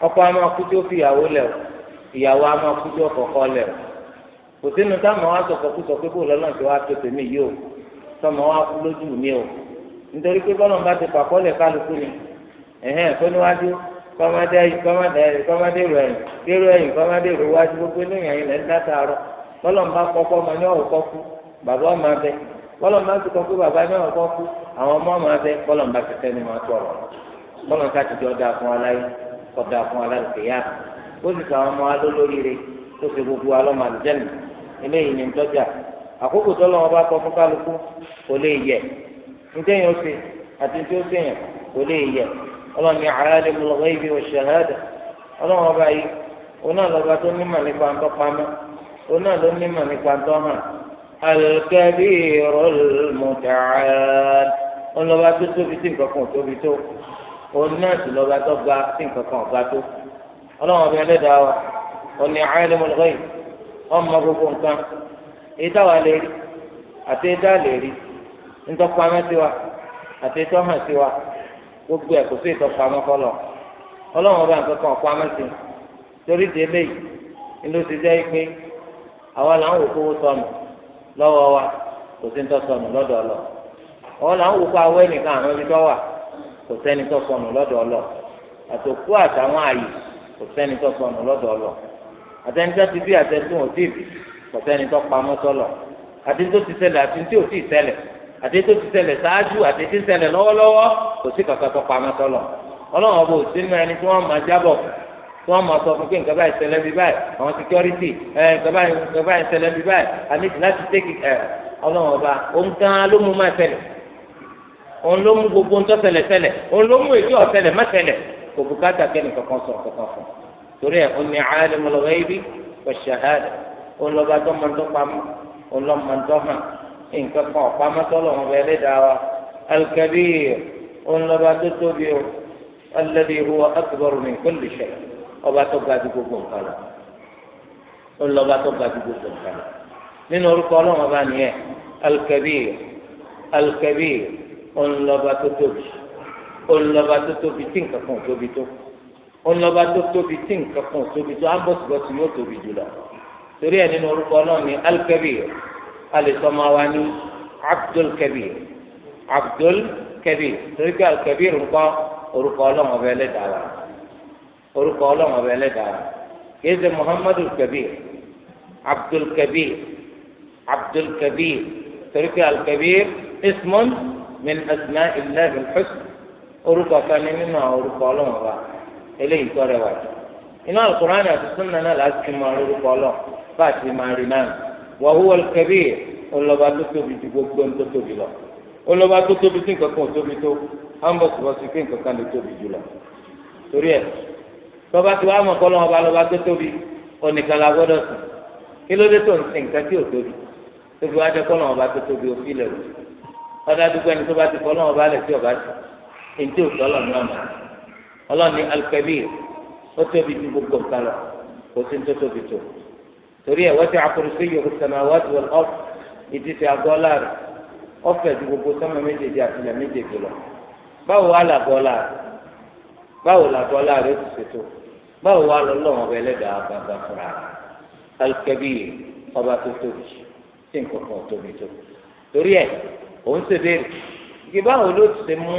ọkọ a máa kú tí ó fi ìyàwó lẹ̀ o ìyàwó a máa kú tí ó kọ̀kọ́ lẹ̀ o kò sínú táwọn wa sọ̀kọ̀ kú sọ pé kó lọ́lọ́run ti wá tó tèmi yìí o tọmọ wa kú lójú mi o nítorí pé bọ́lọ̀ bá ti pàkọ́ lẹ̀ kálukú ni ẹ̀hẹ́n tó níwájú kọ́mọdé ẹ̀yìn kọ́mọdé ẹ̀yìn kọ́mọdé rò ẹ̀yìn kérò ẹ̀yìn kọ́mọdé rò wájú gbogbo eléyìn ẹ̀yìn lẹ́nu látàárọ̀ bọ́lọ̀ bá kọ́kọ́ ọmọ ní ọ̀kọ́ kú bàbá ọmọ abẹ bọ́lọ̀ bá ti kọ́kọ́ bàbá ní ọ̀kọ́ kú àwọn ọmọ ọmọ abẹ bọ́lọ̀ bá ti tẹ́ni máa tọ̀rọ̀ bọ́lọ̀ ká ti jọ da fún aláyé kọ̀dà fún aláìsèyá ó sì sọ àwọn ọmọ wa lólóríire ó sì gbogbo wa lọ́mọ àlùjẹ́nì eléyìí ni ntọ́jà àkókò tó lọ́wọ́ bá kọ fún kálukú kò lè yẹ ntẹ́yìn ó ṣe àti tí ó ṣèyàn kò lè yẹ ọlọ́run ní alimul ghaibi wash-shahada ọlọ́run ọba yìí òun náà lọ́ba tó nímọ̀ nípa ntọ́ pamọ́ òun náà ló nímọ̀ nípa ntọ́ hàn al-kabirul muta'al ọlọ́ba tó tóbi tí nǹkan kan tóbi tó òun náà sì lọ́ba tó ga sí nǹkan kan ọ̀gá tó ọlọ́run ọba ẹlẹ́dàá wa òní alimul ghaib ọmọ gbogbo nǹkan èyí táwa lè rí àti èyí tá a lè rí ntọ́pamọ́ sí wa àti èyí tó hàn sí wa gbogbo ẹ̀ kò sí ìtọ́pamọ́ kọlọ ọlọ́run ọba nǹkan kan ọ̀pamọ́ sí torí délé yìí ló ti jẹ́ pé àwa là ń wò kówó sọnù lọ́wọ́ wa kò sí ń tọ́ kò sẹ́ni tó sọnù lọ́dọ̀ ọlọ àtòkú àtàwọn àyè kò sẹ́ni tó sọnù lọ́dọ̀ ọlọ àtẹnudọ́ ti bí àtẹnudọ́ ò tí ì bì kò sẹ́ni tó pamọ́ sọlọ àtẹnudọ́ ti ṣẹlẹ̀ àtẹnudọ́ ò tí ì ṣẹlẹ̀ àtẹnudọ́ ti ṣẹlẹ̀ ṣáájú àtẹnudọ́ ti ṣẹlẹ̀ lọ́wọ́lọ́wọ́ kò sí kankan tó pamọ́ sọlọ ọlọ́run ọba ò sínú ẹni tí wọ́n máa jábọ̀ tí wọ́n máa sọ fún pé nǹkan báyìí ṣẹlẹ̀ bí báyìí àwọn security nǹkan báyìí ṣẹlẹ̀ bí báyìí àmì láti tẹ́kì ọlọ́run ọba òun gan-an ló mú máa ṣẹlẹ̀ òun ló mú gbogbo ń tọ́sẹ̀lẹ̀ sẹlẹ̀ òun ló mú èdè ọ̀sẹ̀lẹ̀ mẹ́sẹ̀lẹ̀ kò bùkátà kẹ́ni kankan sọ kankan fún torí ẹ̀ òun ni alimul ghaibi wash-shahada òun lọ́ba tó máa ń tó pamọ́ òun lọ́ máa ń tó hàn nǹkan kan ọ̀pamọ́ tọ́lọ̀ wọn bẹ́ẹ̀ lé dáa wa al-kabir òun lọ́ba tó tóbi o alladhi huwa akbaru min kulli shay ọba tó ga ju gbogbo nǹkan lọ tó ga ju gbogbo nǹkan nínú orúkọ ọlọ́run ònlọba tó tóbi ònlọba tó tóbi tí nǹkan kan ò tóbi tó ònlọba tó tóbi tí nǹkan kan ò tóbi tó ábọ̀sibọ̀sì yóò tóbi jù lọ torí ẹ̀ nínú orúkọ náà ní alkabir alẹ́sọ́mọ wa ní abdul kabir abdul kabir torí pé alkabir ńkọ́ orúkọ ọlọ́run ọba ẹlẹ́dàá wa orúkọ ọlọ́run ọba ẹlẹ́dàá wa kìí muhammadu kabir abdul kabir torí pé alkabir ismun min asma'i Allahi al-husn orúkọ kan ní nínú àwọn orúkọ ọlọ́run wa eléyìí tọ́ rẹwà jù inú al-Qur'an àti sunna náà láti fi máa orúkọ ọlọ́run bá a ti máa rí náà wa huwa al-kabir olọba tó tóbi ju gbogbo tó tóbi lọ olọba tó tóbi tí nǹkan kan ò tóbi tó ambọ̀sibọ̀sì pé nǹkan kan lè tóbi jù lọ torí ẹ̀ tọ́ba tí wàá mọ̀ kọ́lọ́wọ́n bá lọ́ba tó tóbi ọ̀nìkan la gbọ́dọ̀ sùn kí ló dé tó ń sin nǹkan tí ò tóbi tóbi wá jẹ́ kọ́lọ́wọ́n bá tó tóbi òfin lẹ̀ wò ọdọ àdúgbò ẹni tó bá ti kọ lọ́wọ́ bá lẹ̀ tí ọba ti ètò òtún ọlọ́run náà mọ̀ ọlọ́run ní alukẹ́bí ó tóbi ju gbogbo nǹkan lọ kò sí ní tó tóbi tó torí ẹ̀ wọ́n ti àkùrùsí yòókù sẹ́mi àwọn ti wọ́n ọ́f ìdí ti àgọ́ láàrú ọ̀fẹ́ ju gbogbo sọ́mọ méjèèjì àtìlẹ̀ méjèèjì lọ báwo wá làgọ́ láàrú báwo làgọ́ láàrú ti ṣètò báwo wá lọ ọba ẹlẹ́dàá bàbá fúnra alukẹ́bí ọba tó tóbi tí nǹkan kan tóbi tó torí ẹ̀ òun ṣe béèrè kí báwo ló ti ṣe mú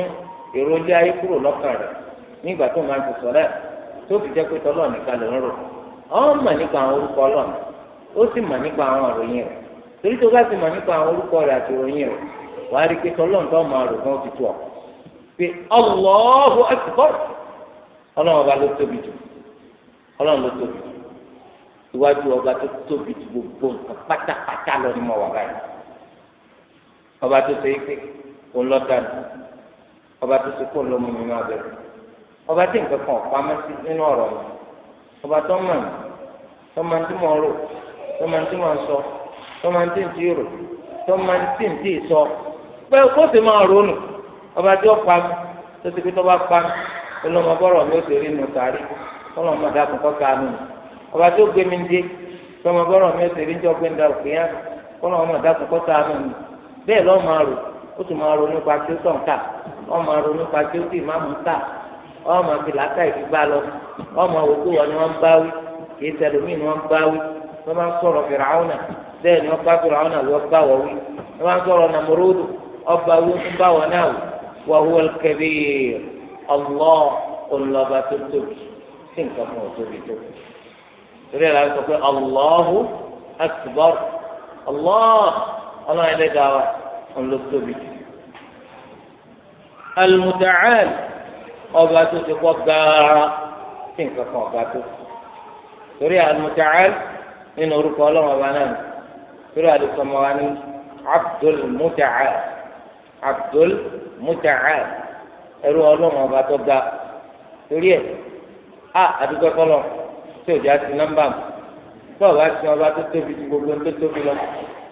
èrò ilé ayé kúrò lọ́kàn rẹ̀ nígbà tó máa ti sọ̀rọ̀ tó fi jẹ́ pé tọ́lọ́ nìkan ló ń rò ọ́n mọ̀ nípa àwọn orúkọ ọlọ́run ó sì mọ̀ nípa àwọn àròyìn rẹ̀ torí tó bá ti mọ̀ nípa àwọn orúkọ rẹ̀ àti ìròyìn rẹ̀ wà á rí i pé tó máa rò fún òtítù ọ̀ ọba tó ṣe ike kò ń lọ dànù ọba tó ṣe kó ń lọ mọ mi máa bẹ̀rẹ̀ ọba tí nǹkan kan pamọ́ sí nínú ọ̀rọ̀ mi ọba tó mọ̀ mí tó máa ń tí mo rò tó máa ń tí mo sọ tó máa ń tí ń tí rò tó máa ń tí ń tí sọ pé kó sì máa ronú ọba tí ó pa tó ti fi tó bá pa mi olóòmọ mi ó sì rí nù sàárì ọlọ́mọ dàkún kọ́ sàánù ọba tí ó gbé mi dé tó ọmọ mi ó sì rí ní ọgbẹ́ ń da òkè yẹn ọlọ́mọ dàkún kọ́ sàánù bẹ́ẹ̀ lọ́ máa rò ó sì máa ronú pa tí ó tàn ká ọ máa ronú pa tí ó sì máa mú ká ọ máa fi làákà ìdígbà lọ ọ máa wò pé wọn ni wọn bá wí kì í sẹlómìn ni wọn bá wí wọn máa ń sọ̀rọ̀ fìràwọnà bẹ́ẹ̀ ni wọn bá fìràwọnà wí ọba wọ wí wọn máa ń sọ̀rọ̀ nàmúrúdù ọba wí ń bá wọn náà wí wà wọ kẹbí ọlọ ọlọ́run ẹlẹ́dàá wa òun ló tóbi. almutaal ọba tó ti kọ́ gaara tí nǹkan kan ọba tó torí almutaal nínú orúkọ ọlọ́run ọba náà torí àdìsọmọ wa ní abdul mutaal abdul mutaal ẹrú ọlọ́run ọba tó ga torí ẹ̀ a àdúgbò kọ́lọ̀ tí ò já sí nọ́mbà mi tí ọba sí ọba tó tóbi ju gbogbo tó tóbi lọ.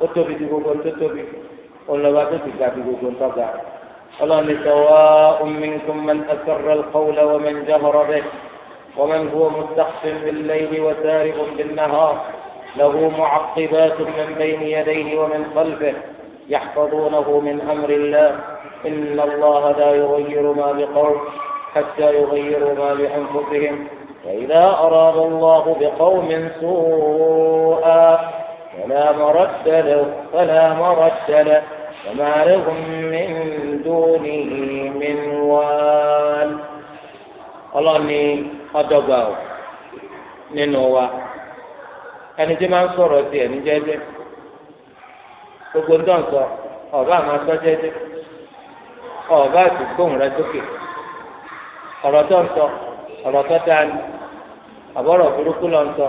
ó tóbi di gbogbo tó tóbi ọlọ́ba tó ti ga ju gbogbo tó ga ọlọ́run ní sọ́wọ́ minkum man asarra al-qawla wa man jahara bihi wa man huwa mustaqfin bil-layli wa sari'un bin-nahar lahu mu'aqqibatun min bayni yadayhi wa min khalfihi yahfazunahu min amri Allah inna Allah la yughayyiru ma biqawm حتى يغيروا ما بأنفسهم فإذا أراد الله بقوم سوءا ولا مرد له فلا مرد له وما لهم من دونه من وال ọlọ́ni ọ̀dọ́gba ò ننوى wa ẹni tí máa ń sọ̀rọ̀ sí ẹni jẹ́jẹ́ gbogbo ńdọ̀ sọ ọ̀bá àmọ́ sọ jẹ́jẹ́ ọ̀bá àti gbóhùn rẹ sókè ọ̀rọ̀ tó ń sọ ọ̀rọ̀ tó dáa ni àbọ̀rọ̀ burúkú lọ ń sọ.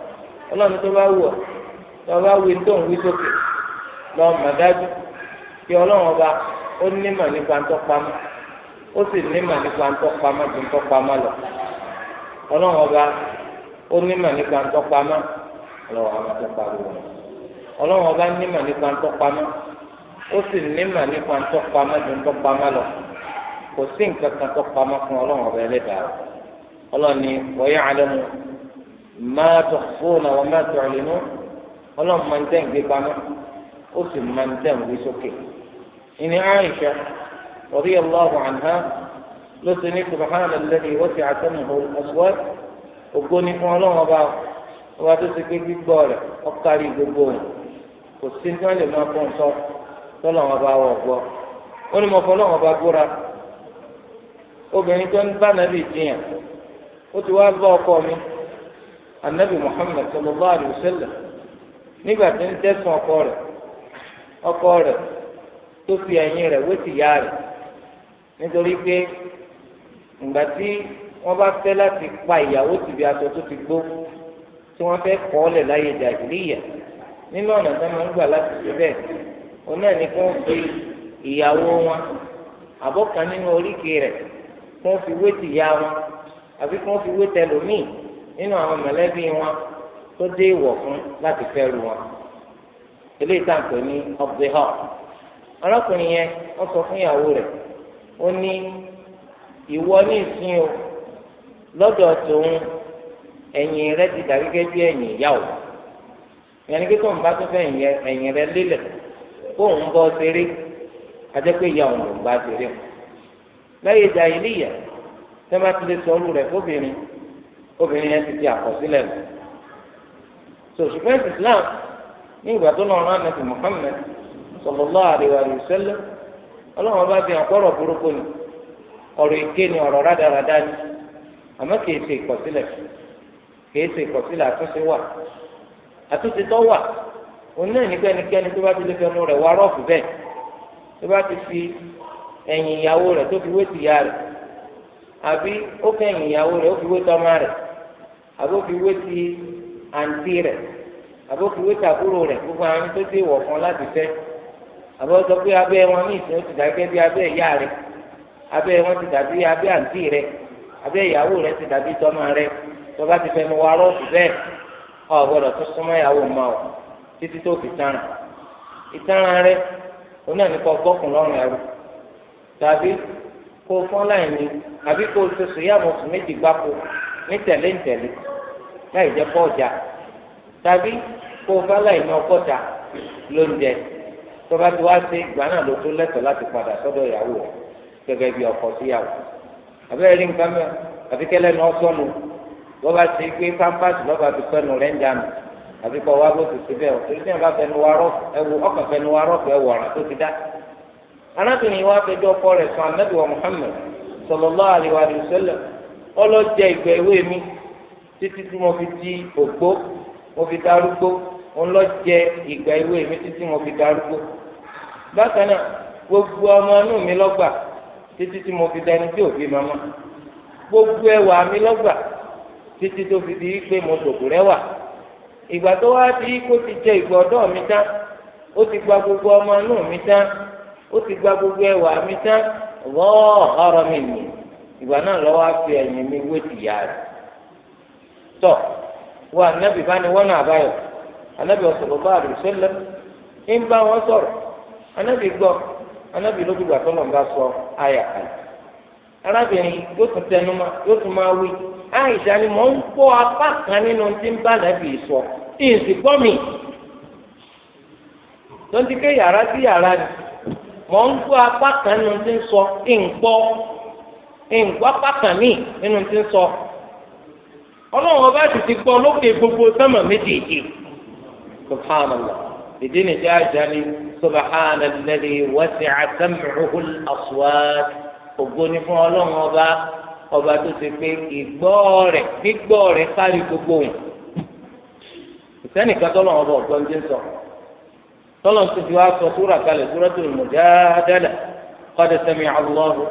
ọlọ́run tó bá wù ọ́ tó bá wí tó ń wí sókè lọ dájú kí ọlọ́run ọba ó nímọ̀ nípa ń tọ́pamọ́ ó sì nímọ̀ nípa ń lọ ọlọ́run ọba ó nímọ̀ nípa ń tọ́pamọ́ àwọn tó ọlọ́run ọba nímọ̀ nípa ń tọ́pamọ́ ó sì nímọ̀ nípa ń lọ kò sí nǹkan fún ọlọ́run ọba ẹlẹ́dàá ọlọ́run ni máa tó fóònù àwọn máa tó àlínú ọlọ́run máa ń tẹ̀ ń gbé pamọ́ ó sì máa ń tẹ̀ ń gbé sókè. ìní Aisha radiyallahu anha ló ti ní subahana alladhi wasi'a sam'ahu al-aswat ògo ni fún ọlọ́run ọba ọba tó ti gbé gbígbọ́ rẹ̀ ọ̀kárí gbogbo òun kò sí ní wọ́n lè máa fún un sọ tọ́lọ́run ọba wọ̀ gbọ́ ó ní mo fọ́ ọba gbóra obìnrin tó ń bá nàbì jiyàn ó ti wá gbọ́ ọkọ mi anabi muhammed sallallahu alayhi wa sallam nígbà tí ń tẹ̀sán ọkọ rẹ̀ ọkọ rẹ̀ tó fi ẹ̀yìn rẹ̀ wé ti yá rẹ̀ nítorí pé ìgbà tí wọ́n bá fẹ́ láti pa ìyàwó tìbí aṣọ tó ti gbó tí wọ́n fẹ́ kọ́ ọ́lẹ̀ láyé jàgìlíyà nínú ọ̀nà tó máa gbà láti ṣe bẹ́ẹ̀ òun náà kó fi ìyàwó wọn àbọ̀kan nínú oríkèé rẹ̀ kó fi wé yá wọn àbí kó fi wé tẹlómìn nínú àwọn mọ̀lẹ́bí wọn tó dé ìwọ̀ fún láti fẹ́rù wọn eléyìí tá à ń pè ní of the yẹn wọ́n sọ fún ìyàwó rẹ̀ ó ní ìwọ ní ìsìn o lọ́dọ̀ tòun ẹ̀yìn rẹ ti dà gẹ́gẹ́ bí ẹ̀yìn ìyá o ìyẹn kí obìnrin yẹn ti fi àkọsílẹ̀ lọ so ṣùgbọ́n ẹ̀sìn Islam ní ìgbà tó náà rán nàbì Muhammad sallallahu alaihi wa sallam ọlọ́run bá fi àkọ́rọ̀ burúkú ni ọ̀rọ̀ èké ni ọ̀rọ̀ rádaràdá ni àmọ́ kìí ṣe ìkọ̀sílẹ̀ kìí ṣe ìkọ̀sílẹ̀ àtúnṣe wà àtúnṣe tó wà òun náà nígbà ẹnikẹ́ni tó bá ti lè fẹnu rẹ̀ wá rọ́ọ̀fù bẹ́ẹ̀ tó bá ti fi ẹ̀yìn ìyàwó rẹ̀ tó fi wé tìyá rẹ̀ àbí ó fẹ̀yìn ìyàwó rẹ̀ ó fi wé tọ́mọ rẹ̀ àbófiwé ti àǹtí rẹ̀ àbófiwé ti àbúrò rẹ̀ gbogbo àwọn tó ti wọ̀ fún láti fẹ́ àbọ̀sọ pé abẹ́ wọn ní ìsìn ó ti dàgẹ́ bí abẹ́ ìyá rẹ̀ abẹ́ wọn ti dàbí abẹ́ àǹtí rẹ̀ abẹ́ ìyàwó rẹ̀ ti dàbí tọ́mọ rẹ̀ tó bá ti fẹ́ mu wa rọ́ọ̀sì bẹ́ẹ̀ ọ̀ gbọ́dọ̀ tó súnmọ́ ìyàwó ma ọ̀ títí tó fi tán ìtara rẹ̀ òun náà ní kọ́ bọ́kùn lọ́rùn ẹ̀rù tàbí kó fọ́n láì ní àbí kó o ṣe sòyàmù oṣù méjì gbáko ní tẹ̀lé ní tẹ̀lé láì jẹ́ pọ́ọ̀jà tàbí kó o fẹ́ láì ní ọgọ́ta lóúnjẹ tó bá ti wá sí ìgbà náà ló tó lẹ́tọ̀ọ́ láti padà sọ́dọ̀ ìyàwó rẹ̀ gẹ́gẹ́ bí ọkọ síyàwó àbẹ́rẹ́ rí nǹkan mẹ́rin àfikẹ́lẹ́ ní ọ́sọ́nu lọ́ba ti gbé pampasì lọ́ba ti fẹ́nu nù ń dànù àfi wá ti ti bẹ́ẹ̀ títí tí mo fi di ògbó mo fi darúgbó mo lọ jẹ ìgbà ìwé mi títí mo fi darúgbó bákan náà gbogbo ọmọ inú mi lọ́gbà títí tí mo fi dání tí òbí mama gbogbo ẹwà mi lọ́gbà títí tó fi di pé mo dòkú rẹwà ìgbà tó wá di kó ti jẹ ìgbà ọ̀dọ́ mi tán ó ti gba gbogbo ọmọ inú mi tán ó ti gba gbogbo ẹwà mi tán rọ́ọ̀ ọ̀rọ̀ mi nì ìgbà náà lọ́wọ́ á fi ẹ̀yìn mi wé tìyà rẹ̀. tọ wọ anabi bá ní wọnà anabi ọsọlọ bá àdùsẹlẹ ń bá wọn sọ̀rọ̀ anabi gbọ́ anabi ló dùgbà tọlọ ń bá sọ àyà kan arábìnrin yóò tún tẹnu ma yóò tún máa wí àìsàn ni mò ń gbọ́ apá kan nínú tí ń bá sọ ìsì tó ń ti yàrá sí yàrá ni mò ń apá kan nínú tí ń sọ ìǹgbọ́ ìǹgbọ́ apá mi nínú sọ. ọlọ́run ọba sì ti gbọ́ lókè gbogbo sánmà méjèèjì subhanallah ìdí nìjẹ́ àjálí subahana lẹ́lẹ́ wọ́sẹ̀ àtẹ̀mùhùn aswad ògo ni fún ọlọ́run ọba ọba tó ti pé ìgbọ́ rẹ̀ gbígbọ́ rẹ̀ kárí gbogbo wọn ìsẹ́nìkan tọ́lọ̀ ọba ọ̀gbọ́n ti ń sọ tọ́lọ̀ tó fi wá sọ súrà kalẹ̀ súratul mujadala qad sami'a Allahu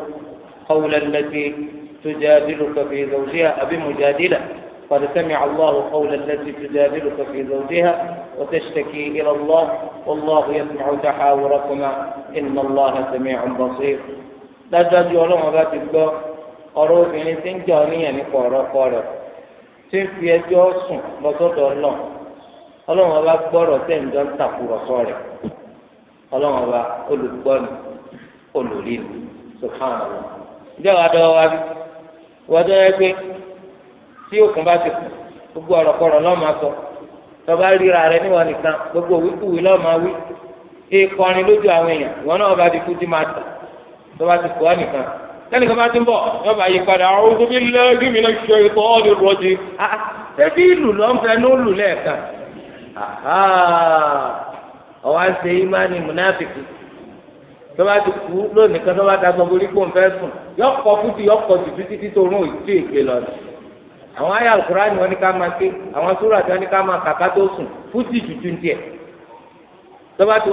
qawla allati tujadiluka fi zawjiha àbí mujadila. قد سمع الله قول التي تجادلك في زوجها وتشتكي الى الله والله يسمع تحاوركما ان الله سميع بصير لا تجد ولا ما تبقى قروب يعني سنجاني يعني قرا قرا تف يجوس بصوت الله الله ما بقى قرا سنجان تقرا قرا الله ما بقى كل بقى كل سبحان الله جاء دواب وجاء tí òkun bá ti kù gbogbo ọ̀rọ̀kọ̀rọ̀ lọ́ọ́ máa sọ tọba ríra rẹ níwọ̀n nìkan gbogbo wíkúwí lọ́ọ́ máa wí èèkọrin lójú àwọn èèyàn ìwọ náà bá ti kú tí máa tà tọba ti kù ọ́ nìkan lẹ́nu kan bá ti ń bọ̀ yóò bá yí padà ọ̀hún mi lẹ́yìn mi náà ṣe ìtọ́ ọ̀dẹ rọ́ọ̀dì. ṣebí ìlú ló ń fẹ́ ní òlù lẹ́ẹ̀kan. ọ̀wá ń ṣe ìmánì múnáfìkì tó bá ti kú lónìí kan tó ti agbọ̀n borí kó ń fẹ́ sùn yọ̀ọ̀kọ̀ fúti yọ̀ọ̀kọ̀ tìtú tó rún òtítì èké lọ́dọ̀. àwọn ayé alukurani wọn ni ká máa ké àwọn sóra tí wọn ni ká máa kàkà tó sùn fúti tutù ń tiẹ̀ tọba tí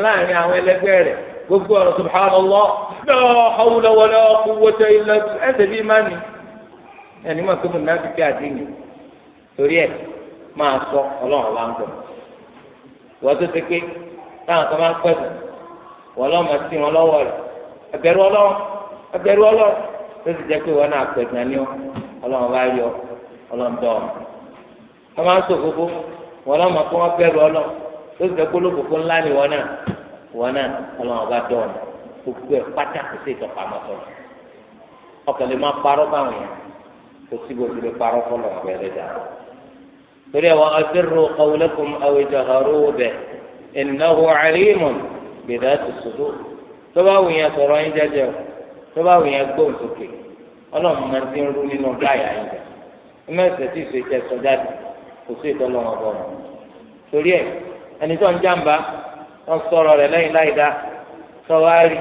láàrin àwọn ẹlẹgbẹ rẹ gbogbo ọrọ subhanallah la hawla wala quwwata illa ẹsẹ bíi má ni ẹni náà fífi àdínì sọ ń bọ wọn tó ti pé táwọn kan máa wọn máa wọn tó ọlọ́run bá yọ ọlọ́run dọ̀ wọ́n máa ń sọ fúfú wọn náà mọ̀ kó wọ́n bẹ̀rù ọlọ́ tó sì fẹ́ kó ló fòfó ńlá ni wọn náà wọn náà ọlọ́run bá dọ̀ gbogbo ẹ̀ pátá kò sí ìtọ̀pamọ́ sọ̀rọ̀ ọkàn lè máa parọ́ báwọn yẹn kò sí bó ti lè parọ́ fọlọ́ ọ̀gbẹ́rẹ́ dà torí ẹ̀ wọ́n asirru qawlakum aw jaharu bih ọlọ́run máa ti ń rú nínú gáyà yìí rẹ̀ ẹ má ṣe tí ìṣèjẹ sọ jáde kò sí ìtọ́lọ́ wọn bọ̀ wọn. torí ẹ ẹni tó ń jàǹbá wọn sọ̀rọ̀ rẹ̀ lẹ́yìn láì dá sọ́wárì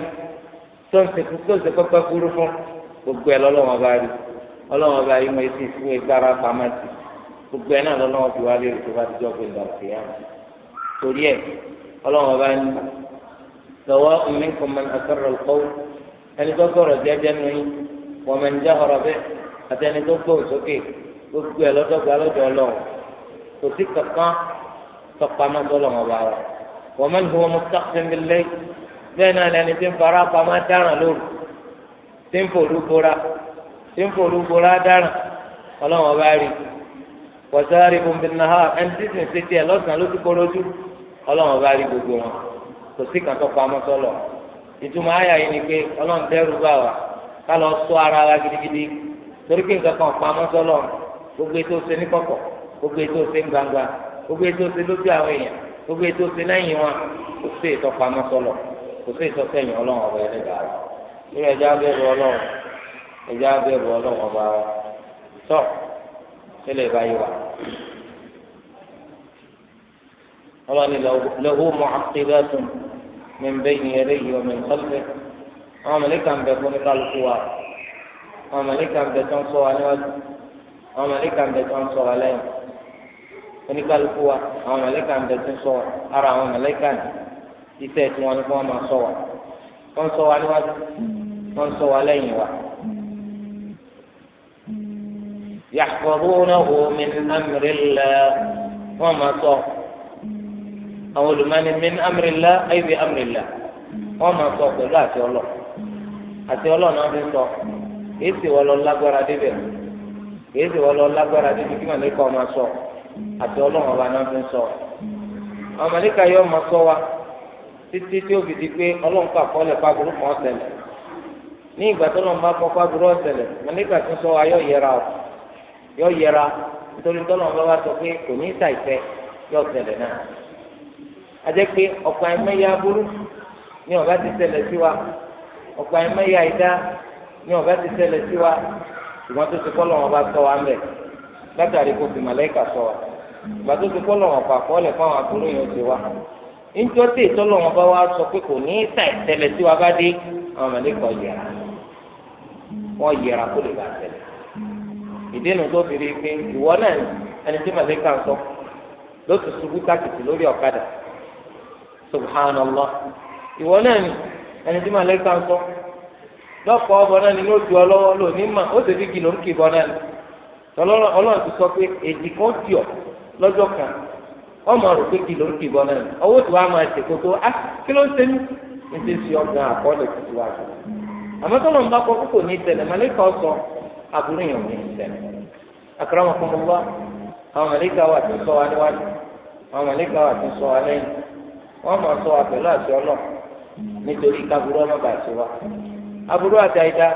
tó ń ṣe tó ń ṣe pẹ́pẹ́ kúrú fún gbogbo ẹ̀ lọ́lọ́wọ́n bá rí ọlọ́wọ́n bá yí etí fún ìgbára pamọ́ sí gbogbo ẹ̀ náà lọ́lọ́wọ́n fi wá lé ètò bá ti jọ́ pé ومن جهر به أتاني تقول سوكي gbogbo ẹ lọdọgba lọ́dọ̀ Ọlọ́run kò sí kankan tọpamọ sọ́lọ́run ọba wa wọn mẹni fún wọn mustaqsim bil layl bẹ́ẹ̀ náà lẹni tí ń fara pamọ́ dáràn lóru tí ń fòlúgbora tí ń fòlúgbora dáràn Ọlọ́run ọba rí wọsàárì bùnbìnnàhà ẹni tí sì ń ṣe tiẹ̀ lọ́sàn ló ti kọlójú Ọlọ́run ọba rí gbogbo wọn kò sí kankan tọpamọ sọ́lọ́run ìtumọ̀ àyà yìí ni pé Ọlọ́run dẹ́rù bá wa ká lọ sọ ara wa gidigidi torí pé nǹkan kan pamọ́ sọ́lọ̀ gbogbo ètò ṣe ní kọ̀kọ̀ gbogbo ètò ṣe ní gbangba gbogbo ètò ṣe lójú àwọn èèyàn gbogbo ètò ṣe lẹ́yìn wọn kò sí ètò pamọ́ sọ́lọ̀ kò sí ètò sẹ́yìn ọlọ́run ọba ẹlẹ́dàá rẹ̀ nínú ẹja abẹ́rù ọlọ́run ẹja abẹ́rù ọlọ́run ọba wa tọ́ sílẹ̀ báyìí wa ọlọ́run ni lahu mu'aqqibatun min bayni yadayhi wa min khalfihi àwọn mẹlẹka ń bẹ fún ní kálukú wa àwọn mẹlẹka ń bẹ tó ń sọ wa níwájú àwọn mẹlẹka ń bẹ tó ń sọ wa lẹ́yìn oníkálukú wa àwọn mẹlẹka ń bẹ tó ń sọ wa ara àwọn mẹlẹka ni iṣẹ́ tí wọn ní kí wọn máa sọ wa wọn sọ wa níwájú wọn sọ wa lẹ́yìn wa. يحفظونه من أمر الله وما صار أول من من أمر الله أي بأمر الله وما صار لا في الله àti ọlọ́ọ̀nà ti sọ kìí sì wọ́n lọ lágbára débẹ̀ kìí sì lọ lágbára débi kí màlíkà ọmọ sọ àti ọlọ́ọ̀nà ọba náà ti sọ. wa títí tí ó fi di pé ọlọ́ọ̀nà kà kọ́lẹ̀ pàgùrù kan ọ̀sẹ̀lẹ̀ ní ìgbà tó lọ́n bá kọ́ pàgùrù ọ̀sẹ̀lẹ̀ màlíkà ti sọ wa yẹra nítorí bá wa sọ pé kò ní ìta ìfẹ́ náà ọ̀pọ̀ àìmọye àìdá ni ọ̀gá ti ṣẹlẹ̀ sí wa ṣùgbọ́n tó ti kọ́ lọ́wọ́ bá sọ wa ń bẹ̀ látàrí kò sì màlẹ́kà sọ wa ìgbà tó ti kọ́ lọ́wọ́ pàpọ̀ lẹ̀ fáwọn àbúrò yẹn ti wa níjọ́ tí ìtọ́lọ́wọ́ bá wa sọ pé kò ní ìta ìṣẹlẹ̀ sí wa bá dé àwọn màlẹ́kà yẹra wọ́n yẹra kó lè bá ṣẹlẹ̀ ìdínú tó fi rí pé ìwọ náà ẹni tí màlẹ́kà sọ ló ti ṣubú káàkiri lórí ọ̀kadà subhanallah ìwọ náà ẹni tí màlẹ́kà ń kọ́ lọ́pọ̀ ni lóòtú ọlọwọ lónìí mà ó sì fi kìlọ̀ ń kìbọ náà ni ti sọ pé èdè kan ti ọ̀ lọ́jọ́ kan ọmọ rò pé ń náà tí wàá máa wa ah, jù ń bá kókò ní àbúrò àwọn màlẹ́kà wà tó wa níwájú àwọn nítorí káburú ọmọ bàtí wa aburú àtàyídá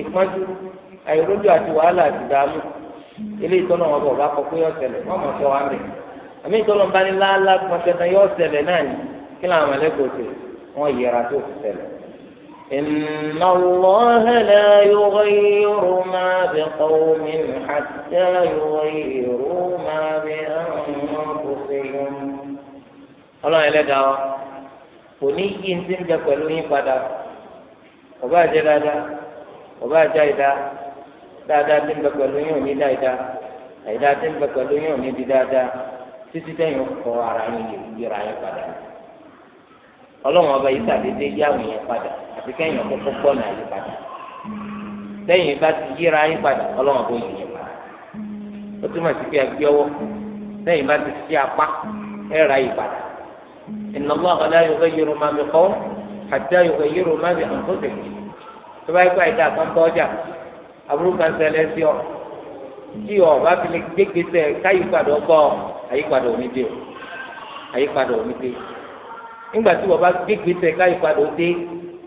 ìpọ́njú àìrójú àti wàhálà àti dààmú ilé ìtọ́nà wọn bọ̀ bá kọ pé yọ ṣẹlẹ̀ wọn mọ̀ sọ wa mẹ́ àmì ìtọ́nà bá ní láàlá pọ̀npẹ́ntẹ́ yọ ṣẹlẹ̀ náà ni kí làwọn ẹlẹ́gbẹ̀ẹ́ ṣe wọn yẹra tó ṣẹlẹ̀. إن الله لا يغير ما بقوم حتى يغيروا ما بأنفسهم. kò ní yí ní ti ń pẹ̀lú yín padà ọba àjẹ dáadáa ọba àjẹ àìdá dáadáa ti ń bẹ pẹ̀lú yín ní dáadáa àìdá ti ń bẹ pẹ̀lú yín di dáadáa títí tẹ̀yìn kọ ara yín yíra yín padà ọlọ́run ọba yìí yí àwọn yẹn padà àti kẹ́yìn ọkọ̀ padà tẹ̀yìn bá ti yíra yín padà ọlọ́run ọba yìí yẹn padà ó inna Allaha la yughayyiru ma bi qawmin hatta yughayyiru ma bi anfusihim tó bá yẹ kó àyíká kan tọ́ ọjà aburú kan ṣẹlẹ̀ sí ọ tí ọ bá fi lè gbégbèsè káyípadà ọgbọ́ àyípadà òní dé o àyípadà òní dé nígbà tí wọ́n bá gbégbèsè káyípadà ó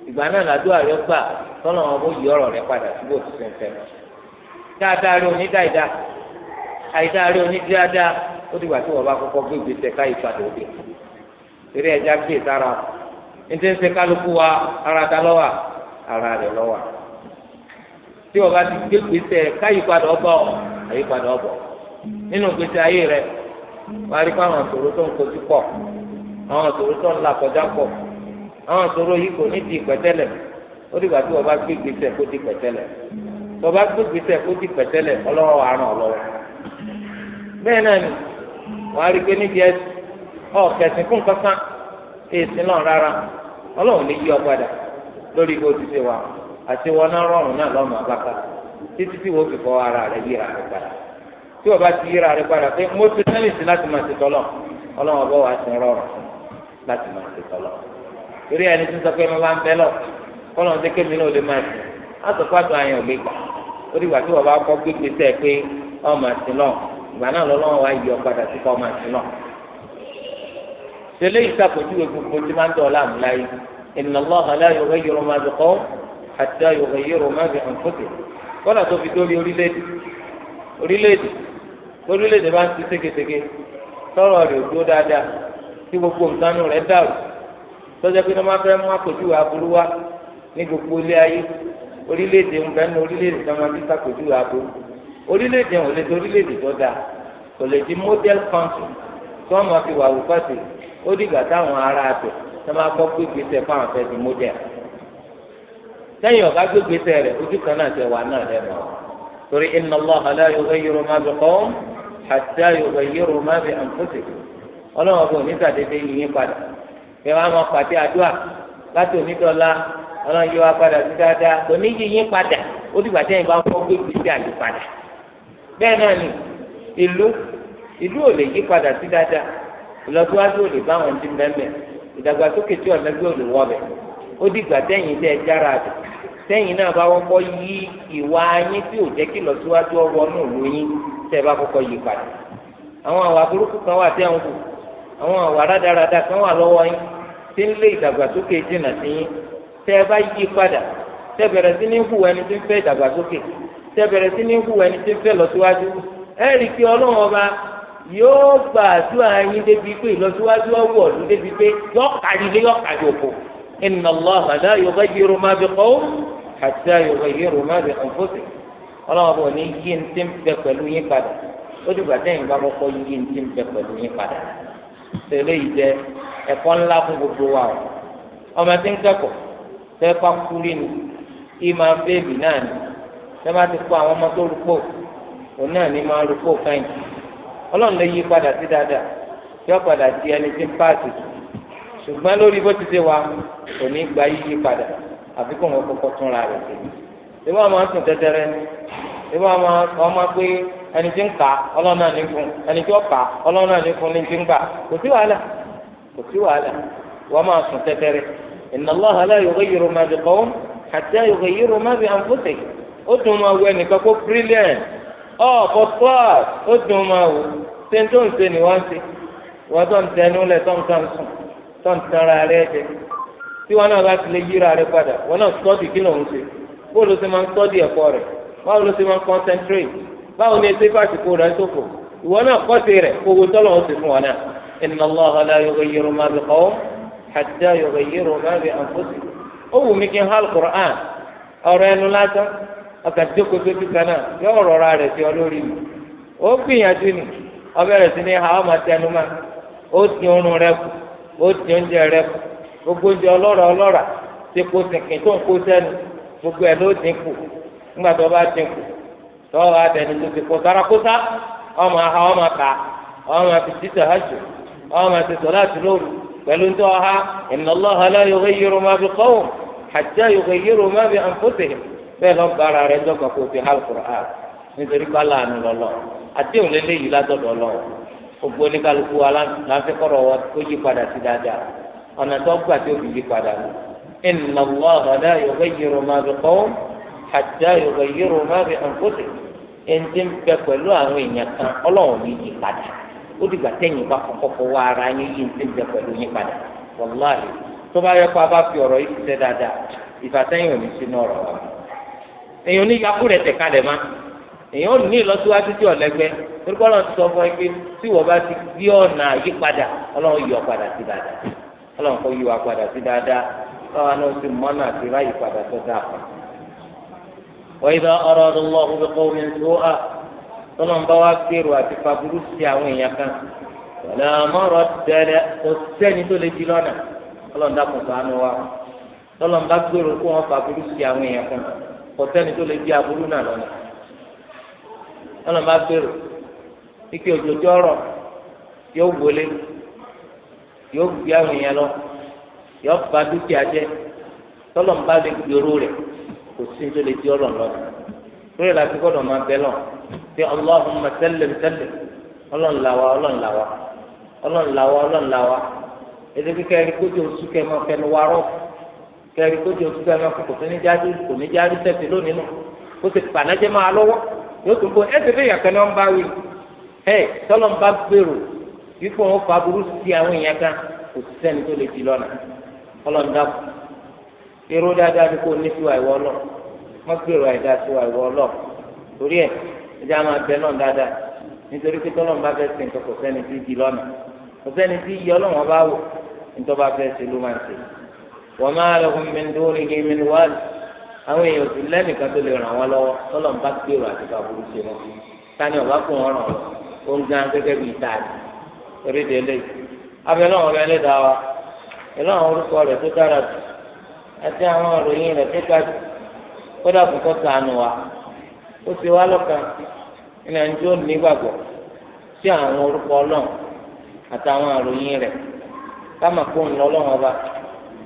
ìgbà náà làdúrà rẹ gbà tọ́lọ̀ wọn bó ọ̀rọ̀ rẹ padà síbò tó ṣe fẹ́ dáadáa rí oní dáadáa àyídáa rí oní dáadáa ó torí ẹja gbé sára ntí ń ṣe kálukú wa ara ta lọ́wà ara rẹ̀ lọ́wà tí o bá ti gbé gbèsè káyípadà ọbọ àyípadà ọbọ nínú gbèsè ayé rẹ wà á rí pé àwọn ìṣòro tó ń kojú pọ̀ àwọn ìṣòro tó ń là kọjá pọ̀ àwọn ìṣòro yìí kò ní di pẹ̀tẹ́lẹ̀ ó dìgbà tí o bá gbé gbèsè kó di pẹ̀tẹ́lẹ̀ tó o bá gbé gbèsè kó di pẹ̀tẹ́lẹ̀ ọlọ́wọ́ àrùn ọlọ́wọ́ bẹ́ẹ̀ náà ni wà á rí pé níbi ẹsẹ̀ ọ̀kẹ̀sìn fún kankan èsì náà rárá rara, yí ọ padà lórí bó ti ṣe wà àti wọn náà rọrùn náà lọ́mọ abáka títí tí fi ara yíra tí ti yíra rẹ̀ padà pé mo ti tẹ́lẹ̀sì láti máa ti tọ́lọ̀ wa ti rọrùn fún láti máa ti tọ́lọ̀ torí ẹni tí ń sọ pé mo ń náà lè máa sìn ò lè gbà ó dìgbà tí bá kọ́ gbégbé sẹ́ẹ̀ ọ eléyìí sàpèjúwe gbogbo tí máa ń dọ̀ ọ́lá àmúláyé inna Allaha la yughayyiru ma bi qawmin hatta yughayyiru ma bi anfusihim kọ́nà tó fi dórí orílẹ̀-èdè orílẹ̀-èdè orílẹ̀-èdè máa ń ti ségesège tọrọ rẹ̀ ò dúró dáadáa tí gbogbo nǹkanú rẹ̀ dàrú tọ́jà pé ní wọ́n máa fẹ́ mú àpèjúwe aburú wá ní gbogbo ilé ayé orílẹ̀-èdè ń orílẹ̀-èdè tó máa fi sàpèjúwe aburú orílẹ̀-èdè ò lè orílẹ̀-èdè tó dáa kò lè di model country tí wọ́n máa fi wà wò fásitì ó dìgbà táwọn ará àtò tó máa kọ́ gbégbèsè fáwọn fẹ́ di mọ́dẹ̀ ọ̀gá gbégbèsè rẹ̀ ojú kan náà ti wà náà lẹ́nu torí inna Allaha la yughayyiru ma bi qawmin hatta ọlọ́wọ́n ní sàdédé padà bí wọ́n máa pàtẹ àdúrà láti onídọ́lá ọlọ́run yí padà sí dáadáa kò ní padà ó dìgbà bá gbégbèsè bẹ́ẹ̀ náà ni ìlú ìlọsíwájú ò lè bá àwọn tí ń bẹ́ẹ̀ ìdàgbàsókè tí ọ̀lẹ́gbẹ́ ò lè wọ́ bẹ̀ ó dìgbà tẹ́yìn tẹ́ ẹ jára tẹ́yìn náà bá wọ́pọ̀ yí ìwà yín tí ò jẹ́ kí ìlọsíwájú ọwọ́ náà yín tẹ́ kan wà tẹ́ ń kù àwọn àwà rádaràda kan wà lọ́wọ́ yín tí ń lé ìdàgbàsókè sí yín tẹ́ ẹ bá yí padà tẹ́ bẹ̀rẹ̀ sí ní hu ẹni tí ń fẹ́ ìdàgbàsókè tẹ́ bẹ̀rẹ̀ sí ní hu ẹni tí ń fẹ́ yóò gbà àdúrà yín débi pé ìlọsíwájú ọwọ́ ọ̀dún débi pé yọ kárí ilé yọ kárí òkò inna Allaha la yughayyiru ma bi qawm hatta yughayyiru ma bi anfusih ọlọ́wọ́ bò ní yí ń ti ń bẹ pẹ̀lú yín padà ó dìgbà tẹ́yìn bá kọ́kọ́ yí ń ti ń bẹ pẹ̀lú yín padà tẹ̀lé yìí jẹ́ ẹ̀kọ́ ńlá fún gbogbo wa o ọmọ tí ń kẹ́kọ̀ọ́ tẹ́ ọlọ́run lè yí padà sí dáadáa yọ padà di, ẹni tí ń páàsì ṣùgbọ́n lórí bó ti ṣe wa kò gba yíyí padà àfi kò wọ́n kọ́kọ́ tún ra rẹ̀ sí sùn tẹ́tẹ́rẹ́ pé ẹni tí ń kà ọlọ́run náà ní fún ẹni tí kà ọlọ́run náà ní fún ní ti ń gbà kò sí wàhálà kò sí wàhálà wọ́n máa sùn tẹ́tẹ́rẹ́ la yughayyiru ma bi ma ọ oh, bọ class ó dùn máa wò ṣé tó ń ṣe ni wọ́n ṣe wọ́n tó ń tẹnu lẹ̀ tó ń kàn sùn tó ń tanra rẹ̀ jẹ tí wọn náà bá ti yíra rẹ̀ padà wọn náà sọ́ọ̀dì kí lòun ṣe bó ló ṣe máa ń sọ́ọ̀dì ẹ̀kọ́ rẹ̀ báwo ló ṣe máa ń concentrate báwo ni ẹsẹ̀ fàṣìkò rẹ̀ ṣòfò ìwọ náà kọ́sì rẹ̀ owó tọ́lọ̀ ó sì fún wọn náà ọkà jókòó sójú kan náà yóò rọra rẹ̀ sí ọ lórí mi ó gbìyànjú ni ọbẹ̀ rẹ̀ sí ni ha ọmọ tẹnu mọ́ ó ti oorun rẹ kù ó ti oúnjẹ rẹ kù gbogbo oúnjẹ ọlọ́ra ọlọ́ra ti kó sìnkìn tó ń kó sẹ́nu gbogbo ẹ̀ ló dín kù nígbà tó bá dín kù tọ́wọ́ adẹni tó ti kó sárakósá ọmọ aha ọmọ ká ọmọ fi títà hajj ọmọ ti sọ láti lóru pẹ̀lú ń tọ́ ha inna Allaha la yughayyiru ma bi qawmin hatta yughayyiru ma bi anfusihim bẹ́ẹ̀ lọ bá ara rẹ dọ́gba kó o fi hàn Qur'an nítorí bá láàánú lọ́lọ́ àti òun lélẹ́yìí látọ̀dọ̀ lọ gbogbo oníkálukú wa láti kọ́rọ̀ wọ kó yí padà sí dáadáa ọ̀nà tó gbà tó fi yí padà lọ. inna Allaha la yughayyiru ma bi qawmin hatta yughayyiru ma bi anfusihim ẹni tí ń bẹ pẹ̀lú àwọn èèyàn kan ọlọ́run ní yí padà ó dìgbà tẹ́yìn bá kọ́kọ́ fọwọ́ ara yín yí ń ń bẹ pẹ̀lú yín padà wàláhì tó bá yẹ kó a bá fi ọ̀rọ̀ yìí ṣiṣẹ́ dáadáa ìfàsẹ́yìn èyàn ní yakú rẹ̀ tẹ̀ kalẹ̀ ma èèyàn ní ìlọsíwájú tí ọ̀lẹ́gbẹ́ orúkọ ọlọ́run sọ fún ẹ tí wọ́n bá ti gbé ọ̀nà àyípadà ọlọ́run yọ padà sí dáadáa kò padà sí dáadáa náà ti mọ́nà àti ráyè padà tó dáa wọ́n yíba ọ̀rọ̀ ọdún lọ́wọ́ fún omi tó tọ́lọ́n bá wá àti sí àwọn èèyàn kan mọ́rọ̀ kò sẹ́ni tó lè di lọ́nà ọlọ́run dákùn kọ̀tẹ́ni tó lè di aburú náà lọ́nà bá gbèrò ike òjòjò ọrọ yóò wọlé yóò gbé àwọn èèyàn lọ yóò ba dúkìá jẹ tọ́lọ̀ ń bá lè gbèrò rẹ kò sí tó lè di ọ̀rọ̀ lọ lórí la ti máa bẹ lọ ọlọ́run là wá ọlọ́run là wá ọlọ́run là wá ọlọ́run kẹrì tó di òtútù ẹ̀ma kò kò ní sẹ́fì lónìí nù kó sì máa lọ́wọ́ yóò tún ẹsẹ̀ fẹ́ yàtọ̀ ni wọ́n bá wí ẹ tọ́lọ̀ ń bá gbèrò wọn burú sí àwọn èèyàn kan kò sẹ́ni ni kò ní sí wa ìwọ lọ wọ́n gbèrò àìdá sí wa ìwọ lọ torí ẹ ẹjẹ àwọn abẹ náà dáadáa nítorí pé tọ́lọ̀ ń bá fẹ́ sìn kò sẹ́ni tí di lọ́nà kò sẹ́ni tí ọlọ́wọ́n bá wò ní wa ma lahum min dunihi min wal àwọn èèyàn sì lẹ́nìkan tó lè ràn wọ́n lọ́wọ́ tọ́lọ̀ ń bá gbèrò àti kàbúrú ṣe wọn sani ọba kò wọn ràn ó ń gan gẹ́gẹ́ bíi táàdì torí délé abẹ náà wọn bẹ wa àwọn orúkọ rẹ̀ tó dára jù àti àwọn rẹ̀ tó ga jù kódà kò kọ́ wa ó ti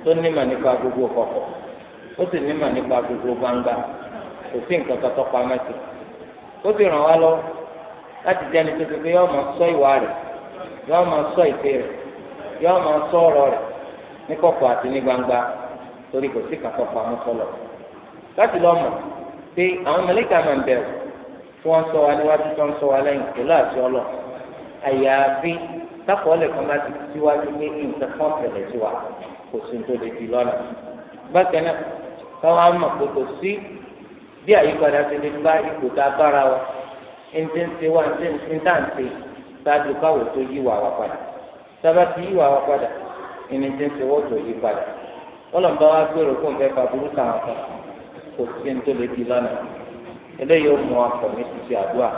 tó nímọ̀ nípa gbogbo kọ̀kọ̀ ó sì nímọ̀ nípa gbogbo gbangba kò sí nǹkan kan tó pamọ́ ó sì ràn wá lọ láti jẹ́ ẹni tó ti pé yọ́ọ́ máa sọ ìwà rẹ̀ yọ́ọ́ máa sọ rẹ̀ sọ ọ̀rọ̀ rẹ̀ ní kọ̀kọ̀ àti ní gbangba torí kò sí kàtọ́ pamọ́ sọlọ láti lọ mọ̀ pé àwọn mẹlẹ́kà máa ń bẹ̀rù tí wọ́n sọ wa níwájú sọ wa lẹ́yìn ọlọ àyàfi tákọ̀ọ́lẹ̀ kan bá ti síwájú pé nǹkan kan kò sí tó lè fi lọ́nà bákan náà káwọn mọ̀ pé kò sí bí àyípadà ti lè bá ipò tá a bára wa ẹni tí ń ṣe wá ní tá à ń ṣe ṣáájú káwọ tó yí wà wá padà sábà ti yí wà wá padà ẹni tí ń ṣe wọ́n tó yí padà ọlọ́mọba wa gbèrò fún ìfẹ́ fàbúrú káwọn kan kò sí tó lè fi lọ́nà eléyìí ó mú akọ ní títí àdúrà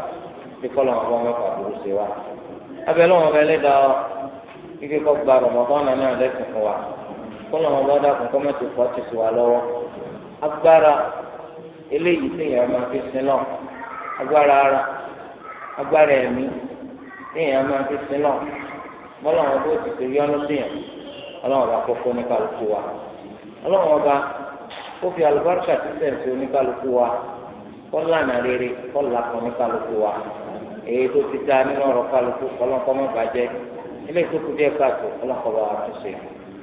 tí kọ́ lọ́wọ́ bá mẹ́fà burú sí wa abẹ́ lọ́wọ́ lé dáa ike kọ́ gba rọ̀mọ́tọ́nà náà lẹ́sìn fún wa kọ́nà wọn bá dàkún kọ́ mẹ́tò kọ́ ti sùn wá lọ́wọ́ agbára eléyìí téèyàn máa fi sin lọ agbára ara agbára ẹ̀mí téèyàn máa fi sin lọ bọ́lá wọn bó ti torí ọ́nú téèyàn ọlọ́wọ́n bá kọ́kọ́ ní kálukú wa ọlọ́wọ́n bá ó fi alùbáríkà ti sẹ̀nsì oníkálukú wa kọ́lá nà rere kọ́lá kan oníkálukú wa èyí tó ti dá nínú ọ̀rọ̀ kálukú kọ́lọ́kọ́ mọ́ bàjẹ́ ilé ìtókù díẹ̀ káàtó kọ́lọ́kọ́ bá wà tó ṣe.